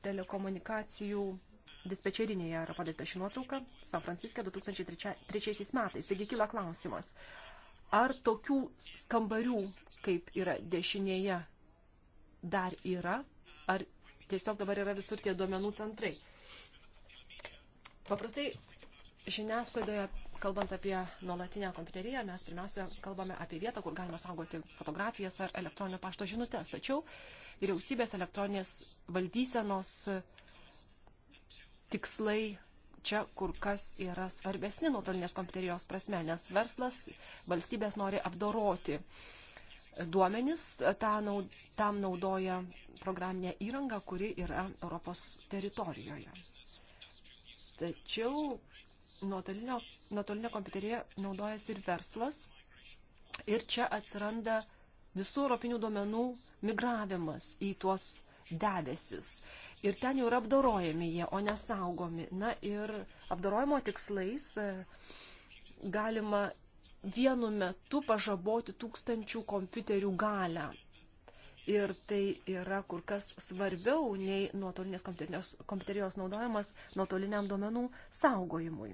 telekomunikacijų dispečerinėje yra padaryta ši nuotrauka, San Franciske 2003 metais. Taigi kyla klausimas, ar tokių skambarių, kaip yra dešinėje, dar yra, ar tiesiog dabar yra visur tie duomenų centrai. Paprastai žiniasklaidoje, kalbant apie nuolatinę kompiuteriją, mes pirmiausia kalbame apie vietą, kur galima saugoti fotografijas ar elektroninio pašto žinutės. Tačiau vyriausybės elektroninės valdysenos tikslai čia kur kas yra svarbesni nuotolinės kompiuterijos prasme, nes verslas valstybės nori apdoroti duomenis, ta, naud, tam naudoja programinė įranga, kuri yra Europos teritorijoje. Tačiau nuotolinio, nuotolinio kompiuterėje naudojasi ir verslas. Ir čia atsiranda visų europinių duomenų migravimas į tuos debesis. Ir ten jau yra apdorojami jie, o nesaugomi. Na ir apdorojimo tikslais e, galima vienu metu pažaboti tūkstančių kompiuterių galę ir tai yra kur kas svarbiau nei nuotolinės kompiuterijos naudojimas nuotoliniam duomenų saugojimui.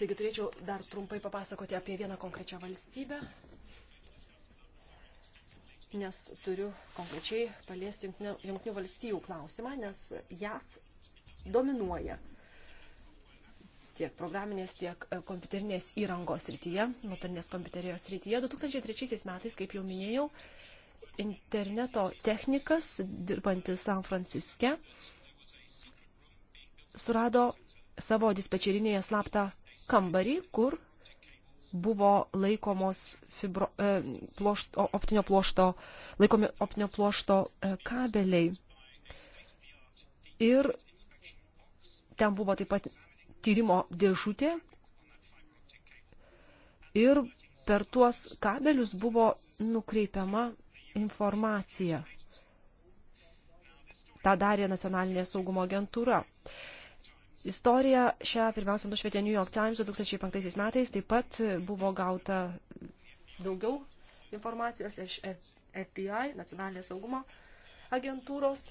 Taigi turėčiau dar trumpai papasakoti apie vieną konkrečią valstybę, nes turiu konkrečiai paliesti jungtinių valstybių klausimą, nes JAV dominuoja tiek programinės, tiek e, kompiuterinės įrangos srityje, nuotolinės kompiuterijos srityje. 2003 metais, kaip jau minėjau, interneto technikas, dirbantis San Franciske, surado savo dispečerinėje slaptą kambarį, kur buvo laikomos fibro, e, plošto, optinio plošto, laikomi optinio plošto e, kabeliai. Ir ten buvo taip pat tyrimo dėžutė ir per tuos kabelius buvo nukreipiama informacija. Ta darė nacionalinė saugumo agentūra. Istoriją šią pirmiausia nušvietė New York Times 2005 metais, taip pat buvo gauta daugiau informacijos iš FBI, nacionalinės saugumo agentūros.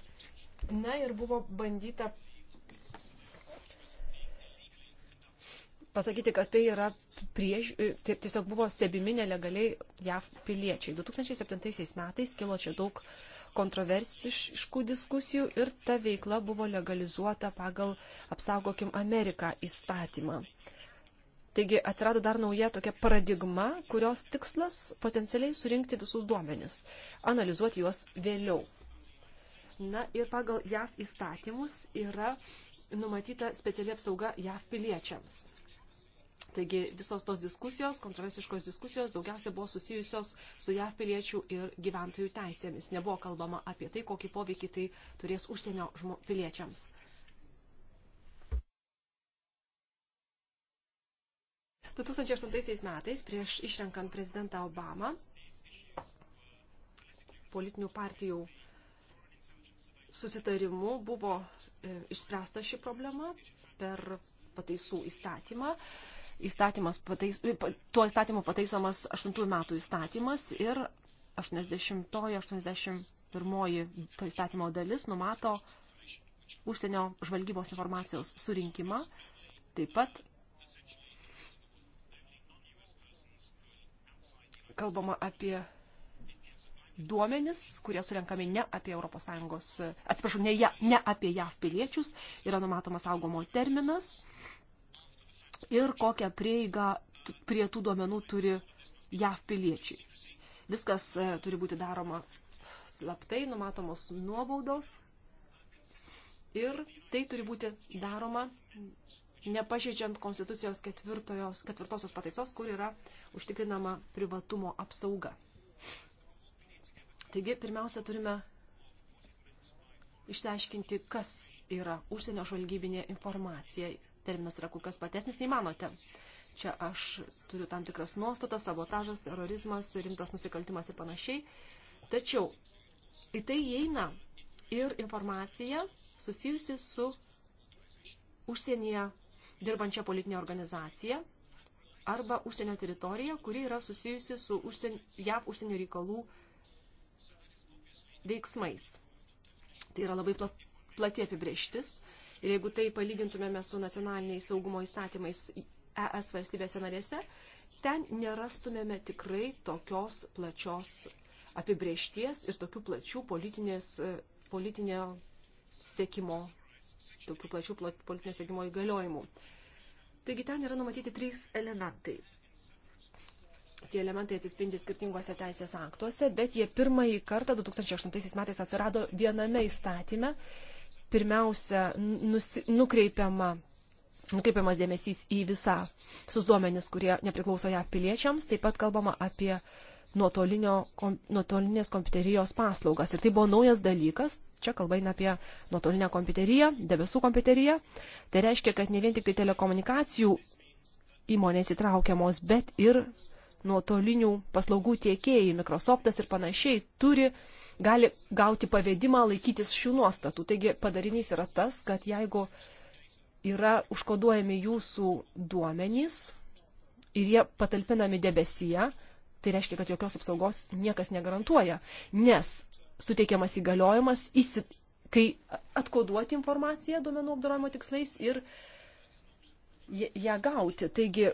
Na ir buvo bandyta pasakyti, kad tai yra prieš, e, tiesiog buvo stebimi nelegaliai JAV piliečiai. 2007 metais kilo čia daug kontroversiškų diskusijų ir ta veikla buvo legalizuota pagal apsaugokim Ameriką įstatymą. Taigi atsirado dar nauja tokia paradigma, kurios tikslas potencialiai surinkti visus duomenis, analizuoti juos vėliau. Na ir pagal JAV įstatymus yra numatyta speciali apsauga JAV piliečiams. Taigi visos tos diskusijos, kontroversiškos diskusijos daugiausia buvo susijusios su JAV piliečių ir gyventojų teisėmis. Nebuvo kalbama apie tai, kokį poveikį tai turės užsienio piliečiams. Tu 2008 metais, prieš išrenkant prezidentą Obamą, politinių partijų susitarimu buvo e, išspręsta ši problema per pataisų įstatymą. Įstatymas patais, tuo įstatymu pataisomas 8 metų įstatymas ir 80-81 to įstatymo dalis numato užsienio žvalgybos informacijos surinkimą. Taip pat kalbama apie duomenis, kurie surenkami ne apie ES, atsiprašau, ne, ne apie JAV piliečius, yra numatomas saugomo terminas ir kokią prieigą prie tų duomenų turi JAV piliečiai. Viskas e, turi būti daroma slaptai, numatomos nuobaudos ir tai turi būti daroma nepažeidžiant Konstitucijos ketvirtosios pataisos, kur yra užtikrinama privatumo apsauga. Taigi, pirmiausia, turime išsiaiškinti, kas yra užsienio žvalgybinė informacija. Terminas yra kur kas patesnis, nei manote. Čia aš turiu tam tikras nuostatas, sabotažas, terorizmas, rimtas nusikaltimas ir panašiai. Tačiau į tai įeina ir informacija susijusi su užsienyje dirbančia politinė organizacija arba užsienio teritorija, kuri yra susijusi su užsien, JAV užsienio reikalų organizacija veiksmais. Tai yra labai plati apibrieštis. Ir jeigu tai palygintumėme su nacionaliniais saugumo įstatymais ES valstybėse narėse, ten nerastumėme tikrai tokios plačios apibriešties ir tokių plačių politinės, politinio sėkimo, tokių plačių politinio sėkimo įgaliojimų. Taigi ten yra numatyti trys elementai. Tie elementai atsispindi skirtingose teisės aktuose, bet jie pirmąjį kartą 2008 metais atsirado viename įstatyme. Pirmiausia, nusi, nukreipiama nukreipiamas dėmesys į visą visus duomenis, kurie nepriklauso JAV piliečiams. Taip pat kalbama apie kom, nuotolinės kompiuterijos paslaugas. Ir tai buvo naujas dalykas. Čia kalba eina apie nuotolinę kompiuteriją, debesų kompiuteriją. Tai reiškia, kad ne vien tik tai telekomunikacijų įmonės įtraukiamos, bet ir nuotolinių paslaugų tiekėjai, Microsoftas ir panašiai, turi, gali gauti pavedimą laikytis šių nuostatų. Taigi padarinys yra tas, kad jeigu yra užkoduojami jūsų duomenys ir jie patalpinami debesyje, tai reiškia, kad jokios apsaugos niekas negarantuoja, nes suteikiamas įgaliojimas, įsi, kai atkoduoti informaciją duomenų apdarojimo tikslais ir ją gauti. Taigi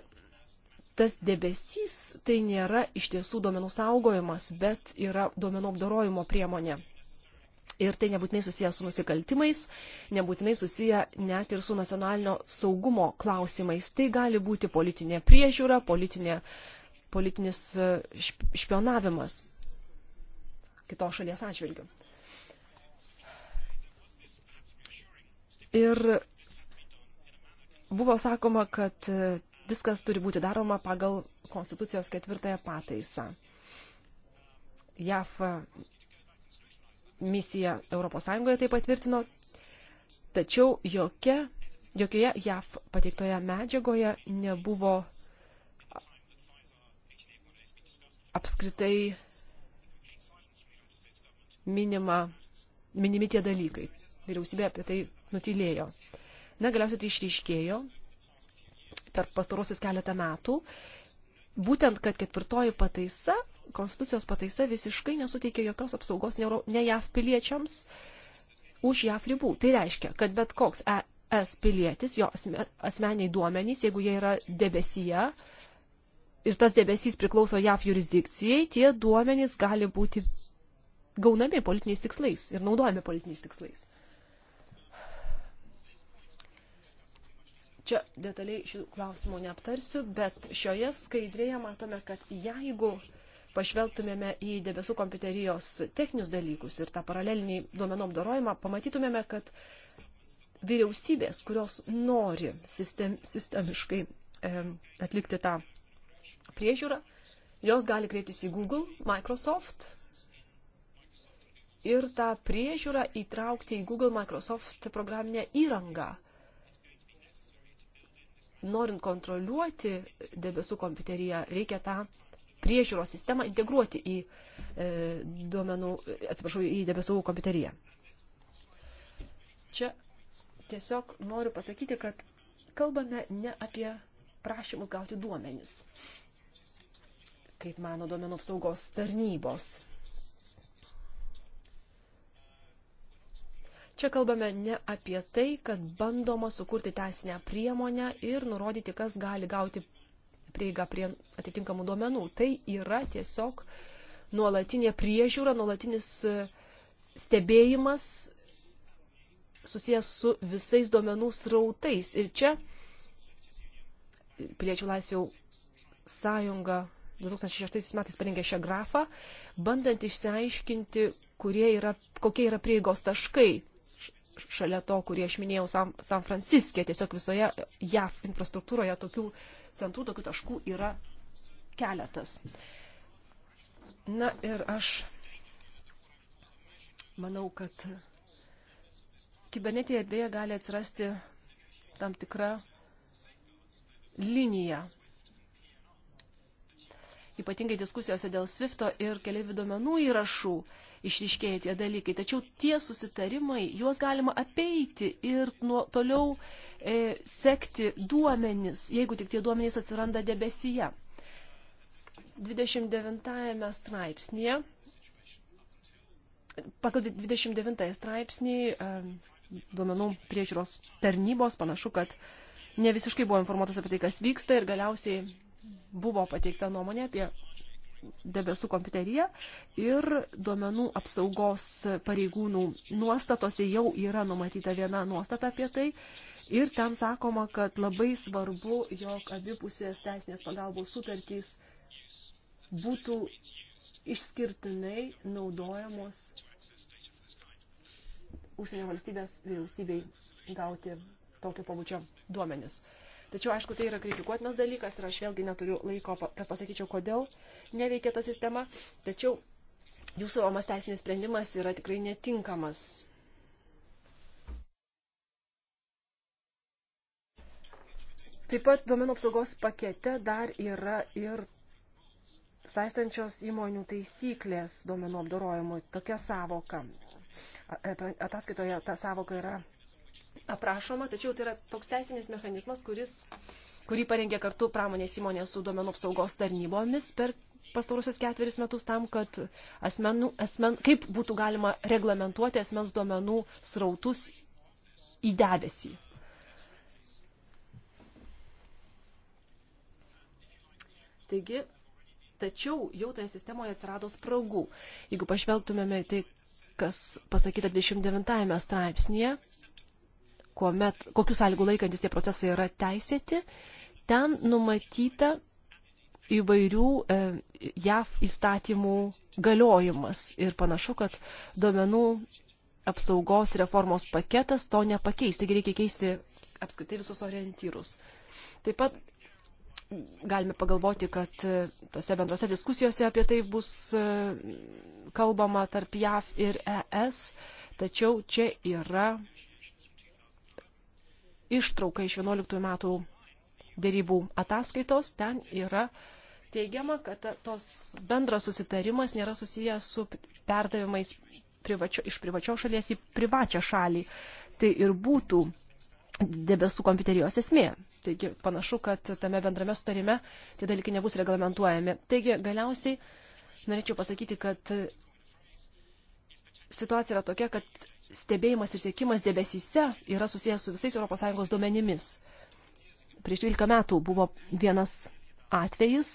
tas debesys tai nėra iš tiesų duomenų saugojimas, bet yra duomenų apdorojimo priemonė. Ir tai nebūtinai susiję su nusikaltimais, nebūtinai susiję net ir su nacionalinio saugumo klausimais. Tai gali būti politinė priežiūra, politinė, politinis e, špionavimas kitos šalies atžvilgių. Ir buvo sakoma, kad e, viskas turi būti daroma pagal Konstitucijos ketvirtąją pataisą. JAF misija ES tai patvirtino, tačiau jokia, jokioje JAF pateiktoje medžiagoje nebuvo apskritai minima, minimi tie dalykai. Vyriausybė apie tai nutylėjo. Na, galiausiai tai išryškėjo per pastarosius keletą metų, būtent, kad ketvirtoji pataisa, konstitucijos pataisa visiškai nesuteikia jokios apsaugos ne JAV piliečiams už JAV ribų. Tai reiškia, kad bet koks ES pilietis, jo asmeniai duomenys, jeigu jie yra debesyje, ir tas debesys priklauso JAV jurisdikcijai, tie duomenys gali būti gaunami politiniais tikslais ir naudojami politiniais tikslais. Čia detaliai šių klausimų neaptarsiu, bet šioje skaidrėje matome, kad jeigu pažvelgtumėme į debesų kompiuterijos techninius dalykus ir tą paralelinį duomenų apdorojimą, pamatytumėme, kad vyriausybės, kurios nori sistem, sistemiškai e, atlikti tą priežiūrą, jos gali kreiptis į Google, Microsoft ir tą priežiūrą įtraukti į Google Microsoft programinę įrangą norint kontroliuoti debesų kompiuteriją, reikia tą priežiūros sistemą integruoti į, e, duomenų, atsiprašau, į debesų kompiuteriją. Čia tiesiog noriu pasakyti, kad kalbame ne apie prašymus gauti duomenis, kaip mano duomenų apsaugos tarnybos. Čia kalbame ne apie tai, kad bandoma sukurti teisinę priemonę ir nurodyti, kas gali gauti prieigą prie atitinkamų duomenų. Tai yra tiesiog nuolatinė priežiūra, nuolatinis e, stebėjimas susijęs su visais duomenų srautais. Ir čia Piliečių laisvių sąjunga 2006 metais parengė šią grafą, bandant išsiaiškinti, yra, kokie yra prieigos taškai šalia to, kurį aš minėjau San, San Franciske, tiesiog visoje JAF infrastruktūroje tokių centrų, tokių taškų yra keletas. Na ir aš manau, kad kibernetinėje erdvėje gali atsirasti tam tikra linija. Ypatingai diskusijose dėl Swifto ir keliaivių duomenų įrašų išriškėja tie dalykai. Tačiau tie susitarimai, juos galima apeiti ir nuo, toliau e, sekti duomenis, jeigu tik tie duomenys atsiranda debesyje. 29 straipsnėje, pagal 29 straipsnį e, duomenų priežiūros tarnybos panašu, kad ne visiškai buvo informuotas apie tai, kas vyksta ir galiausiai buvo pateikta nuomonė apie debesų kompiuterija ir duomenų apsaugos pareigūnų nuostatose jau yra numatyta viena nuostata apie tai ir ten sakoma, kad labai svarbu, jog abipusės teisinės pagalbos sutartys būtų išskirtinai naudojamos užsienio valstybės vyriausybei gauti tokio pabučio duomenis. Tačiau, aišku, tai yra kritikuotinas dalykas ir aš vėlgi neturiu laiko, kad pasakyčiau, kodėl neveikia ta sistema. Tačiau jūsų omas teisinis sprendimas yra tikrai netinkamas. Taip pat duomenų apsaugos pakete dar yra ir saistančios įmonių taisyklės duomenų apdorojimui. Tokia savoka. E, ataskaitoje ta savoka yra aprašoma, tačiau tai yra toks teisinis mechanizmas, kuris, kurį parengė kartu pramonės įmonė su duomenų apsaugos tarnybomis per pastarusius ketverius metus tam, kad asmenų, asmen, kaip būtų galima reglamentuoti asmens duomenų srautus į debesį. Taigi, tačiau jau toje sistemoje atsirado spragų. Jeigu pažvelgtumėme tai, kas pasakyta 29 straipsnėje, kuomet, kokius sąlygų laikantis tie procesai yra teisėti, ten numatyta įvairių e, JAV įstatymų galiojimas. Ir panašu, kad duomenų apsaugos reformos paketas to nepakeis. Taigi reikia keisti apskritai visus orientyrus. Taip pat galime pagalvoti, kad e, tose bendrose diskusijose apie tai bus e, kalbama tarp JAV ir ES, tačiau čia yra ištrauka iš 11 metų dėrybų ataskaitos. Ten yra teigiama, kad tos bendras susitarimas nėra susijęs su perdavimais privačio, iš privačios šalies į privačią šalį. Tai ir būtų debesų kompiuterijos esmė. Taigi panašu, kad tame bendrame sutarime tie dalykai nebus reglamentuojami. Taigi galiausiai norėčiau pasakyti, kad situacija yra tokia, kad stebėjimas ir sėkimas debesyse yra susijęs su visais ES duomenimis. Prieš 12 metų buvo vienas atvejis.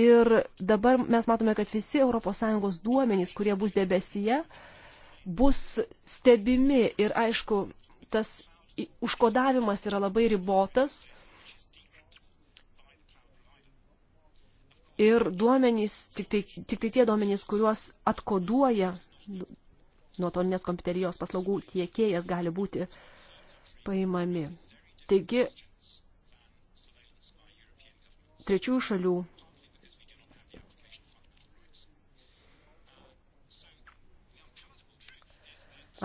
Ir dabar mes matome, kad visi ES duomenys, kurie bus debesyje, bus stebimi ir aišku, tas užkodavimas yra labai ribotas ir duomenys, tik tai, tik tai tie duomenys, kuriuos atkoduoja nuotolinės kompiuterijos paslaugų tiekėjas, gali būti paimami. Taigi, trečiųjų šalių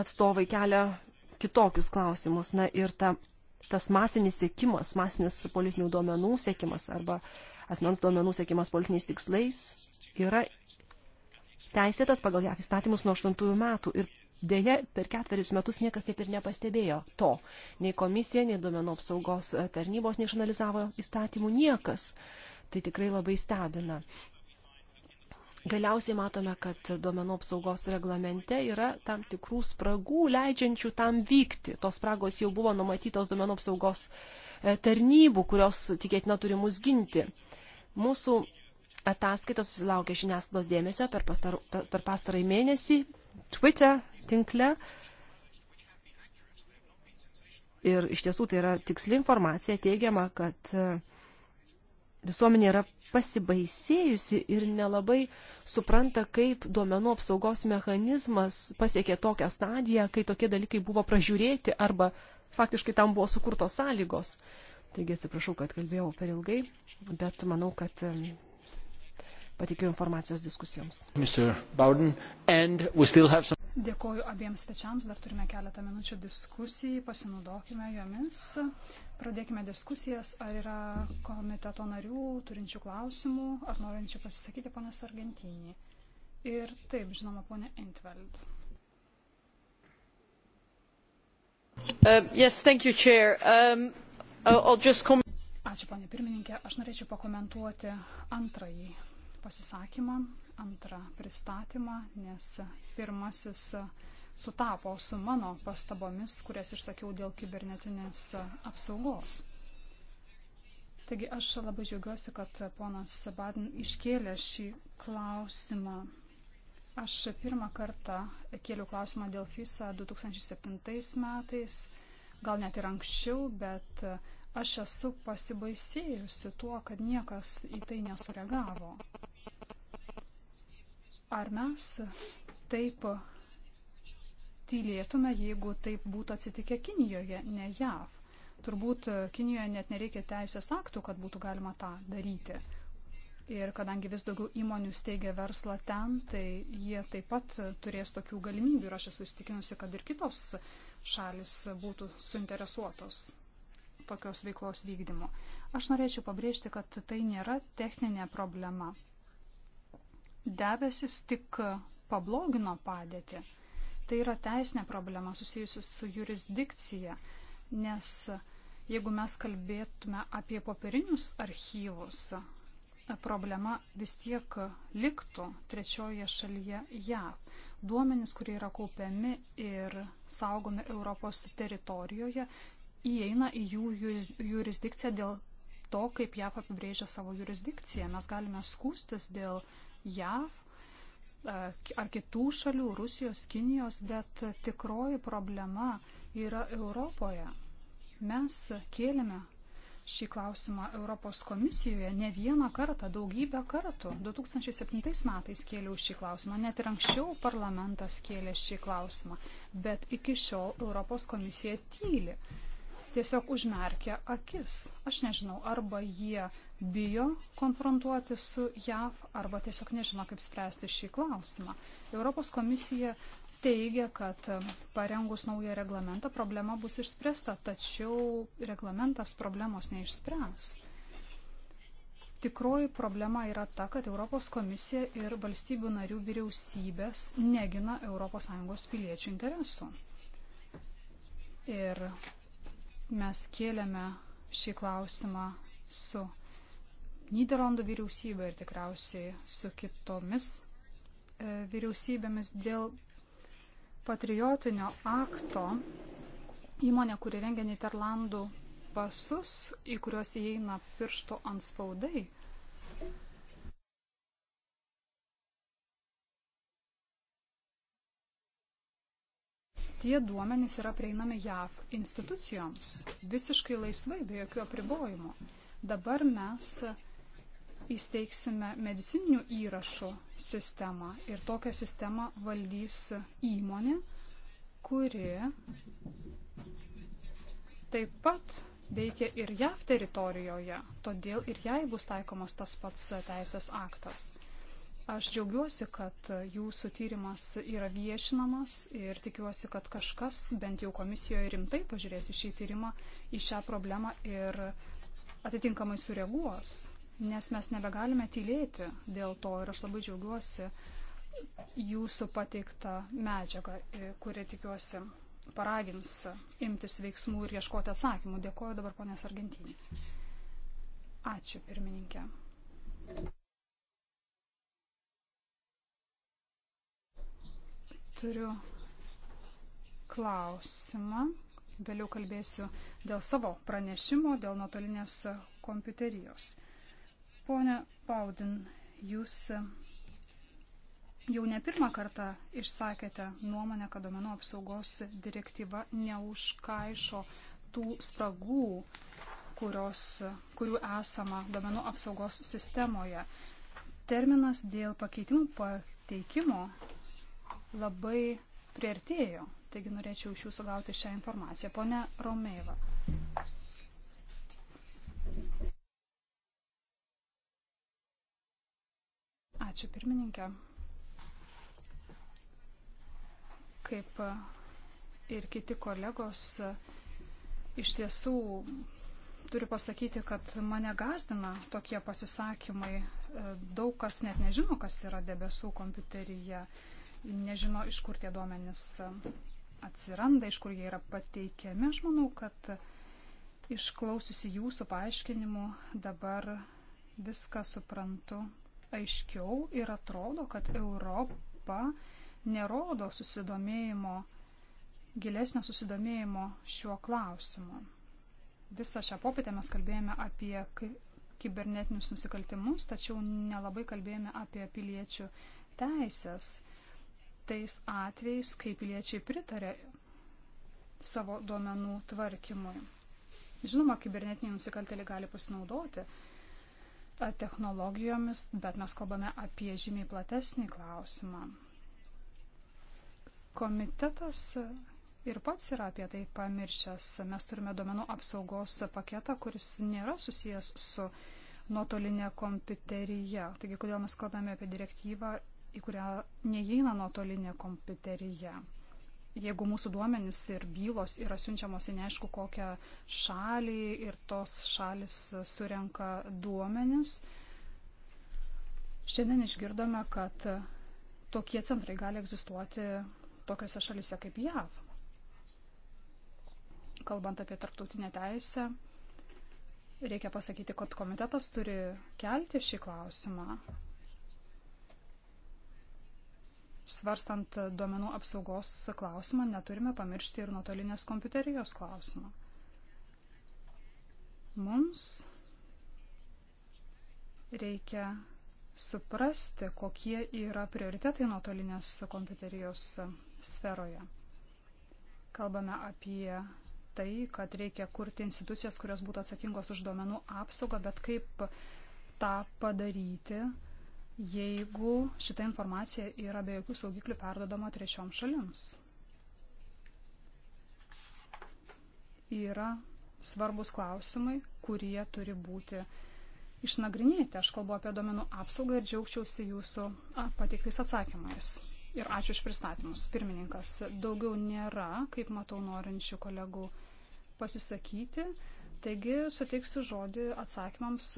atstovai kelia kitokius klausimus. Na ir ta, tas masinis sėkimas, masinis politinių duomenų sėkimas arba uh, asmens duomenų sėkimas politiniais tikslais yra teisėtas pagal JAF įstatymus nuo 8 metų ir dėja per ketverius metus niekas taip ir nepastebėjo to. Nei komisija, nei duomenų apsaugos tarnybos neišanalizavo įstatymų niekas. Tai tikrai labai stebina. Galiausiai matome, kad duomenų apsaugos reglamente yra tam tikrų spragų, leidžiančių tam vykti. Tos spragos jau buvo numatytos duomenų apsaugos e, tarnybų, kurios tikėtina turi mus ginti. Mūsų ataskaita susilaukė žiniasklaidos dėmesio per, pastar, per pastarąjį mėnesį Twitter tinkle. Ir iš tiesų tai yra tiksli informacija teigiama, kad e, visuomenė yra pasibaisėjusi ir nelabai supranta, kaip duomenų apsaugos mechanizmas pasiekė tokią stadiją, kai tokie dalykai buvo pražiūrėti arba faktiškai tam buvo sukurtos sąlygos. Uh, Taigi atsiprašau, kad kalbėjau per ilgai, bet manau, kad patikiu informacijos diskusijoms. Some... Dėkoju abiems svečiams, dar turime keletą minučių diskusijai, pasinaudokime jomis. Pradėkime diskusijas, ar yra komiteto narių turinčių klausimų, ar norinčių pasisakyti ponas Argentinį. Ir taip, žinoma, ponė Intveld. Uh, yes, thank you, Chair. Um, Uh, Ačiū, ponė pirmininkė. Aš norėčiau pakomentuoti antrąjį pasisakymą, antrą pristatymą, nes pirmasis sutapo su mano pastabomis, kurias išsakiau dėl kibernetinės apsaugos. Taigi aš labai džiaugiuosi, kad ponas Badin iškėlė šį klausimą. Aš pirmą kartą kėliau klausimą dėl FISA 2007 metais gal net ir anksčiau, bet e, aš esu pasibaisėjusi tuo, kad niekas į tai nesureagavo. Ar mes taip tylėtume, jeigu taip būtų atsitikę Kinijoje, ne JAV? Turbūt e, Kinijoje net nereikia teisės aktų, kad būtų galima tą daryti. Ir kadangi vis daugiau įmonių steigia verslą ten, tai jie taip pat turės tokių galimybių. Ir aš esu įstikinusi, kad ir kitos šalis būtų suinteresuotos tokios veiklos vykdymu. Aš norėčiau pabrėžti, kad tai nėra techninė problema. Debesis tik pablogino padėtį. Tai yra teisinė problema susijusi su jurisdikcija, nes jeigu mes kalbėtume apie popierinius archyvus, problema vis tiek liktų trečioje šalyje JAV. Duomenys, kurie yra kaupiami ir saugomi Europos teritorijoje, įeina į jų jurisdikciją dėl to, kaip JAV apibrėžia savo jurisdikciją. Mes galime skūstis dėl JAV ar kitų šalių, Rusijos, Kinijos, bet tikroji problema yra Europoje. Mes kėlėme šį klausimą Europos komisijoje ne vieną kartą, daugybę kartų. 2007 metais kėliau šį klausimą, net ir anksčiau parlamentas kėlė šį klausimą, bet iki šiol Europos komisija tyli. Tiesiog užmerkia akis. Aš nežinau, arba jie bijo konfrontuoti su JAV, arba tiesiog nežino, kaip spręsti šį klausimą. Europos komisija teigia, kad parengus naują reglamentą problema bus išspręsta, tačiau reglamentas problemos neišspręs. Tikroji problema yra ta, kad Europos komisija ir valstybių narių vyriausybės negina ES piliečių interesų. Ir mes kėlėme šį klausimą su Niderlandų vyriausybė ir tikriausiai su kitomis e, vyriausybėmis dėl patriotinio akto įmonė, kuri rengia Niderlandų pasus, į kuriuos įeina piršto anspaudai. Tie duomenys yra prieinami JAV institucijoms visiškai laisvai, be jokių apribojimų. Dabar mes įsteigsime medicininių įrašų sistemą ir tokią sistemą valdys įmonė, kuri taip pat veikia ir JAV teritorijoje, todėl ir jai bus taikomas tas pats teisės aktas. Aš džiaugiuosi, kad jūsų tyrimas yra viešinamas ir tikiuosi, kad kažkas bent jau komisijoje rimtai pažiūrės į šį tyrimą, į šią problemą ir atitinkamai sureaguos nes mes nebegalime tylėti dėl to ir aš labai džiaugiuosi jūsų pateiktą medžiagą, e, kuri tikiuosi paragins imtis veiksmų ir ieškoti atsakymų. Dėkoju dabar ponės Argentinį. Ačiū pirmininkė. Turiu klausimą. Vėliau kalbėsiu dėl savo pranešimo, dėl nuotolinės kompiuterijos. Pone Paudin, jūs e, jau ne pirmą kartą išsakėte nuomonę, kad domenų apsaugos direktyva neužkaišo tų spragų, kurios, kurių esama domenų apsaugos sistemoje. Terminas dėl pakeitimų pateikimo labai priartėjo, taigi norėčiau iš jūsų gauti šią informaciją. Pone Romeiva. Ačiū pirmininkė. Kaip ir kiti kolegos, iš tiesų turiu pasakyti, kad mane gazdina tokie pasisakymai. Daug kas net nežino, kas yra debesų kompiuteryje, nežino, iš kur tie duomenys atsiranda, iš kur jie yra pateikiami. Aš manau, kad išklausiusi jūsų paaiškinimų dabar viską suprantu aiškiau ir atrodo, kad Europa nerodo susidomėjimo, gilesnio susidomėjimo šiuo klausimu. Visą šią popietę mes kalbėjome apie kibernetinius nusikaltimus, tačiau nelabai kalbėjome apie piliečių teisės. Tais atvejais, kai piliečiai pritarė savo duomenų tvarkymui. Žinoma, kibernetiniai nusikaltėliai gali pasinaudoti uh, technologijomis, bet mes kalbame apie žymiai platesnį klausimą. Komitetas ir pats yra apie tai pamiršęs. Mes turime domenų apsaugos paketą, kuris nėra susijęs su nuotolinė kompiuterija. Taigi, kodėl mes kalbame apie direktyvą, į kurią neįeina nuotolinė kompiuterija jeigu mūsų duomenys ir bylos yra siunčiamos į neaišku kokią šalį ir tos šalis surenka duomenys. Šiandien išgirdome, kad tokie centrai gali egzistuoti tokiose šalise kaip JAV. Kalbant apie tarptautinę teisę, reikia pasakyti, kad komitetas turi kelti šį klausimą svarstant duomenų apsaugos klausimą, neturime pamiršti ir nuotolinės kompiuterijos klausimą. Mums reikia suprasti, kokie yra prioritetai nuotolinės kompiuterijos sferoje. Kalbame apie tai, kad reikia kurti institucijas, kurios būtų atsakingos už duomenų apsaugą, bet kaip tą padaryti, jeigu šita informacija yra be jokių saugiklių perdodama trečiom šalims. Yra svarbus klausimai, kurie turi būti išnagrinėti. Aš kalbu apie domenų apsaugą ir džiaugčiausi jūsų pateiktais atsakymais. Ir ačiū už pristatymus. Pirmininkas, daugiau nėra, kaip matau, norinčių kolegų pasisakyti. Taigi suteiksiu žodį atsakymams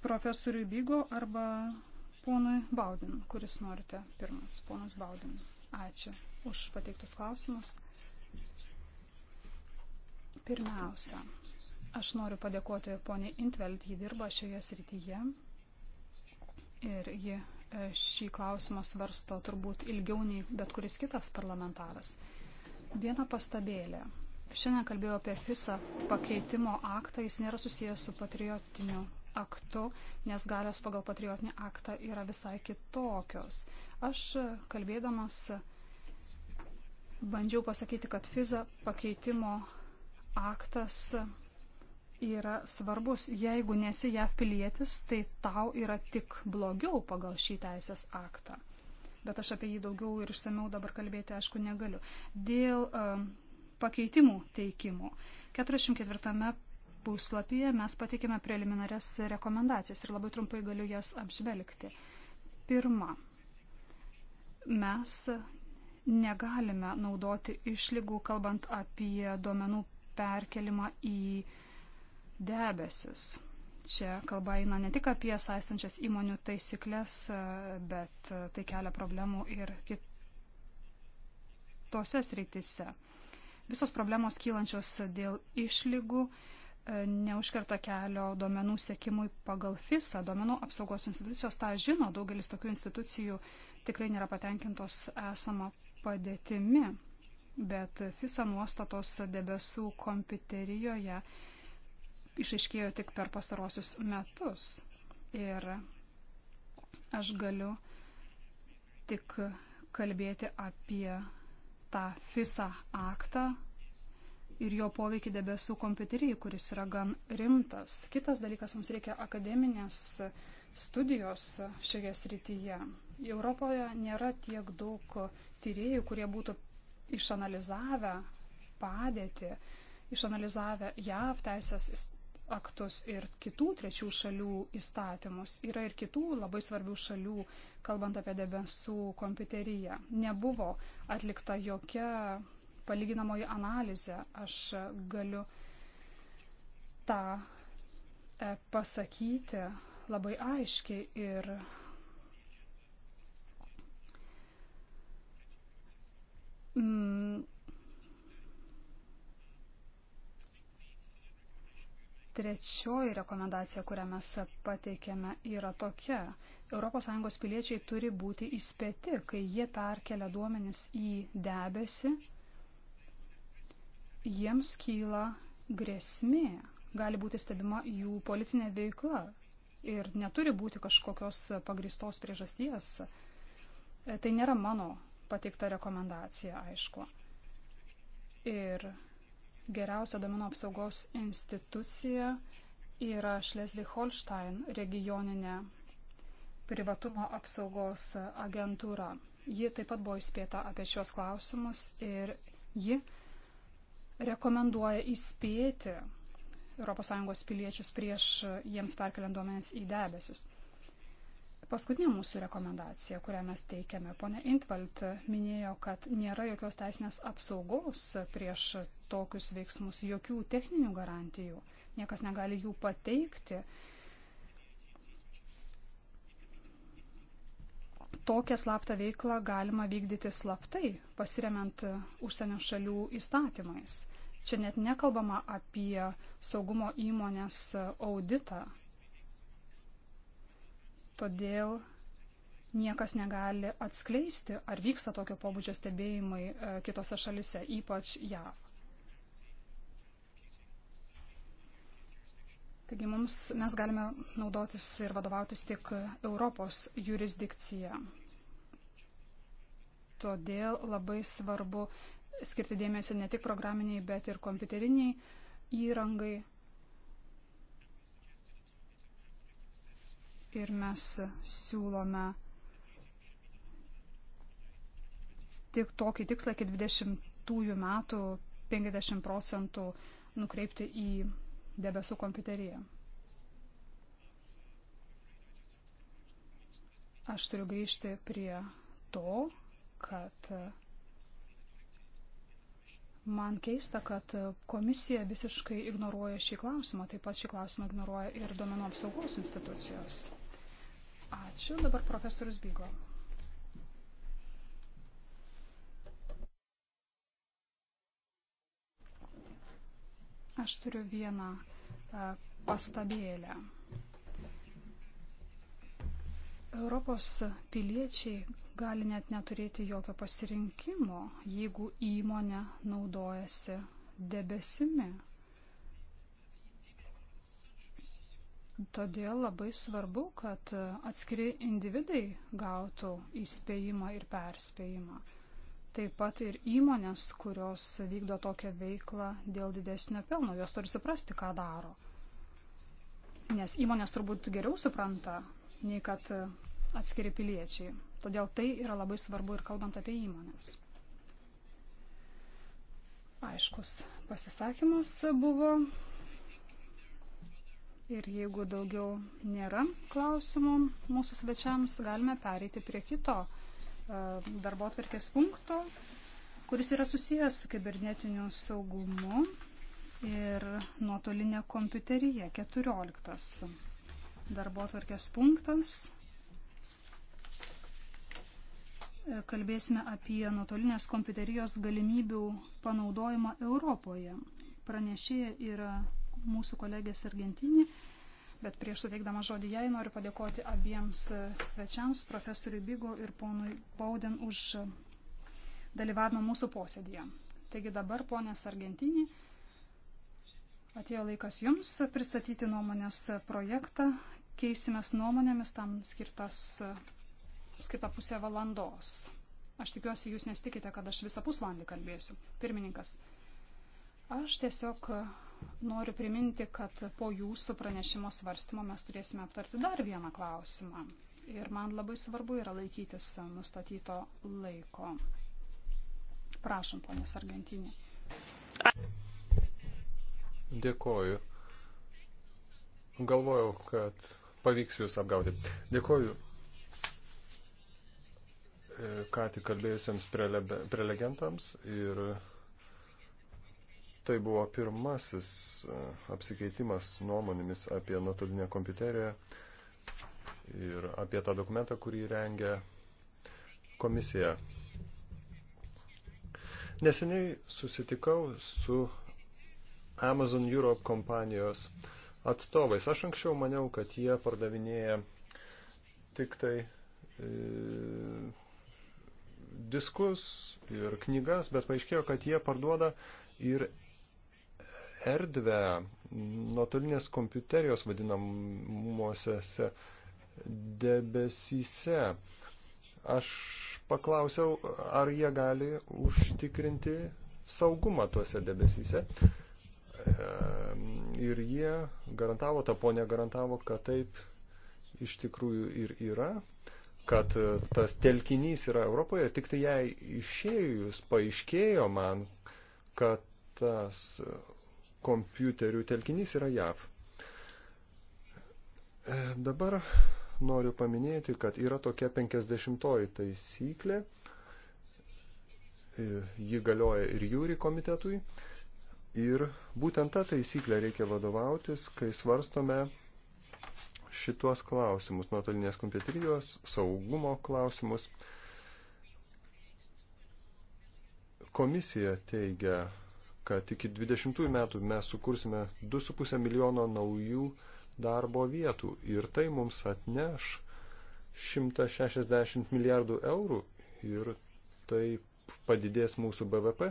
profesoriui Bygo arba ponui Baudin, kuris norite pirmas. Ponas Baudin, ačiū už pateiktus klausimus. Pirmiausia, aš noriu padėkoti poniai Intveld, ji dirba šioje srityje ir ji e, šį klausimą svarsto turbūt ilgiau nei bet kuris kitas parlamentaras. Viena pastabėlė. Šiandien kalbėjau apie FISA pakeitimo aktą, jis nėra susijęs su patriotiniu aktu, nes galios pagal patriotinį aktą yra visai kitokios. Aš kalbėdamas bandžiau pasakyti, kad FIZA pakeitimo aktas yra svarbus. Jeigu nesi JAV pilietis, tai tau yra tik blogiau pagal šį teisės aktą. Bet aš apie jį daugiau ir išsameu dabar kalbėti, aišku, negaliu. Dėl um, pakeitimų teikimo. 44 puslapyje mes patikime preliminarias rekomendacijas ir labai trumpai galiu jas apžvelgti. Pirma, mes negalime naudoti išlygų, kalbant apie duomenų perkelimą į debesis. Čia kalba eina ne tik apie saistančias įmonių taisyklės, bet tai kelia problemų ir kitose srityse. Visos problemos kylančios dėl išlygų neužkerta kelio duomenų sekimui pagal FISA. Duomenų apsaugos institucijos tą žino, daugelis tokių institucijų tikrai nėra patenkintos esama padėtimi, bet FISA nuostatos debesų kompiuterijoje išaiškėjo tik per pastarosius metus. Ir aš galiu tik kalbėti apie tą FISA aktą, ir jo poveikį debesų kompiuteriai, kuris yra gan rimtas. Kitas dalykas, mums reikia akademinės studijos šioje srityje. Europoje nėra tiek daug tyriejų, kurie būtų išanalizavę padėtį, išanalizavę JAV teisės aktus ir kitų trečių šalių įstatymus. Yra ir kitų labai svarbių šalių, kalbant apie debesų kompiuteriją. Nebuvo atlikta jokia palyginamoji analizė. Aš galiu tą e, pasakyti labai aiškiai ir mm, trečioji rekomendacija, kurią mes pateikėme, yra tokia. ES piliečiai turi būti įspėti, kai jie perkelia duomenis į debesį jiems kyla grėsmė, gali būti stebima jų politinė veikla ir neturi būti kažkokios pagristos priežasties. Tai nėra mano pateikta rekomendacija, aišku. Ir geriausia domino apsaugos institucija yra Šlesvig-Holstein regioninė privatumo apsaugos agentūra. Ji taip pat buvo įspėta apie šios klausimus ir ji rekomenduoja įspėti ES piliečius prieš jiems perkeliant duomenis į debesis. Paskutinė mūsų rekomendacija, kurią mes teikiame, ponė Intvalt minėjo, kad nėra jokios teisinės apsaugos prieš tokius veiksmus, jokių techninių garantijų, niekas negali jų pateikti tokią slaptą veiklą galima vykdyti slaptai, pasiremiant užsienio šalių įstatymais. Čia net nekalbama apie saugumo įmonės auditą. Todėl niekas negali atskleisti, ar vyksta tokio pobūdžio stebėjimai e, kitose šalise, ypač JAV. Taigi mums, mes galime naudotis ir vadovautis tik Europos jurisdikcija. Todėl labai svarbu skirti dėmesį ne tik programiniai, bet ir kompiuteriniai įrangai. Ir mes siūlome tik tokį tikslą iki 20 metų 50 procentų nukreipti į debesų kompiuterija. Aš turiu grįžti prie to, kad man keista, kad komisija visiškai ignoruoja šį klausimą, taip pat šį klausimą ignoruoja ir duomenų apsaugos institucijos. Ačiū, dabar profesorius Bygo. Aš turiu vieną e, pastabėlę. Europos piliečiai gali net neturėti jokio pasirinkimo, jeigu įmonė naudojasi debesimi. Todėl labai svarbu, kad atskiri individai gautų įspėjimą ir perspėjimą taip pat ir įmonės, kurios vykdo tokią veiklą dėl didesnio pelno. Jos turi suprasti, ką daro. Nes įmonės turbūt geriau supranta, nei kad atskiri piliečiai. Todėl tai yra labai svarbu ir kalbant apie įmonės. Aiškus pasisakymas buvo. Ir jeigu daugiau nėra klausimų mūsų svečiams, galime pereiti prie kito E, darbo atverkės punkto, kuris yra susijęs su kibernetiniu saugumu ir nuotolinė kompiuterija 14. Darbo atverkės punktas. E, kalbėsime apie nuotolinės kompiuterijos galimybių panaudojimą Europoje. Pranešėja yra mūsų kolegės Argentinė Bet prieš suteikdama žodį jai noriu padėkoti abiems e, svečiams, profesoriui Bigo ir ponui Bauden, už e, dalyvavimą mūsų posėdėje. Taigi dabar, ponės Argentinį, atėjo laikas jums pristatyti nuomonės projektą. Keisimės nuomonėmis, tam skirtas, e, skirta pusė valandos. Aš tikiuosi, jūs nesitikite, kad aš visą pusvalandį kalbėsiu. Pirmininkas, aš tiesiog Noriu priminti, kad po jūsų pranešimo svarstymo mes turėsime aptarti dar vieną klausimą. Ir man labai svarbu yra laikytis nustatyto laiko. Prašom, ponės Argentinė. Dėkoju. Galvojau, kad pavyks jūs apgauti. Dėkoju e, ką tik kalbėjusiems prelegentams ir Tai buvo pirmasis e, apsikeitimas nuomonėmis apie nuotolinę kompiuteriją ir apie tą dokumentą, kurį rengia komisija. Neseniai susitikau su Amazon Europe kompanijos atstovais. Aš anksčiau maniau, kad jie pardavinėja tik tai e, diskus ir knygas, bet paaiškėjo, kad jie parduoda ir erdvę nuotolinės kompiuterijos vadinamosiose debesyse. Aš paklausiau, ar jie gali užtikrinti saugumą tuose debesyse. Ehm, ir jie garantavo, ta ponė garantavo, kad taip iš tikrųjų ir yra, kad e, tas telkinys yra Europoje, tik tai jai išėjus paaiškėjo man, kad tas kompiuterių telkinys yra JAV. E, dabar noriu paminėti, kad yra tokia 50 taisyklė, e, ji galioja ir jūri komitetui. Ir būtent tą taisyklę reikia vadovautis, kai svarstome šituos klausimus, nuotolinės kompiuterijos, saugumo klausimus. Komisija teigia, kad iki 20 metų mes sukursime 2,5 milijono naujų darbo vietų ir tai mums atneš 160 milijardų eurų ir taip padidės mūsų BVP,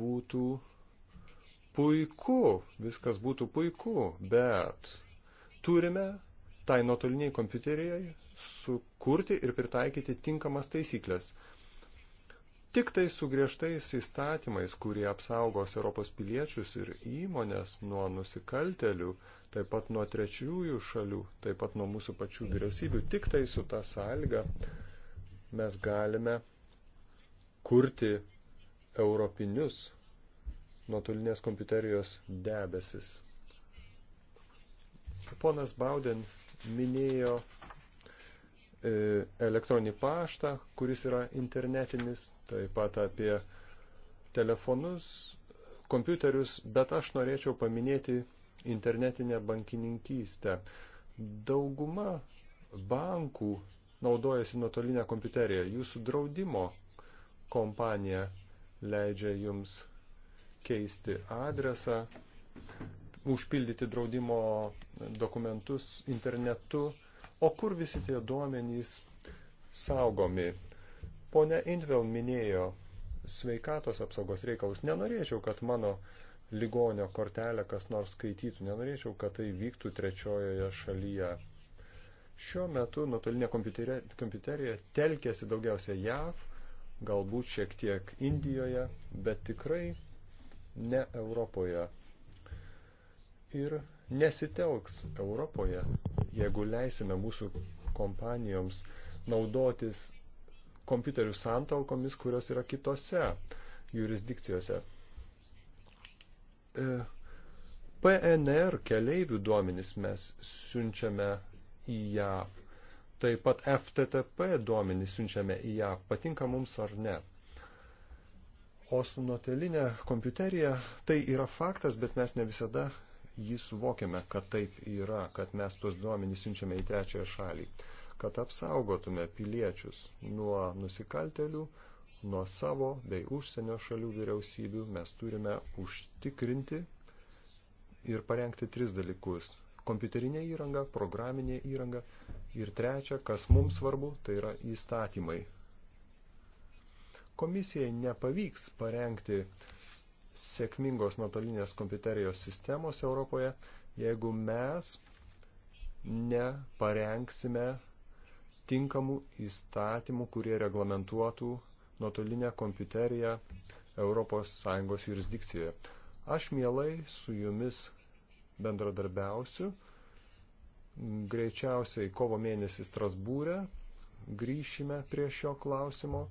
būtų puiku, viskas būtų puiku, bet turime tai nuotoliniai kompiuteriai sukurti ir pritaikyti tinkamas taisyklės. Tik tai su griežtais įstatymais, kurie apsaugos Europos piliečius ir įmonės nuo nusikaltelių, taip pat nuo trečiųjų šalių, taip pat nuo mūsų pačių vyriausybių, tik tai su tą sąlygą mes galime kurti europinius nuotolinės kompiuterijos debesis. Ponas Bauden minėjo E, elektroninį paštą, kuris yra internetinis, taip pat apie telefonus, kompiuterius, bet aš norėčiau paminėti internetinę bankininkystę. Dauguma bankų naudojasi nuotolinę kompiuteriją. Jūsų draudimo kompanija leidžia jums keisti adresą, užpildyti draudimo dokumentus internetu O kur visi tie duomenys saugomi? Pone Intvel minėjo sveikatos apsaugos reikalus. Nenorėčiau, kad mano ligonio kortelę kas nors skaitytų. Nenorėčiau, kad tai vyktų trečiojoje šalyje. Šiuo metu nuotolinė kompiuterija telkėsi daugiausia JAV, galbūt šiek tiek Indijoje, bet tikrai ne Europoje. Ir nesitelks Europoje jeigu leisime mūsų kompanijoms naudotis kompiuterių santalkomis, kurios yra kitose jurisdikcijose. E, PNR keleivių duomenys mes siunčiame į JAV. Taip pat FTTP duomenys siunčiame į JAV, patinka mums ar ne. O su nuotelinė kompiuterija tai yra faktas, bet mes ne visada jį suvokiame, kad taip yra, kad mes tuos duomenys siunčiame į trečiąją šalį, kad apsaugotume piliečius nuo nusikaltelių, nuo savo bei užsienio šalių vyriausybių, mes turime užtikrinti ir parengti tris dalykus - kompiuterinė įranga, programinė įranga ir trečia, kas mums svarbu, tai yra įstatymai. Komisijai nepavyks parengti uh, sėkmingos nuotolinės kompiuterijos sistemos Europoje, jeigu mes neparengsime tinkamų įstatymų, kurie reglamentuotų nuotolinę kompiuteriją ES jurisdikcijoje. Aš mielai su jumis bendradarbiausiu. Greičiausiai kovo mėnesį Strasbūrė grįšime prie šio klausimo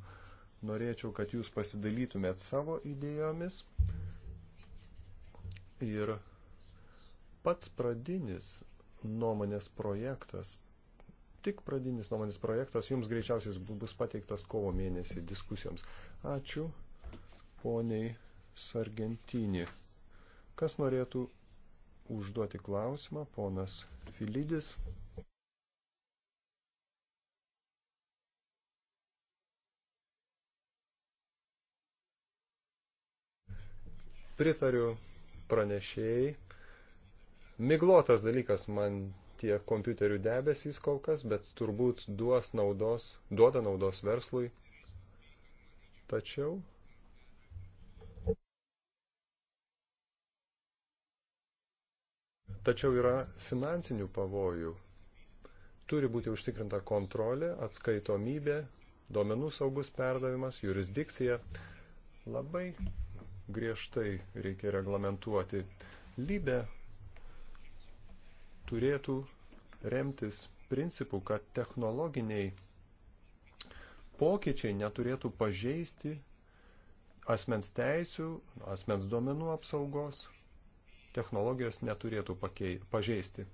norėčiau, kad jūs pasidalytumėt savo idėjomis. Ir pats pradinis nuomonės projektas, tik pradinis nuomonės projektas jums greičiausiai bus pateiktas kovo mėnesį diskusijoms. Ačiū poniai Sargentinį. Kas norėtų užduoti klausimą, ponas Filidis? pritariu pranešėjai. Miglotas dalykas man tie kompiuterių debesys kol kas, bet turbūt duos naudos, duoda naudos verslui. Tačiau Tačiau yra finansinių pavojų. Turi būti užtikrinta kontrolė, atskaitomybė, duomenų saugus perdavimas, jurisdikcija. Labai griežtai reikia reglamentuoti. Lybė turėtų remtis principu, kad technologiniai pokyčiai neturėtų pažeisti asmens teisių, asmens duomenų apsaugos, technologijos neturėtų pakei, pažeisti.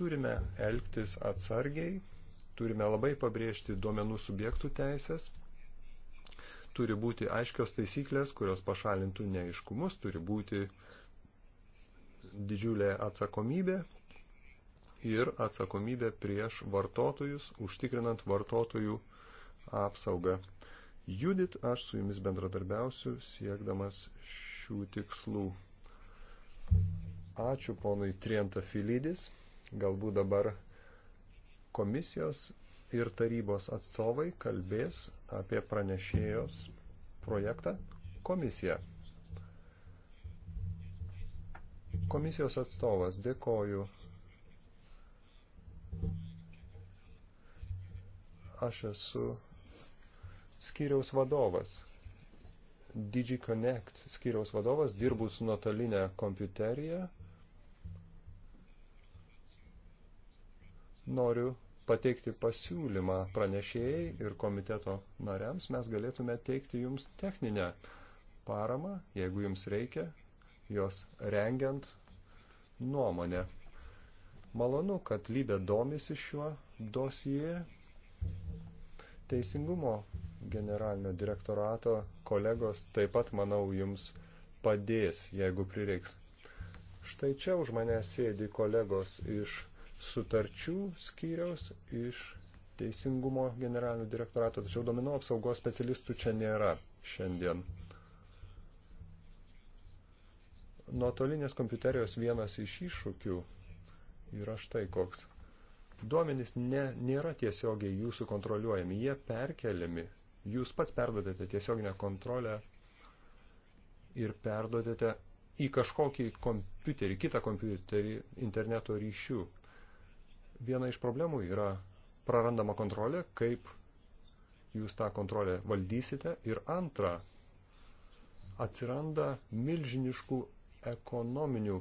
Turime elgtis atsargiai, turime labai pabrėžti duomenų subjektų teisės Turi būti aiškios taisyklės, kurios pašalintų neiškumus, turi būti didžiulė atsakomybė ir atsakomybė prieš vartotojus, užtikrinant vartotojų apsaugą. Judit, aš su jumis bendradarbiausiu, siekdamas šių tikslų. Ačiū ponui Trienta Filidis. Galbūt dabar komisijos ir tarybos atstovai kalbės kalbant apie pranešėjos projektą, komisija. Komisijos atstovas, dėkoju. Aš esu skyriaus vadovas. DigiConnect skyriaus vadovas, dirbus nuotolinę kompiuteriją. Noriu pateikti pasiūlymą pranešėjai ir komiteto nariams, mes galėtume teikti jums techninę paramą, jeigu jums reikia, jos rengiant nuomonę. Malonu, kad lybė domisi šiuo dosijai. Teisingumo generalinio direktorato kolegos taip pat, manau, jums padės, jeigu prireiks. Štai čia už mane sėdi kolegos iš sutarčių skyriaus iš Teisingumo generalinio direktorato, tačiau domino apsaugos specialistų čia nėra šiandien. Nuotolinės kompiuterijos vienas iš iššūkių yra štai koks. Duomenys ne, nėra tiesiogiai jūsų kontroliuojami, jie perkeliami. Jūs pats perdodate tiesioginę kontrolę ir perdodate į kažkokį kompiuterį, kitą kompiuterį interneto ryšių viena iš problemų yra prarandama kontrolė, kaip jūs tą kontrolę valdysite. Ir antra, atsiranda milžiniškų ekonominių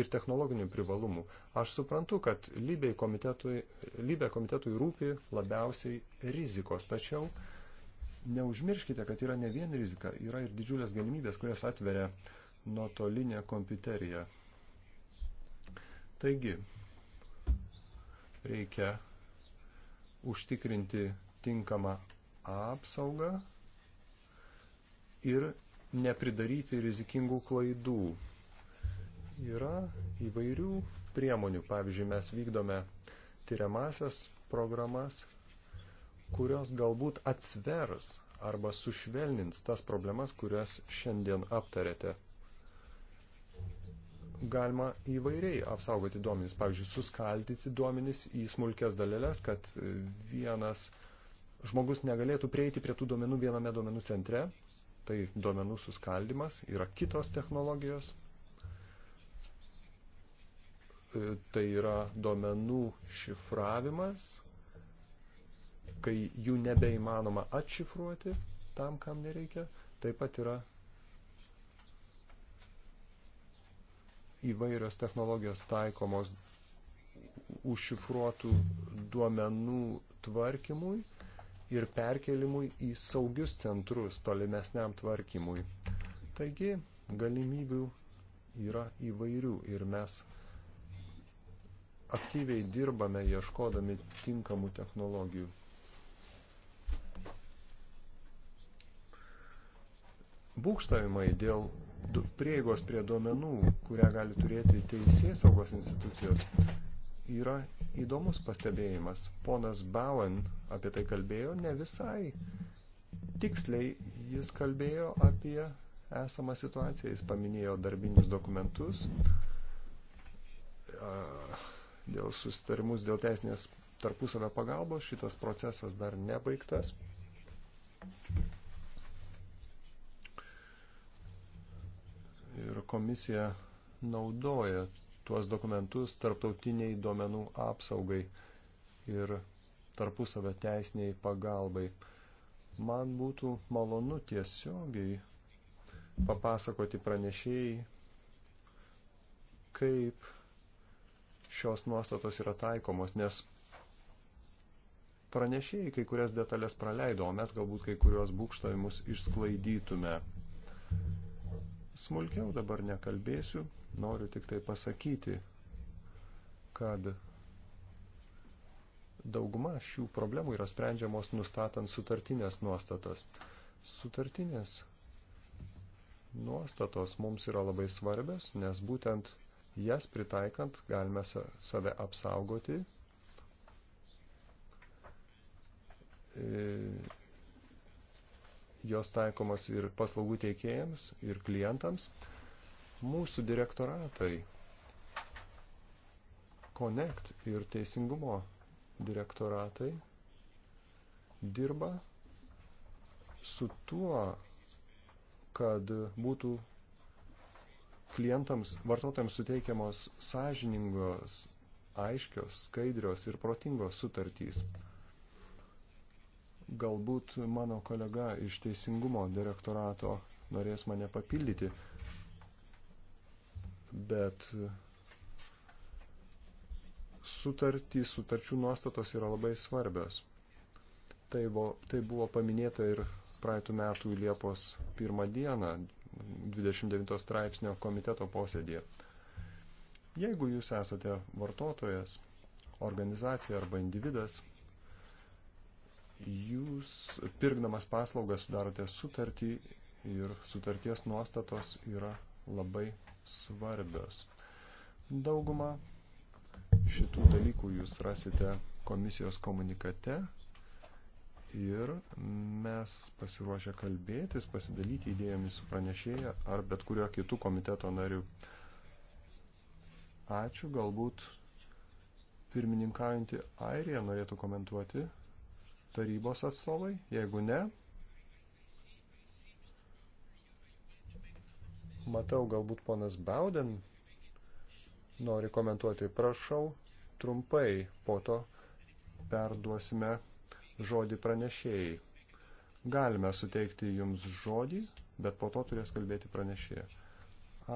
ir technologinių privalumų. Aš suprantu, kad Libė komitetui, Libė komitetui rūpi labiausiai rizikos, tačiau neužmirškite, kad yra ne vien rizika, yra ir didžiulės galimybės, kurias atveria nuotolinė kompiuterija. Taigi, Reikia užtikrinti tinkamą apsaugą ir nepridaryti rizikingų klaidų. Yra įvairių priemonių. Pavyzdžiui, mes vykdome tyriamasias programas, kurios galbūt atsvers arba sušvelnins tas problemas, kurias šiandien aptarėte galima įvairiai apsaugoti duomenys. Pavyzdžiui, suskaldyti duomenys į smulkės dalelės, kad vienas žmogus negalėtų prieiti prie tų duomenų viename duomenų centre. Tai duomenų suskaldimas yra kitos technologijos. E, tai yra duomenų šifravimas, kai jų nebeįmanoma atšifruoti tam, kam nereikia. Taip pat yra įvairios technologijos taikomos užšifruotų duomenų tvarkymui ir perkelimui į saugius centrus tolimesniam tvarkymui. Taigi galimybių yra įvairių ir mes aktyviai dirbame ieškodami tinkamų technologijų. Būkštavimai dėl prieigos prie duomenų, kurią gali turėti teisės saugos institucijos, yra įdomus pastebėjimas. Ponas Bauen apie tai kalbėjo ne visai. Tiksliai jis kalbėjo apie esamą situaciją, jis paminėjo darbinius dokumentus dėl sustarimus dėl teisinės tarpusavio pagalbos. Šitas procesas dar nebaigtas. ir komisija naudoja tuos dokumentus tarptautiniai duomenų apsaugai ir tarpusavio teisiniai pagalbai. Man būtų malonu tiesiogiai papasakoti pranešėjai, kaip šios nuostatos yra taikomos, nes pranešėjai kai kurias detalės praleido, o mes galbūt kai kurios būkštavimus išsklaidytume. Smulkiau dabar nekalbėsiu, noriu tik tai pasakyti, kad dauguma šių problemų yra sprendžiamos nustatant sutartinės nuostatas. Sutartinės nuostatos mums yra labai svarbios, nes būtent jas pritaikant galime save apsaugoti e, jos taikomos ir paslaugų teikėjams, ir klientams. Mūsų direktoratai Connect ir Teisingumo direktoratai dirba su tuo, kad būtų klientams, vartotojams suteikiamos sąžiningos, aiškios, skaidrios ir protingos sutartys. Galbūt mano kolega iš Teisingumo direktorato norės mane papildyti, bet sutartys, sutarčių nuostatos yra labai svarbios. Tai buvo, tai buvo paminėta ir praeitų metų Liepos pirmą dieną 29 straipsnio komiteto posėdėje. Jeigu jūs esate vartotojas, organizacija arba individas, Jūs pirkdamas paslaugas sudarote sutartį ir sutarties nuostatos yra labai svarbios. Daugumą šitų dalykų jūs rasite komisijos komunikate ir mes pasiruošę kalbėtis, pasidalyti idėjomis su pranešėja ar bet kurio kitų komiteto narių. Ačiū, galbūt pirmininkaujantį Airiją norėtų komentuoti tarybos atstovai? Jeigu ne, matau galbūt ponas Bauden nori komentuoti. Prašau trumpai, po to perduosime žodį pranešėjai. Galime suteikti jums žodį, bet po to turės kalbėti pranešėja.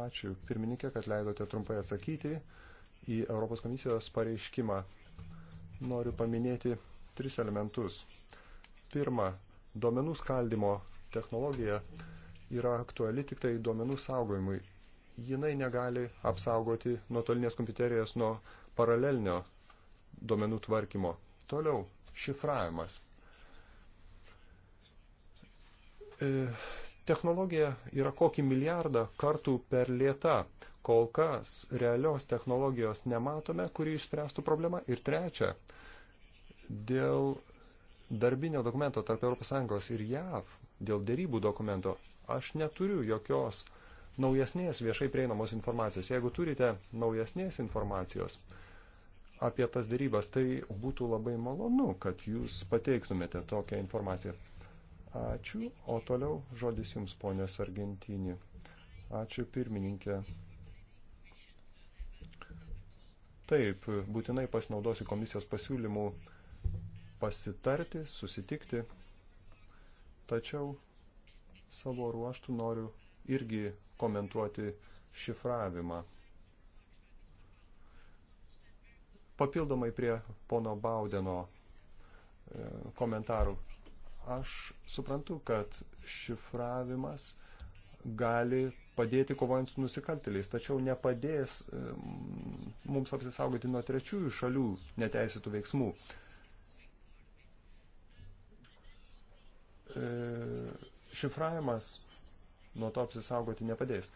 Ačiū, pirmininkė, kad leidote trumpai atsakyti į Europos komisijos pareiškimą. Noriu paminėti tris elementus. Pirma, duomenų skaldimo technologija yra aktuali tik tai duomenų saugojimui. Jinai negali apsaugoti nuotolinės kompiuterijos nuo paralelinio duomenų tvarkymo. Toliau, šifravimas. E, technologija yra kokį milijardą kartų per lėta. Kol kas realios technologijos nematome, kuri išspręstų problemą. Ir trečia, Dėl darbinio dokumento tarp ES ir JAV, dėl dėrybų dokumento, aš neturiu jokios naujesnės viešai prieinamos informacijos. Jeigu turite naujesnės informacijos apie tas dėrybas, tai būtų labai malonu, kad jūs pateiktumėte tokią informaciją. Ačiū, o toliau žodis jums, ponė Sargentinį. Ačiū, pirmininkė. Taip, būtinai pasinaudosiu komisijos pasiūlymų pasitarti, susitikti. Tačiau savo ruoštų noriu irgi komentuoti šifravimą. Papildomai prie pono Baudeno e, komentarų. Aš suprantu, kad šifravimas gali padėti kovojant su nusikaltėliais, tačiau nepadės e, mums apsisaugoti nuo trečiųjų šalių neteisėtų veiksmų. E, šifravimas nuo to apsisaugoti nepadės.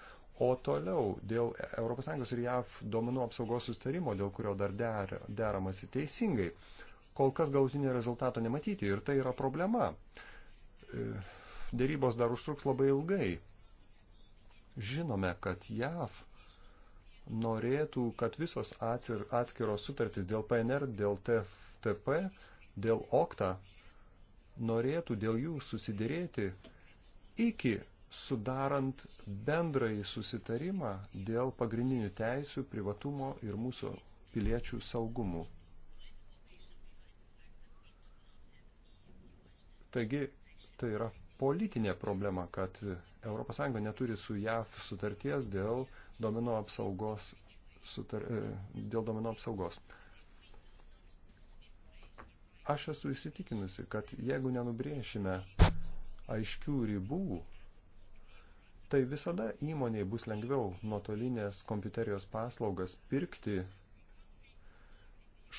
O toliau dėl ES ir JAV duomenų apsaugos sustarimo, dėl kurio dar der, deramasi teisingai, kol kas galutinio rezultato nematyti ir tai yra problema. E, dėrybos dar užtruks labai ilgai. Žinome, kad JAV norėtų, kad visos atskiros sutartys dėl PNR, dėl TFTP, dėl OKTA norėtų dėl jų susidėrėti iki sudarant bendrąjį susitarimą dėl pagrindinių teisių, privatumo ir mūsų piliečių saugumų. Taigi tai yra politinė problema, kad ES neturi su JAV sutarties dėl domino apsaugos. Sutar, e, dėl domino apsaugos. Aš esu įsitikinusi, kad jeigu nenubriešime aiškių ribų, tai visada įmoniai bus lengviau nuotolinės kompiuterijos paslaugas pirkti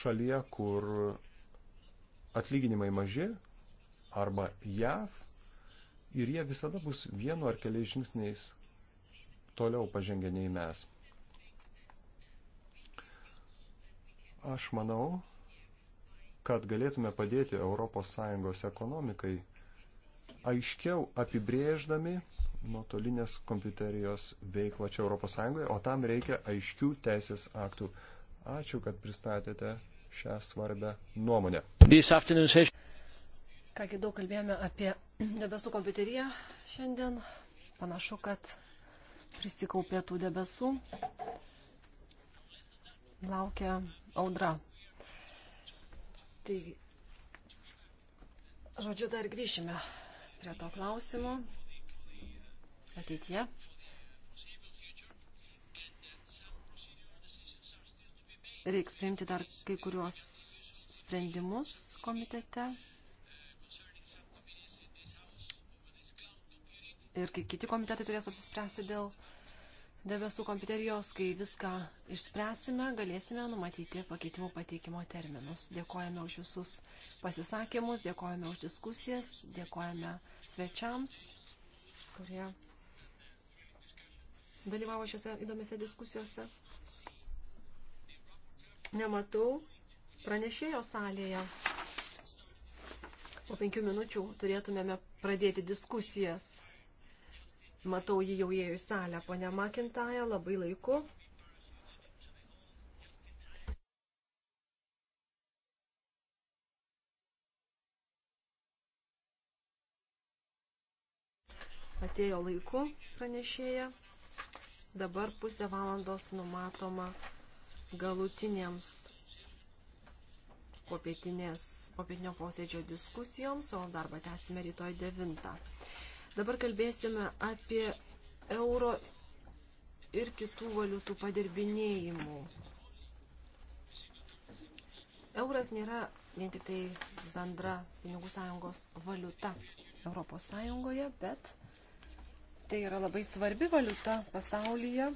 šalyje, kur atlyginimai maži arba JAV ir jie visada bus vienu ar keliais žingsniais toliau pažengę nei mes. Aš manau, kad galėtume padėti ES ekonomikai, aiškiau apibrėždami nuotolinės kompiuterijos veiklą čia ES, o tam reikia aiškių teisės aktų. Ačiū, kad pristatėte šią svarbę nuomonę. Kągi daug kalbėjome apie debesų kompiuteriją šiandien. Panašu, kad prisikaupė tų debesų. Laukia audra Taigi, žodžiu, dar grįšime prie to klausimo ateityje. Reiks priimti dar kai kuriuos sprendimus komitete. Ir kai kiti komitetai turės apsispręsti dėl debesų kompiuterijos, kai viską išspręsime, galėsime numatyti pakeitimų pateikimo terminus. Dėkojame už visus pasisakymus, dėkojame už diskusijas, dėkojame svečiams, kurie dalyvavo šiuose įdomiuose diskusijose. Nematau pranešėjo salėje. Po penkių minučių turėtumėme pradėti diskusijas. Matau jį jau įėjo į salę, ponia Makintaja, labai laiku. Atėjo laiku pranešėja. Dabar pusę valandos numatoma galutinėms popietinės, popietinio posėdžio diskusijoms, o darbą tęsime rytoj 9. Dabar kalbėsime apie euro ir kitų valiutų padirbinėjimų. Euras nėra vien tik tai bendra pinigų sąjungos valiuta Europos Sąjungoje, bet tai yra labai svarbi valiuta pasaulyje,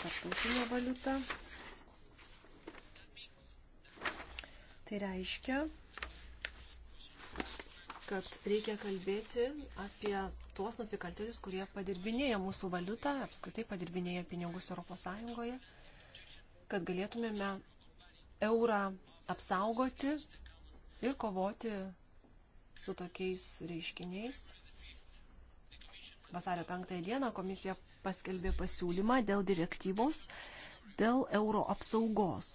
tarptautinė valiuta. Tai reiškia, kad reikia kalbėti apie tuos nusikaltėlius, kurie padirbinėja mūsų valiutą, apskritai padirbinėja pinigus ES, kad galėtumėme eurą apsaugoti ir kovoti su tokiais reiškiniais. Vasario 5 dieną komisija paskelbė pasiūlymą dėl direktyvos dėl euro apsaugos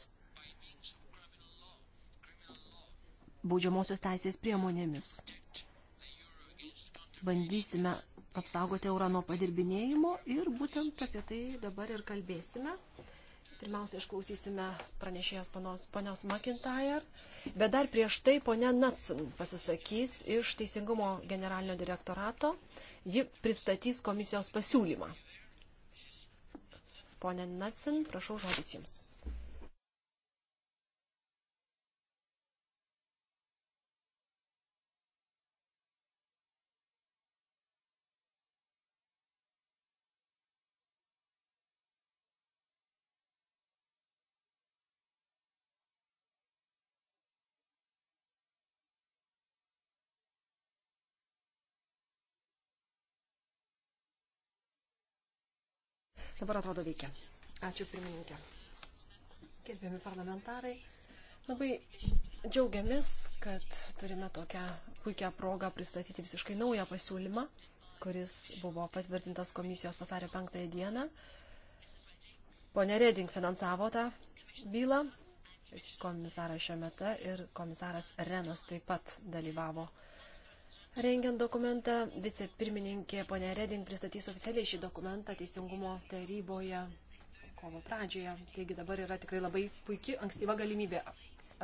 baudžiamosios teisės priemonėmis bandysime apsaugoti eurą nuo padirbinėjimo ir būtent apie tai dabar ir kalbėsime. Pirmiausia, išklausysime pranešėjos panos, ponios McIntyre, bet dar prieš tai ponia Natson pasisakys iš Teisingumo generalinio direktorato. Ji pristatys komisijos pasiūlymą. Pone Natson, prašau žodis jums. Dabar atrodo veikia. Ačiū pirmininkė. Gerbiami parlamentarai, labai džiaugiamės, kad turime tokią puikią progą pristatyti visiškai naują pasiūlymą, kuris buvo patvirtintas komisijos vasario 5 dieną. Pone Reding finansavo tą bylą, komisaras Šemeta ir komisaras Renas taip pat dalyvavo Rengiant dokumentą, vicepirmininkė ponė Redin pristatys oficialiai šį dokumentą Teisingumo taryboje kovo pradžioje. Taigi dabar yra tikrai labai puikia ankstyva galimybė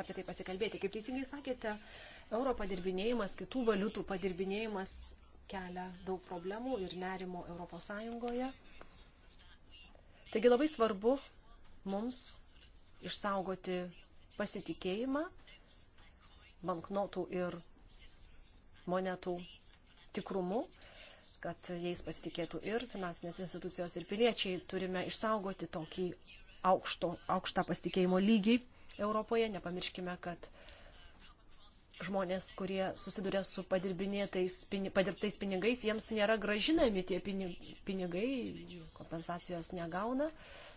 apie tai pasikalbėti. Kaip teisingai sakėte, euro padirbinėjimas, kitų valiutų padirbinėjimas kelia daug problemų ir nerimo Europos Sąjungoje. Taigi labai svarbu mums išsaugoti pasitikėjimą banknotų ir monetų tikrumu, kad jais pasitikėtų ir finansinės institucijos, ir piliečiai. Turime išsaugoti tokį aukšto, aukštą pasitikėjimo lygį Europoje. Nepamirškime, kad žmonės, kurie susiduria su padirbtais pinigais, jiems nėra gražinami tie pinigai, kompensacijos negauna.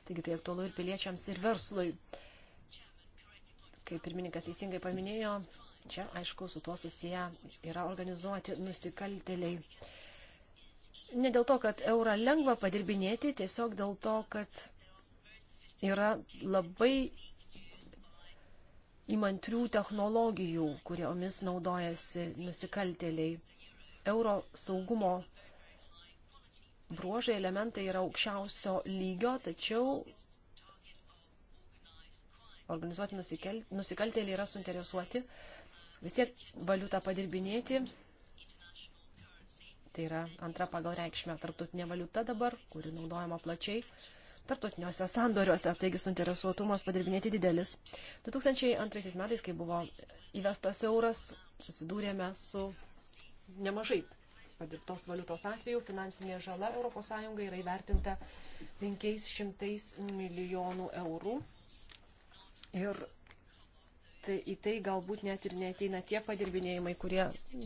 Taigi tai aktualu ir piliečiams, ir verslui. Kaip pirmininkas teisingai paminėjo, Čia, aišku, su tuo susiję yra organizuoti nusikalteliai. Ne dėl to, kad eurą lengva padirbinėti, tiesiog dėl to, kad yra labai įmantrių technologijų, kuriomis naudojasi nusikalteliai. Euro saugumo bruožai elementai yra aukščiausio lygio, tačiau organizuoti nusikaltėliai yra suinteresuoti vis tiek valiutą padirbinėti. Tai yra antra pagal reikšmę tarptautinė valiuta dabar, kuri naudojama plačiai tarptautiniuose sandoriuose, taigi suinteresuotumas padirbinėti didelis. 2002 metais, kai buvo įvestas euras, susidūrėme su nemažai padirbtos valiutos atveju. Finansinė žala ES yra įvertinta 500 milijonų eurų. Ir kad į tai galbūt net ir neteina tie padirbinėjimai, kurie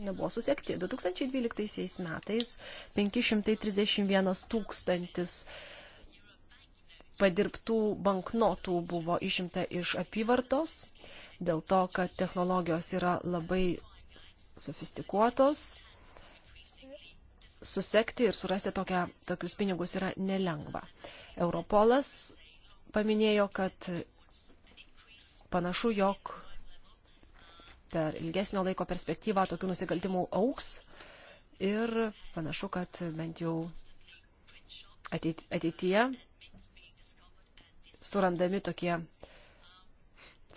nebuvo susiekti. 2012 metais 531 tūkstantis padirbtų banknotų buvo išimta iš apyvartos dėl to, kad technologijos yra labai sofistikuotos. Susekti ir surasti tokia, tokius pinigus yra nelengva. Europolas paminėjo, kad panašu, jog per ilgesnio laiko perspektyvą tokių nusikaltimų auks ir panašu, kad bent jau ateityje surandami tokie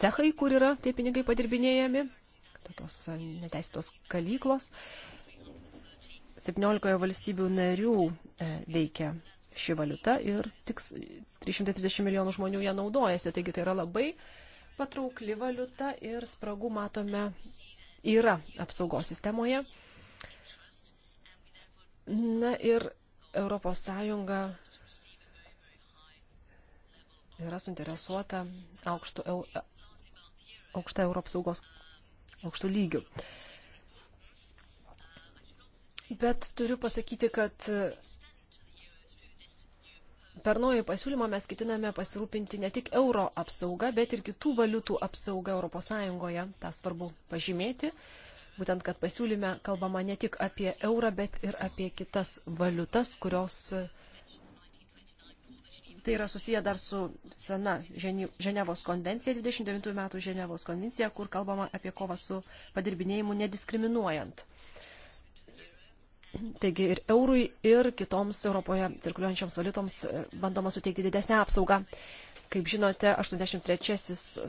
cechai, kur yra tie pinigai padirbinėjami, tokios neteisėtos kalyklos. 17 valstybių narių e, veikia ši valiuta ir tik 330 milijonų žmonių ją naudojasi, taigi tai yra labai patraukli valiuta ir spragų matome yra apsaugos sistemoje. Na ir ES yra suinteresuota aukštų, aukštą Europos saugos aukštų lygių. Bet turiu pasakyti, kad per naują pasiūlymą mes ketiname pasirūpinti ne tik euro apsauga, bet ir kitų valiutų apsauga ES. Ta svarbu pažymėti, būtent, kad pasiūlyme kalbama ne tik apie eurą, bet ir apie kitas valiutas, kurios tai yra susiję dar su sena Ženevos konvencija, 29 metų Ženevos konvencija, kur kalbama apie kovą su padirbinėjimu nediskriminuojant. Taigi ir eurui, ir kitoms Europoje cirkuliuojančioms valiutoms e, bandoma suteikti didesnę apsaugą. Kaip žinote, 83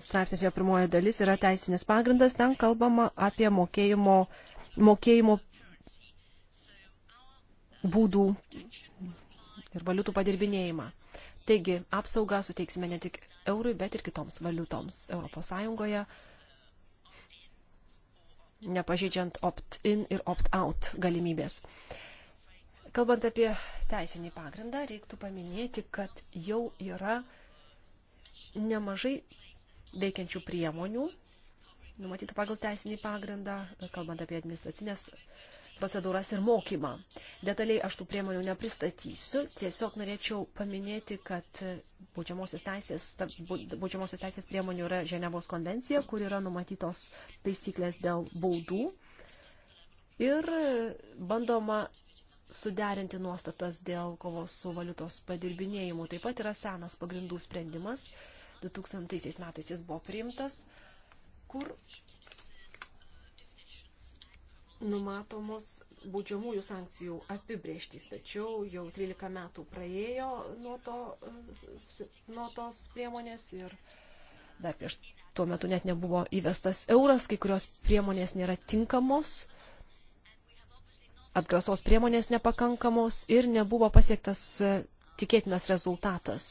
straipsnis jo pirmoje dalis yra teisinis pagrindas, ten kalbama apie mokėjimo, mokėjimo būdų ir valiutų padirbinėjimą. Taigi apsaugą suteiksime ne tik eurui, bet ir kitoms valiutoms Europos Sąjungoje nepažydžiant opt-in ir opt-out galimybės. Kalbant apie teisinį pagrindą, reiktų paminėti, kad jau yra nemažai veikiančių priemonių numatytų pagal teisinį pagrindą, kalbant apie administracinės procedūras ir mokymą. Detaliai aš tų priemonių nepristatysiu, tiesiog norėčiau paminėti, kad būdžiamosios teisės, būdžiamosios teisės priemonių yra Ženevos konvencija, kur yra numatytos taisyklės dėl baudų ir bandoma suderinti nuostatas dėl kovos su valiutos padirbinėjimu. Taip pat yra senas pagrindų sprendimas, 2000 metais jis buvo priimtas, kur numatomos baudžiamųjų sankcijų apibrieštys, tačiau jau 13 metų praėjo nuo, to, e, nuo tos priemonės ir dar prieš tuo metu net nebuvo įvestas euras, kai kurios priemonės nėra tinkamos, atgrasos priemonės nepakankamos ir nebuvo pasiektas e, tikėtinas rezultatas.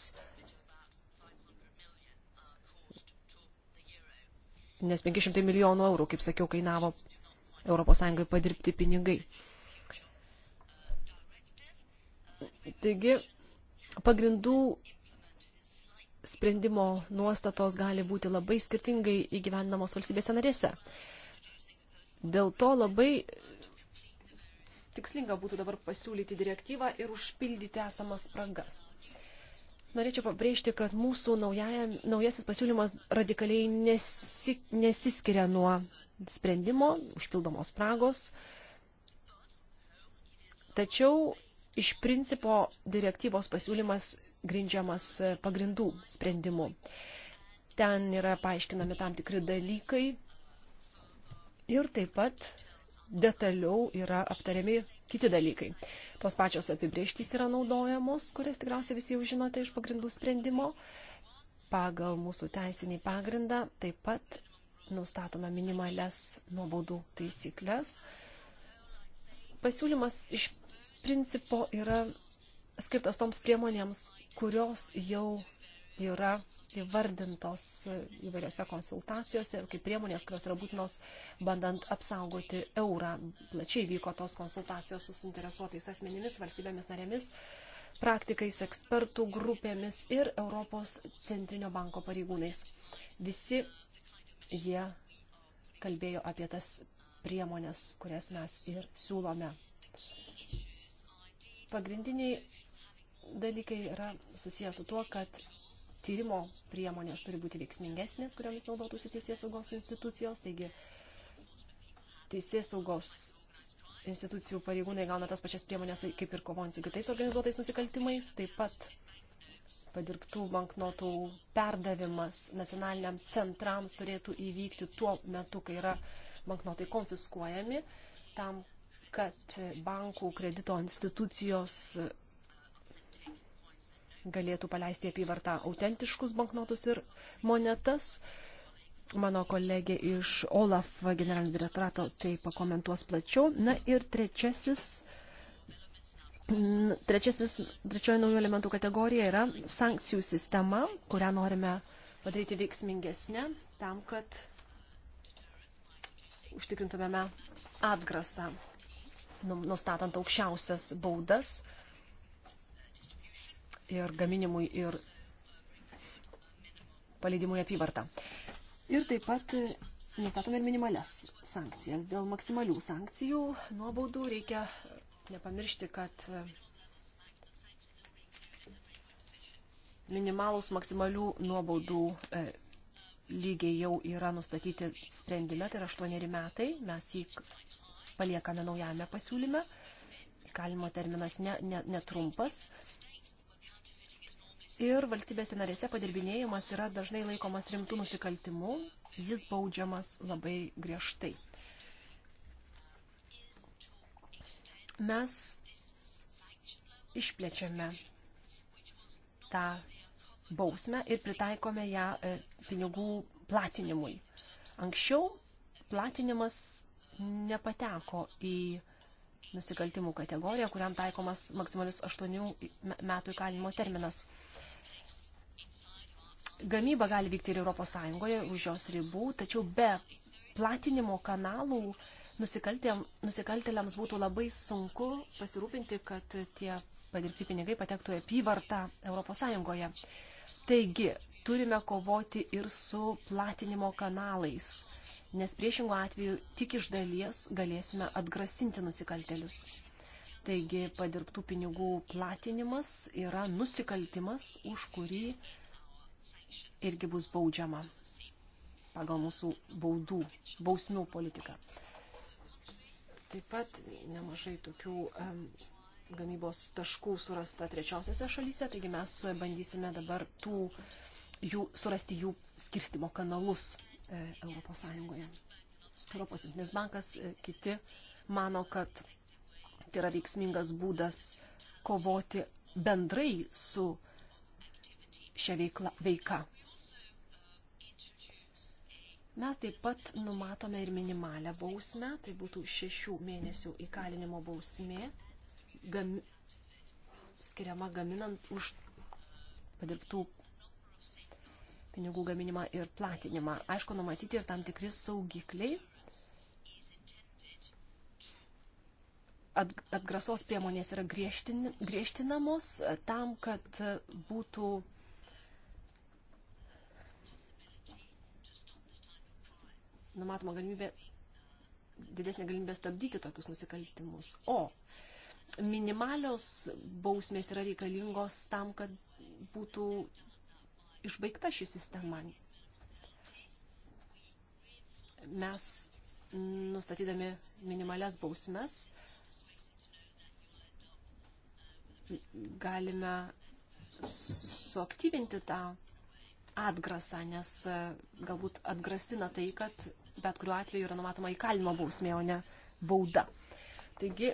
Nes 500 milijonų eurų, kaip sakiau, kainavo ES padirbti pinigai. Taigi, pagrindų sprendimo nuostatos gali būti labai skirtingai įgyvendinamos valstybėse narėse. Dėl to labai tikslinga būtų dabar pasiūlyti direktyvą ir užpildyti esamas spragas. Norėčiau pabrėžti, kad mūsų naujaja, naujasis pasiūlymas radikaliai nesi, nesiskiria nuo sprendimo, užpildomos spragos. Tačiau iš principo direktyvos pasiūlymas grindžiamas pagrindų sprendimu. Ten yra paaiškinami tam tikri dalykai ir taip pat detaliau yra aptariami kiti dalykai. Tos pačios apibrieštys yra naudojamos, kurias tikriausiai visi jau žinote iš pagrindų sprendimo. Pagal mūsų teisinį pagrindą taip pat nustatome minimales nuobaudų taisyklės. Pasiūlymas iš principo yra skirtas toms priemonėms, kurios jau yra įvardintos įvairiose konsultacijose kaip priemonės, kurios yra būtinos bandant apsaugoti eurą. Plačiai vyko tos konsultacijos su suinteresuotais asmenimis, valstybėmis narėmis, praktikais, ekspertų grupėmis ir Europos centrinio banko pareigūnais. Visi jie kalbėjo apie tas priemonės, kurias mes ir siūlome. Pagrindiniai dalykai yra susijęs su tuo, kad tyrimo priemonės turi būti veiksmingesnės, kuriomis naudotųsi teisės saugos institucijos. Taigi teisės saugos institucijų pareigūnai gauna tas pačias priemonės kaip ir kovojant su kitais organizuotais nusikaltimais. Taip pat padirbtų banknotų perdavimas nacionaliniams centrams turėtų įvykti tuo metu, kai yra banknotai konfiskuojami, tam, kad bankų kredito institucijos galėtų paleisti apyvartą autentiškus banknotus ir monetas. Mano kolegė iš OLAF generalinio direktorato tai pakomentuos plačiau. Na ir trečiasis Trečiasis, trečioji naujų elementų kategorija yra sankcijų sistema, kurią norime padaryti veiksmingesnė tam, kad užtikrintumėme atgrasą, nustatant aukščiausias baudas ir gaminimui ir paleidimui apyvartą. Ir taip pat nustatome ir minimales sankcijas. Dėl maksimalių sankcijų nuobaudų reikia nepamiršti, kad minimalus maksimalių nuobaudų e, lygiai jau yra nustatyti sprendime, tai yra 8 metai, mes jį paliekame naujame pasiūlyme, įkalimo terminas ne, ne, netrumpas. Ir valstybėse narėse padirbinėjimas yra dažnai laikomas rimtų nusikaltimų, jis baudžiamas labai griežtai. Mes išplečiame tą bausmę ir pritaikome ją e, pinigų platinimui. Anksčiau platinimas nepateko į nusikaltimų kategoriją, kuriam taikomas maksimalius 8 metų įkalinimo terminas. Gamyba gali vykti ir ES už jos ribų, tačiau be platinimo kanalų nusikaltėliams būtų labai sunku pasirūpinti, kad tie padirbti pinigai patektų į apyvartą ES. Taigi, turime kovoti ir su platinimo kanalais, nes priešingų atveju tik iš dalies galėsime atgrasinti nusikaltelius. Taigi padirbtų pinigų platinimas yra nusikaltimas, už kurį irgi bus baudžiama pagal mūsų baudų, bausmių politiką. Taip pat nemažai tokių um, gamybos taškų surasta trečiosiose šalyse, taigi mes bandysime dabar tų, jų, surasti jų skirstimo kanalus e, Europos Sąjungoje. Europos Centrinis bankas, e, kiti mano, kad tai yra veiksmingas būdas kovoti bendrai su šia veikla, veika. Mes taip pat numatome ir minimalę bausmę, tai būtų šešių mėnesių įkalinimo bausmė, gam, skiriama gaminant už padirbtų pinigų gaminimą ir platinimą. Aišku, numatyti ir tam tikri saugikliai, atgrasos priemonės yra griežtin, griežtinamos tam, kad būtų numatoma galimybė, didesnė galimybė stabdyti tokius nusikaltimus. O minimalios bausmės yra reikalingos tam, kad būtų išbaigta ši sistema. Mes nustatydami minimalias bausmes galime suaktyvinti tą atgrasą, nes galbūt atgrasina tai, kad bet kuriuo atveju yra numatoma įkalinimo bausmė, o ne bauda. Taigi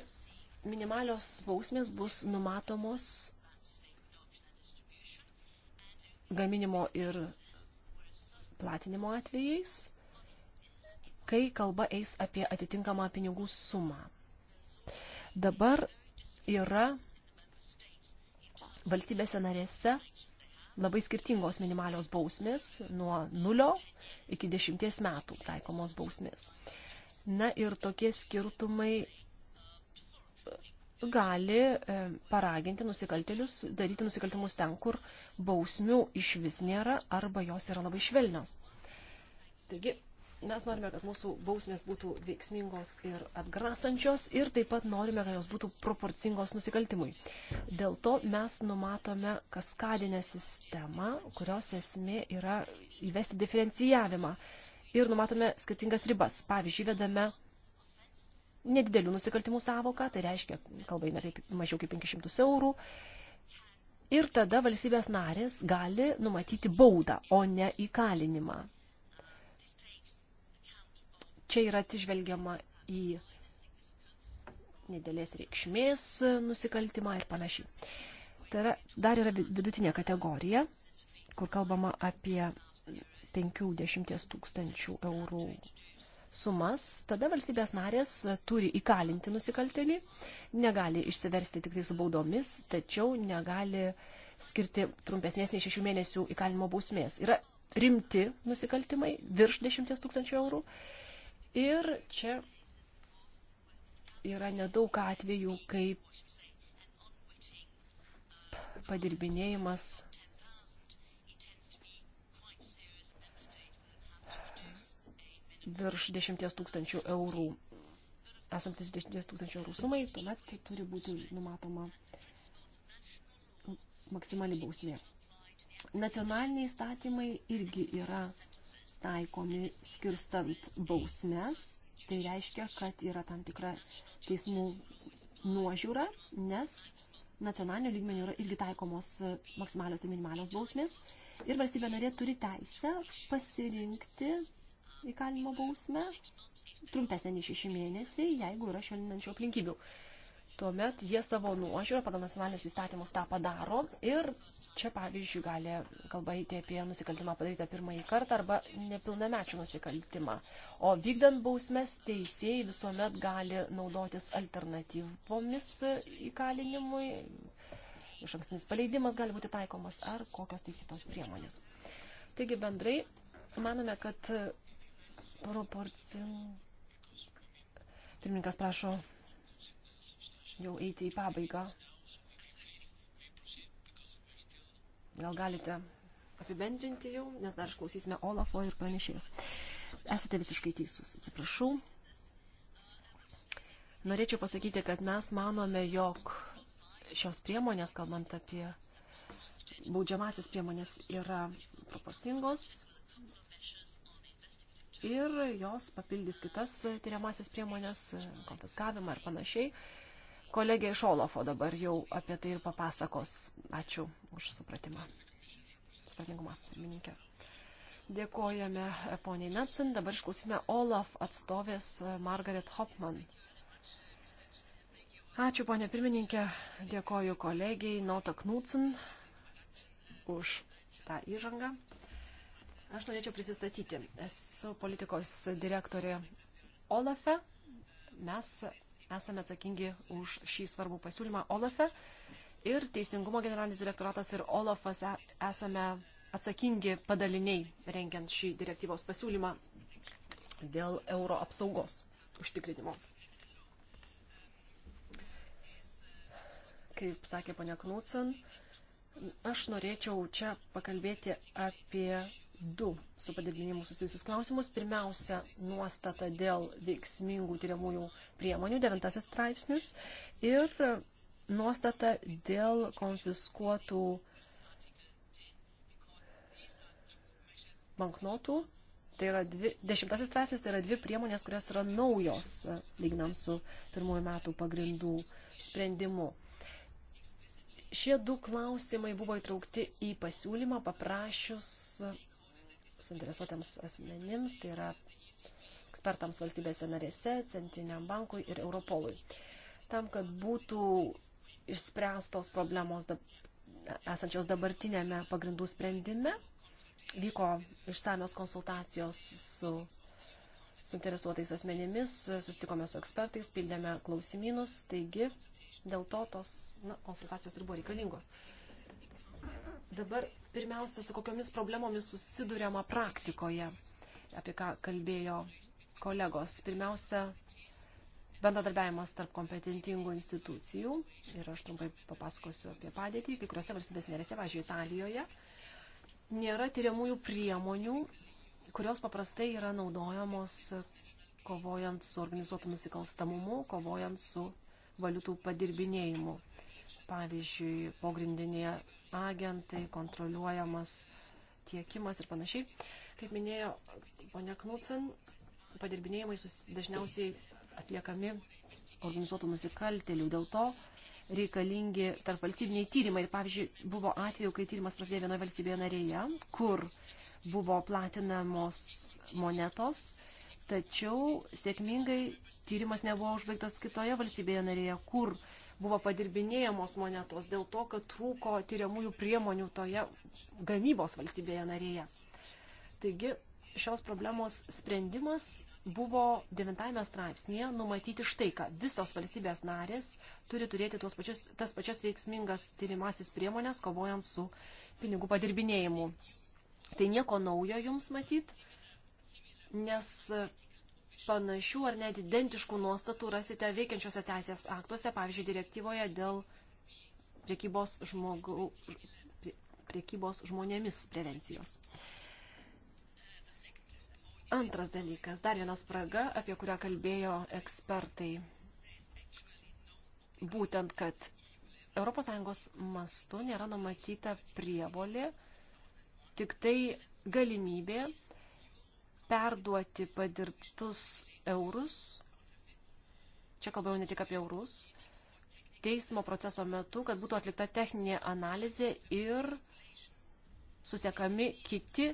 minimalios bausmės bus numatomos gaminimo ir platinimo atvejais, kai kalba eis apie atitinkamą pinigų sumą. Dabar yra valstybėse narėse labai skirtingos minimalios bausmės nuo 0 iki 10 metų taikomos bausmės. Na ir tokie skirtumai e, gali e, paraginti nusikaltelius daryti nusikaltimus ten, kur bausmių iš vis nėra arba jos yra labai švelnios. Taigi, Mes norime, kad mūsų bausmės būtų veiksmingos ir atgrasančios ir taip pat norime, kad jos būtų proporcingos nusikaltimui. Dėl to mes numatome kaskadinę sistemą, kurios esmė yra įvesti diferencijavimą ir numatome skirtingas ribas. Pavyzdžiui, vedame nedidelių nusikaltimų savoką, tai reiškia, kalba eina mažiau kaip 500 eurų. Ir tada valstybės narės gali numatyti baudą, o ne įkalinimą čia yra atsižvelgiama į nedėlės reikšmės nusikaltimą ir panašiai. Tai yra, dar yra vidutinė kategorija, kur kalbama apie 50 tūkstančių eurų sumas, tada valstybės narės turi įkalinti nusikaltelį, negali išsiversti tik tai su baudomis, tačiau negali skirti trumpesnės nei šešių mėnesių įkalinimo bausmės. Yra rimti nusikaltimai virš 10 tūkstančių eurų Ir čia yra nedaug atvejų, kai padirbinėjimas virš 10 tūkstančių eurų, esantis 10 tūkstančių eurų sumai, tuomet tai turi būti numatoma maksimali bausmė. Nacionaliniai įstatymai irgi yra taikomi skirstant bausmes. Tai reiškia, kad yra tam tikra teismų nuožiūra, nes nacionaliniu lygmeniu yra irgi taikomos maksimalios ir minimalios bausmės. Ir valstybė narė turi teisę pasirinkti įkalinimo bausmę trumpesnė nei šeši mėnesiai, jeigu yra švelninančių aplinkybių. Tuomet jie savo nuožiūrą pagal nacionalinius įstatymus tą padaro ir čia, pavyzdžiui, gali kalba eiti apie nusikaltimą padarytą pirmąjį kartą arba nepilnamečių nusikaltimą. O vykdant bausmes, teisėjai visuomet gali naudotis alternatyvomis įkalinimui. Iš ankstinis paleidimas gali būti taikomas ar kokios tai kitos priemonės. Taigi bendrai manome, kad proporcijų. Pirmininkas prašo jau eiti į pabaigą. Gal galite apibendrinti jau, nes dar išklausysime Olafo ir pranešėjus. Esate visiškai teisus, atsiprašau. Norėčiau pasakyti, kad mes manome, jog šios priemonės, kalbant apie baudžiamasis priemonės, yra proporcingos ir jos papildys kitas tyriamasis priemonės, konfiskavimą ir panašiai. Kolegė iš Olofo dabar jau apie tai ir papasakos. Ačiū už supratimą. Supratingumą, pirmininkė. Dėkojame poniai Netsin. Dabar išklausime Olaf atstovės Margaret Hopman. Ačiū, ponė pirmininkė. Dėkoju kolegijai Nota Knudsen už tą įžangą. Aš norėčiau prisistatyti. Esu politikos direktorė Olafe. Mes esame atsakingi už šį svarbų pasiūlymą Olafe. Ir Teisingumo generalinis direktoratas ir Olafas e- esame atsakingi padaliniai rengiant šį direktyvos pasiūlymą dėl euro apsaugos užtikrinimo. Kaip sakė ponia Knudsen, aš norėčiau čia pakalbėti apie du su padirbinimu susijusius klausimus. Pirmiausia, nuostata dėl veiksmingų tyriamųjų priemonių, devintasis straipsnis, ir nuostata dėl konfiskuotų banknotų. Tai yra dvi, dešimtasis straipsnis, tai yra dvi priemonės, kurios yra naujos, e, lyginant su pirmųjų metų pagrindų sprendimu. Šie du klausimai buvo įtraukti į pasiūlymą paprašius suinteresuotiems asmenims, tai yra ekspertams valstybėse narėse, Centriniam bankui ir Europolui. Tam, kad būtų išspręstos problemos dab, esančios dabartinėme pagrindų sprendime, vyko išsamios konsultacijos su suinteresuotais asmenimis, sustikome su ekspertais, pildėme klausimynus, taigi dėl to tos na, konsultacijos ir buvo reikalingos. Dabar pirmiausia, su kokiomis problemomis susidurėma praktikoje, apie ką kalbėjo Kolegos, pirmiausia, bendradarbiavimas tarp kompetentingų institucijų ir aš trumpai papasakosiu apie padėtį, kai kuriuose valstybės narėse, važiuoju, Italijoje, nėra tyriamųjų priemonių, kurios paprastai yra naudojamos kovojant su organizuotu nusikalstamumu, kovojant su valiutų padirbinėjimu. Pavyzdžiui, pogrindinėje agentai, kontroliuojamas tiekimas ir panašiai. Kaip minėjo ponia Knudsen, padirbinėjimai dažniausiai atliekami organizuotų nusikaltelių. Dėl to reikalingi tarp valstybiniai tyrimai. Pavyzdžiui, buvo atveju, kai tyrimas prasidėjo vienoje valstybėje narėje, kur buvo platinamos monetos, tačiau sėkmingai tyrimas nebuvo užbaigtas kitoje valstybėje narėje, kur buvo padirbinėjamos monetos dėl to, kad trūko tyriamųjų priemonių toje gamybos valstybėje narėje. Taigi šios problemos sprendimas buvo devintajame straipsnėje numatyti štai, kad visos valstybės narės turi turėti tuos pačius, tas pačias veiksmingas tyrimasis priemonės, kovojant su pinigų padirbinėjimu. Tai nieko naujo jums matyt, nes panašių ar net identiškų nuostatų rasite veikiančiose teisės aktuose, pavyzdžiui, direktyvoje dėl priekybos, žmogų, priekybos žmonėmis prevencijos. Antras dalykas, dar viena spraga, apie kurią kalbėjo ekspertai. Būtent, kad ES mastu nėra numatyta prievolė, tik tai galimybė perduoti padirbtus eurus, čia kalbėjau ne tik apie eurus, teismo proceso metu, kad būtų atlikta techninė analizė ir susiekami kiti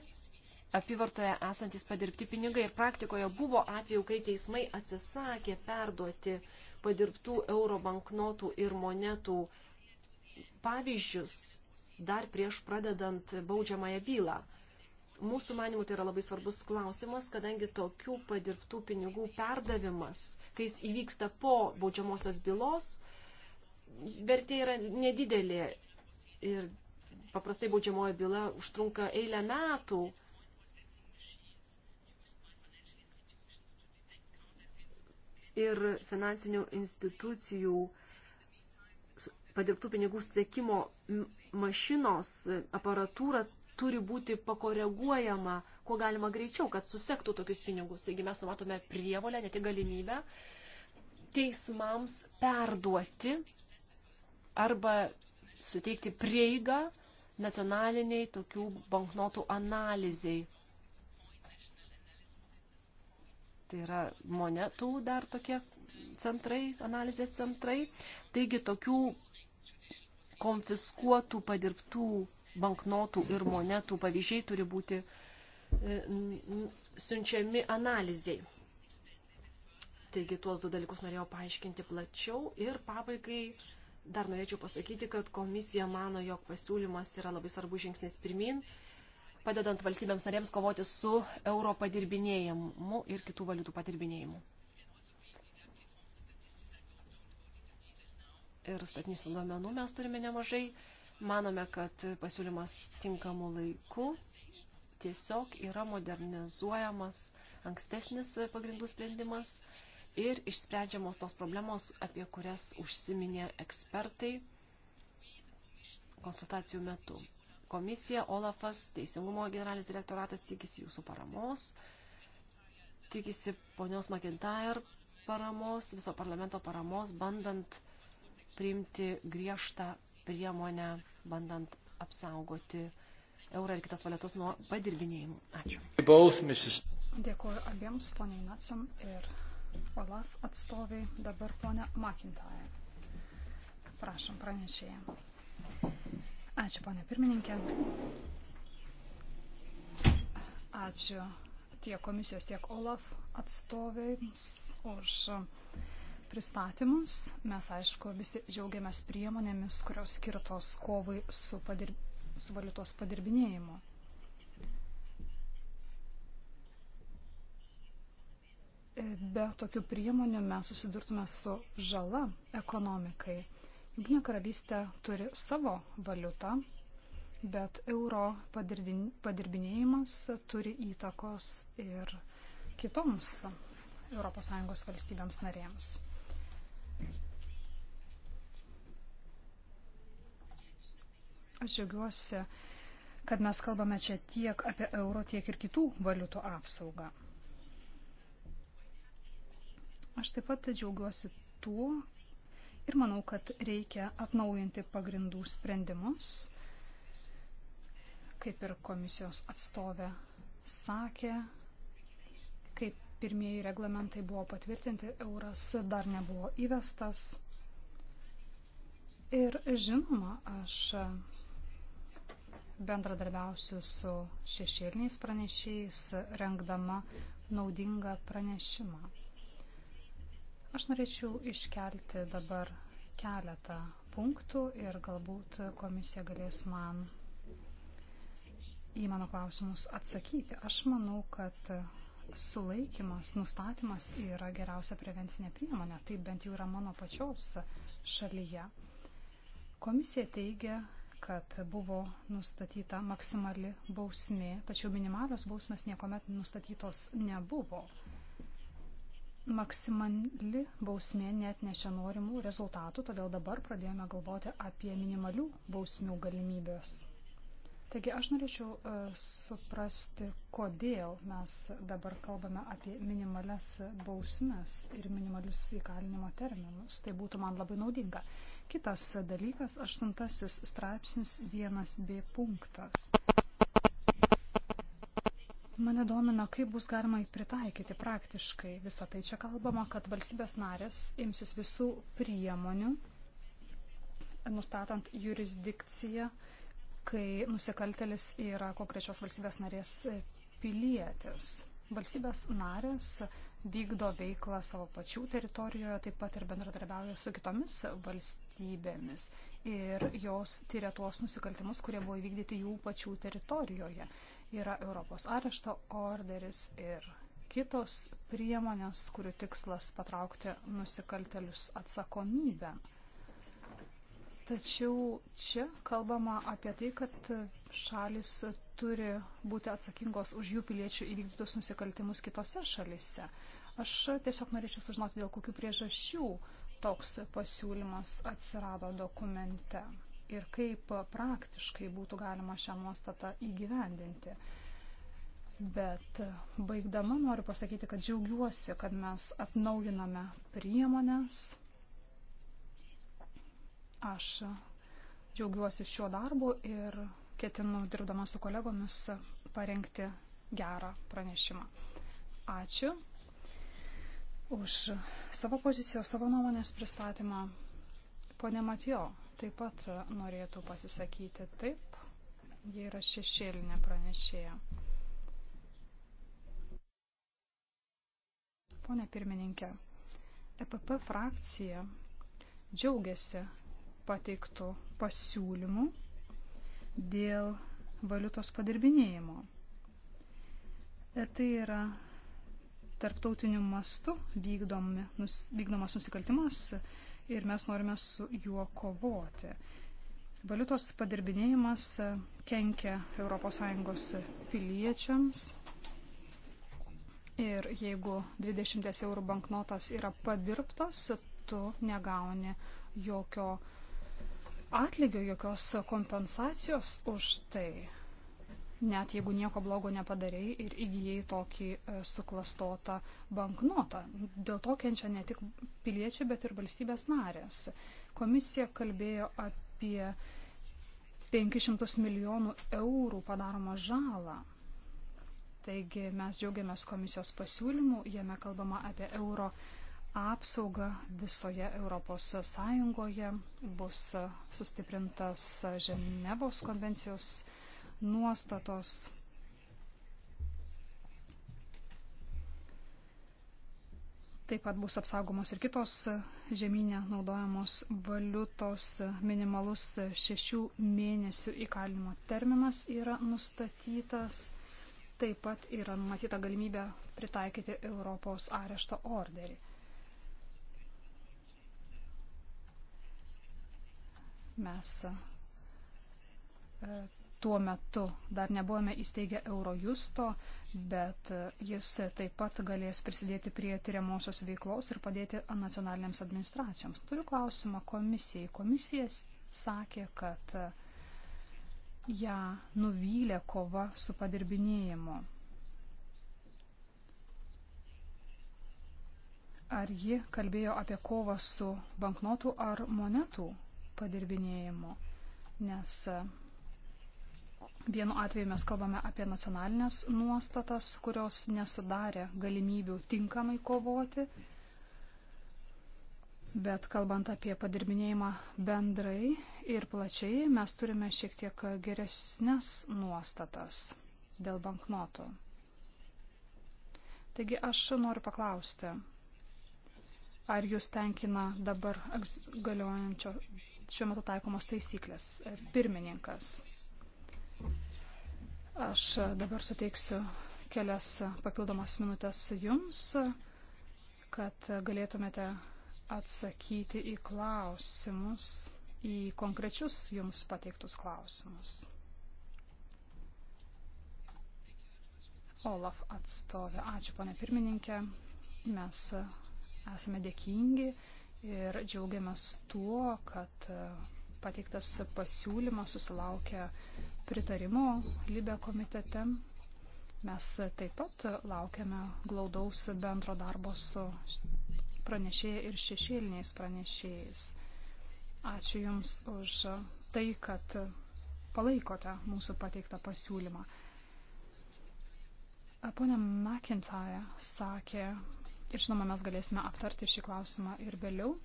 apyvartoje esantis padirbti pinigai. Ir praktikoje buvo atveju, kai teismai atsisakė perduoti padirbtų euro banknotų ir monetų pavyzdžius dar prieš pradedant baudžiamąją bylą. Mūsų manimų tai yra labai svarbus klausimas, kadangi tokių padirbtų pinigų perdavimas, kai jis įvyksta po baudžiamosios bylos, vertė yra nedidelė ir paprastai baudžiamoji byla užtrunka eilę metų ir finansinių institucijų padirbtų pinigų sėkimo mašinos aparatūra turi būti pakoreguojama, kuo galima greičiau, kad susektų tokius pinigus. Taigi mes numatome prievolę, ne tik galimybę teismams perduoti arba suteikti prieigą nacionaliniai tokių banknotų analizai tai yra monetų dar tokie centrai, analizės centrai. Taigi tokių konfiskuotų, padirbtų banknotų ir monetų pavyzdžiai turi būti e, siunčiami analizai. Taigi tuos du dalykus norėjau paaiškinti plačiau ir pabaigai dar norėčiau pasakyti, kad komisija mano, jog pasiūlymas yra labai svarbus žingsnis pirmin. Uh, padedant valstybėms narėms kovoti su euro padirbinėjimu ir kitų valiutų padirbinėjimu. Ir statinių duomenų mes turime nemažai. Manome, kad pasiūlymas tinkamu laiku tiesiog yra modernizuojamas ankstesnis pagrindų sprendimas ir išsprendžiamos tos problemos, apie kurias užsiminė ekspertai konsultacijų metu komisija, Olafas, Teisingumo generalinis direktoratas tikisi jūsų paramos, tikisi ponios McIntyre paramos, viso parlamento paramos, bandant priimti griežtą priemonę, bandant apsaugoti eurą ir kitas valiutos nuo padirbinėjimų. Ačiū. Dėkuoju abiems, poniai Natsam ir Olaf atstoviai, dabar ponia McIntyre. Prašom pranešėjai. Ačiū, ponė pirmininkė. Ačiū tiek komisijos, tiek OLAF atstovėms už pristatymus. Mes, aišku, visi džiaugiamės priemonėmis, kurios skirtos kovai su, padirb... su valiutos padirbinėjimu. Be tokių priemonių mes susidurtume su žala ekonomikai. Jungtinė karalystė turi savo valiutą, bet euro padirbinėjimas turi įtakos ir kitoms ES valstybėms narėms. Aš džiaugiuosi, kad mes kalbame čia tiek apie euro, tiek ir kitų valiutų apsaugą. Aš taip pat džiaugiuosi tuo, ir manau, kad reikia atnaujinti pagrindų sprendimus. Kaip ir komisijos atstovė sakė, kaip pirmieji reglamentai buvo patvirtinti, euras dar nebuvo įvestas. Ir žinoma, aš bendradarbiausiu su šešėliniais pranešiais, rengdama naudingą pranešimą. Aš norėčiau iškelti dabar keletą punktų ir galbūt komisija galės man į mano klausimus atsakyti. Aš manau, kad sulaikimas, nustatymas yra geriausia prevencinė priemonė. Tai bent jau yra mano pačios šalyje. Komisija teigia, kad buvo nustatyta maksimali bausmė, tačiau minimalios bausmės niekuomet nustatytos nebuvo maksimali bausmė net nešia norimų rezultatų, todėl dabar pradėjome galvoti apie minimalių bausmių galimybės. Taigi aš norėčiau uh, suprasti, kodėl mes dabar kalbame apie minimales bausmes ir minimalius įkalinimo terminus. Tai būtų man labai naudinga. Kitas dalykas - aštuntasis straipsnis 1b punktas. Mane domina, kaip bus galima pritaikyti praktiškai visą tai. Čia kalbama, kad valstybės narės imsis visų priemonių, nustatant jurisdikciją, kai nusikaltelis yra konkrečios valstybės narės pilietis. Valstybės narės vykdo veiklą savo pačių teritorijoje, taip pat ir bendradarbiauja su kitomis valstybėmis. Ir jos tyria tuos nusikaltimus, kurie buvo įvykdyti jų pačių teritorijoje yra Europos arešto orderis ir kitos priemonės, kurių tikslas patraukti nusikaltelius atsakomybę. Tačiau čia kalbama apie tai, kad šalis turi būti atsakingos už jų piliečių įvykdytus nusikaltimus kitose šalise. Aš tiesiog norėčiau sužinoti, dėl kokių priežasčių toks pasiūlymas atsirado dokumente ir kaip praktiškai būtų galima šią nuostatą įgyvendinti. Bet baigdama noriu pasakyti, kad džiaugiuosi, kad mes atnaujiname priemonės. Aš džiaugiuosi šiuo darbu ir ketinu, dirbdama su kolegomis, parengti gerą pranešimą. Ačiū už savo pozicijos, savo nuomonės pristatymą. Pone Matijo, taip pat norėtų pasisakyti taip. Jie yra šešėlinė pranešėja. Pone pirmininkė, EPP frakcija džiaugiasi pateiktų pasiūlymų dėl valiutos padirbinėjimo. E, tai yra tarptautiniu mastu vykdomi, nus, vykdomas nusikaltimas ir mes norime su juo kovoti. Valiutos padirbinėjimas kenkia ES piliečiams. Ir jeigu 20 eurų banknotas yra padirbtas, tu negauni jokio atlygio, jokios kompensacijos už tai net jeigu nieko blogo nepadarai ir įgyjai tokį e, suklastotą banknotą. Dėl to kenčia ne tik piliečiai, bet ir valstybės narės. Komisija kalbėjo apie 500 milijonų eurų padaromą žalą. Taigi mes džiaugiamės komisijos pasiūlymų, jame kalbama apie euro apsauga visoje Europos Sąjungoje bus sustiprintas Ženevos konvencijos nuostatos. Taip pat bus apsaugomos ir kitos žemynė naudojamos valiutos. Minimalus šešių mėnesių įkalinimo terminas yra nustatytas. Taip pat yra numatyta galimybė pritaikyti Europos arešto orderį. Mes e, tuo metu dar nebuvome įsteigę Eurojusto, bet jis taip pat galės prisidėti prie tyriamosios veiklos ir padėti nacionalinėms administracijoms. Turiu klausimą komisijai. Komisija sakė, kad ją nuvylė kova su padirbinėjimu. Ar ji kalbėjo apie kovą su banknotų ar monetų padirbinėjimu? Nes Vienu atveju mes kalbame apie nacionalinės nuostatas, kurios nesudarė galimybių tinkamai kovoti, bet kalbant apie padirbinėjimą bendrai ir plačiai, mes turime šiek tiek geresnės nuostatas dėl banknotų. Taigi aš noriu paklausti, ar jūs tenkina dabar galiojančio šiuo metu taikomos taisyklės pirmininkas? Aš dabar suteiksiu kelias papildomas minutės jums, kad galėtumėte atsakyti į klausimus, į konkrečius jums pateiktus klausimus. Olaf atstovė. Ačiū, ponė pirmininkė. Mes esame dėkingi ir džiaugiamės tuo, kad pateiktas pasiūlymas susilaukia pritarimo Libė komitete. Mes taip pat laukiame glaudaus bendro darbo su pranešėja ir šešėliniais pranešėjais. Ačiū Jums už tai, kad palaikote mūsų pateiktą pasiūlymą. Pone McIntyre sakė, ir žinoma, mes galėsime aptarti šį klausimą ir vėliau,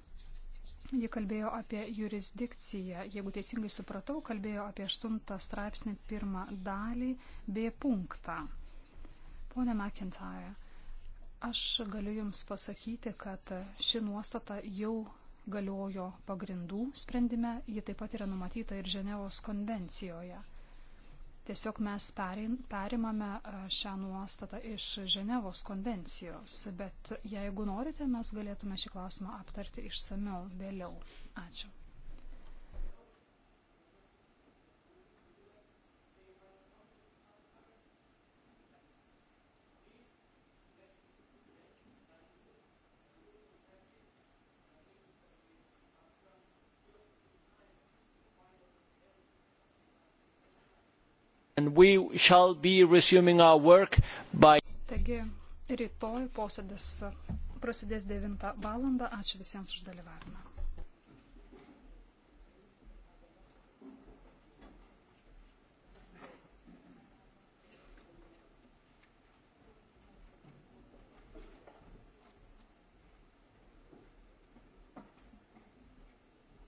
Ji kalbėjo apie jurisdikciją. Jeigu teisingai supratau, kalbėjo apie 8 straipsnį pirmą dalį B punktą. Pone McIntyre, aš galiu Jums pasakyti, kad ši nuostata jau galiojo pagrindų sprendime, ji taip pat yra numatyta ir Ženevos konvencijoje. Tiesiog mes perimame e, šią nuostatą iš Ženevos konvencijos, bet jeigu norite, mes galėtume šį klausimą aptarti išsameu vėliau. Ačiū. and we shall be resuming our work by. Taigi, rytoj posėdis prasidės 9 val. Ačiū visiems už dalyvavimą.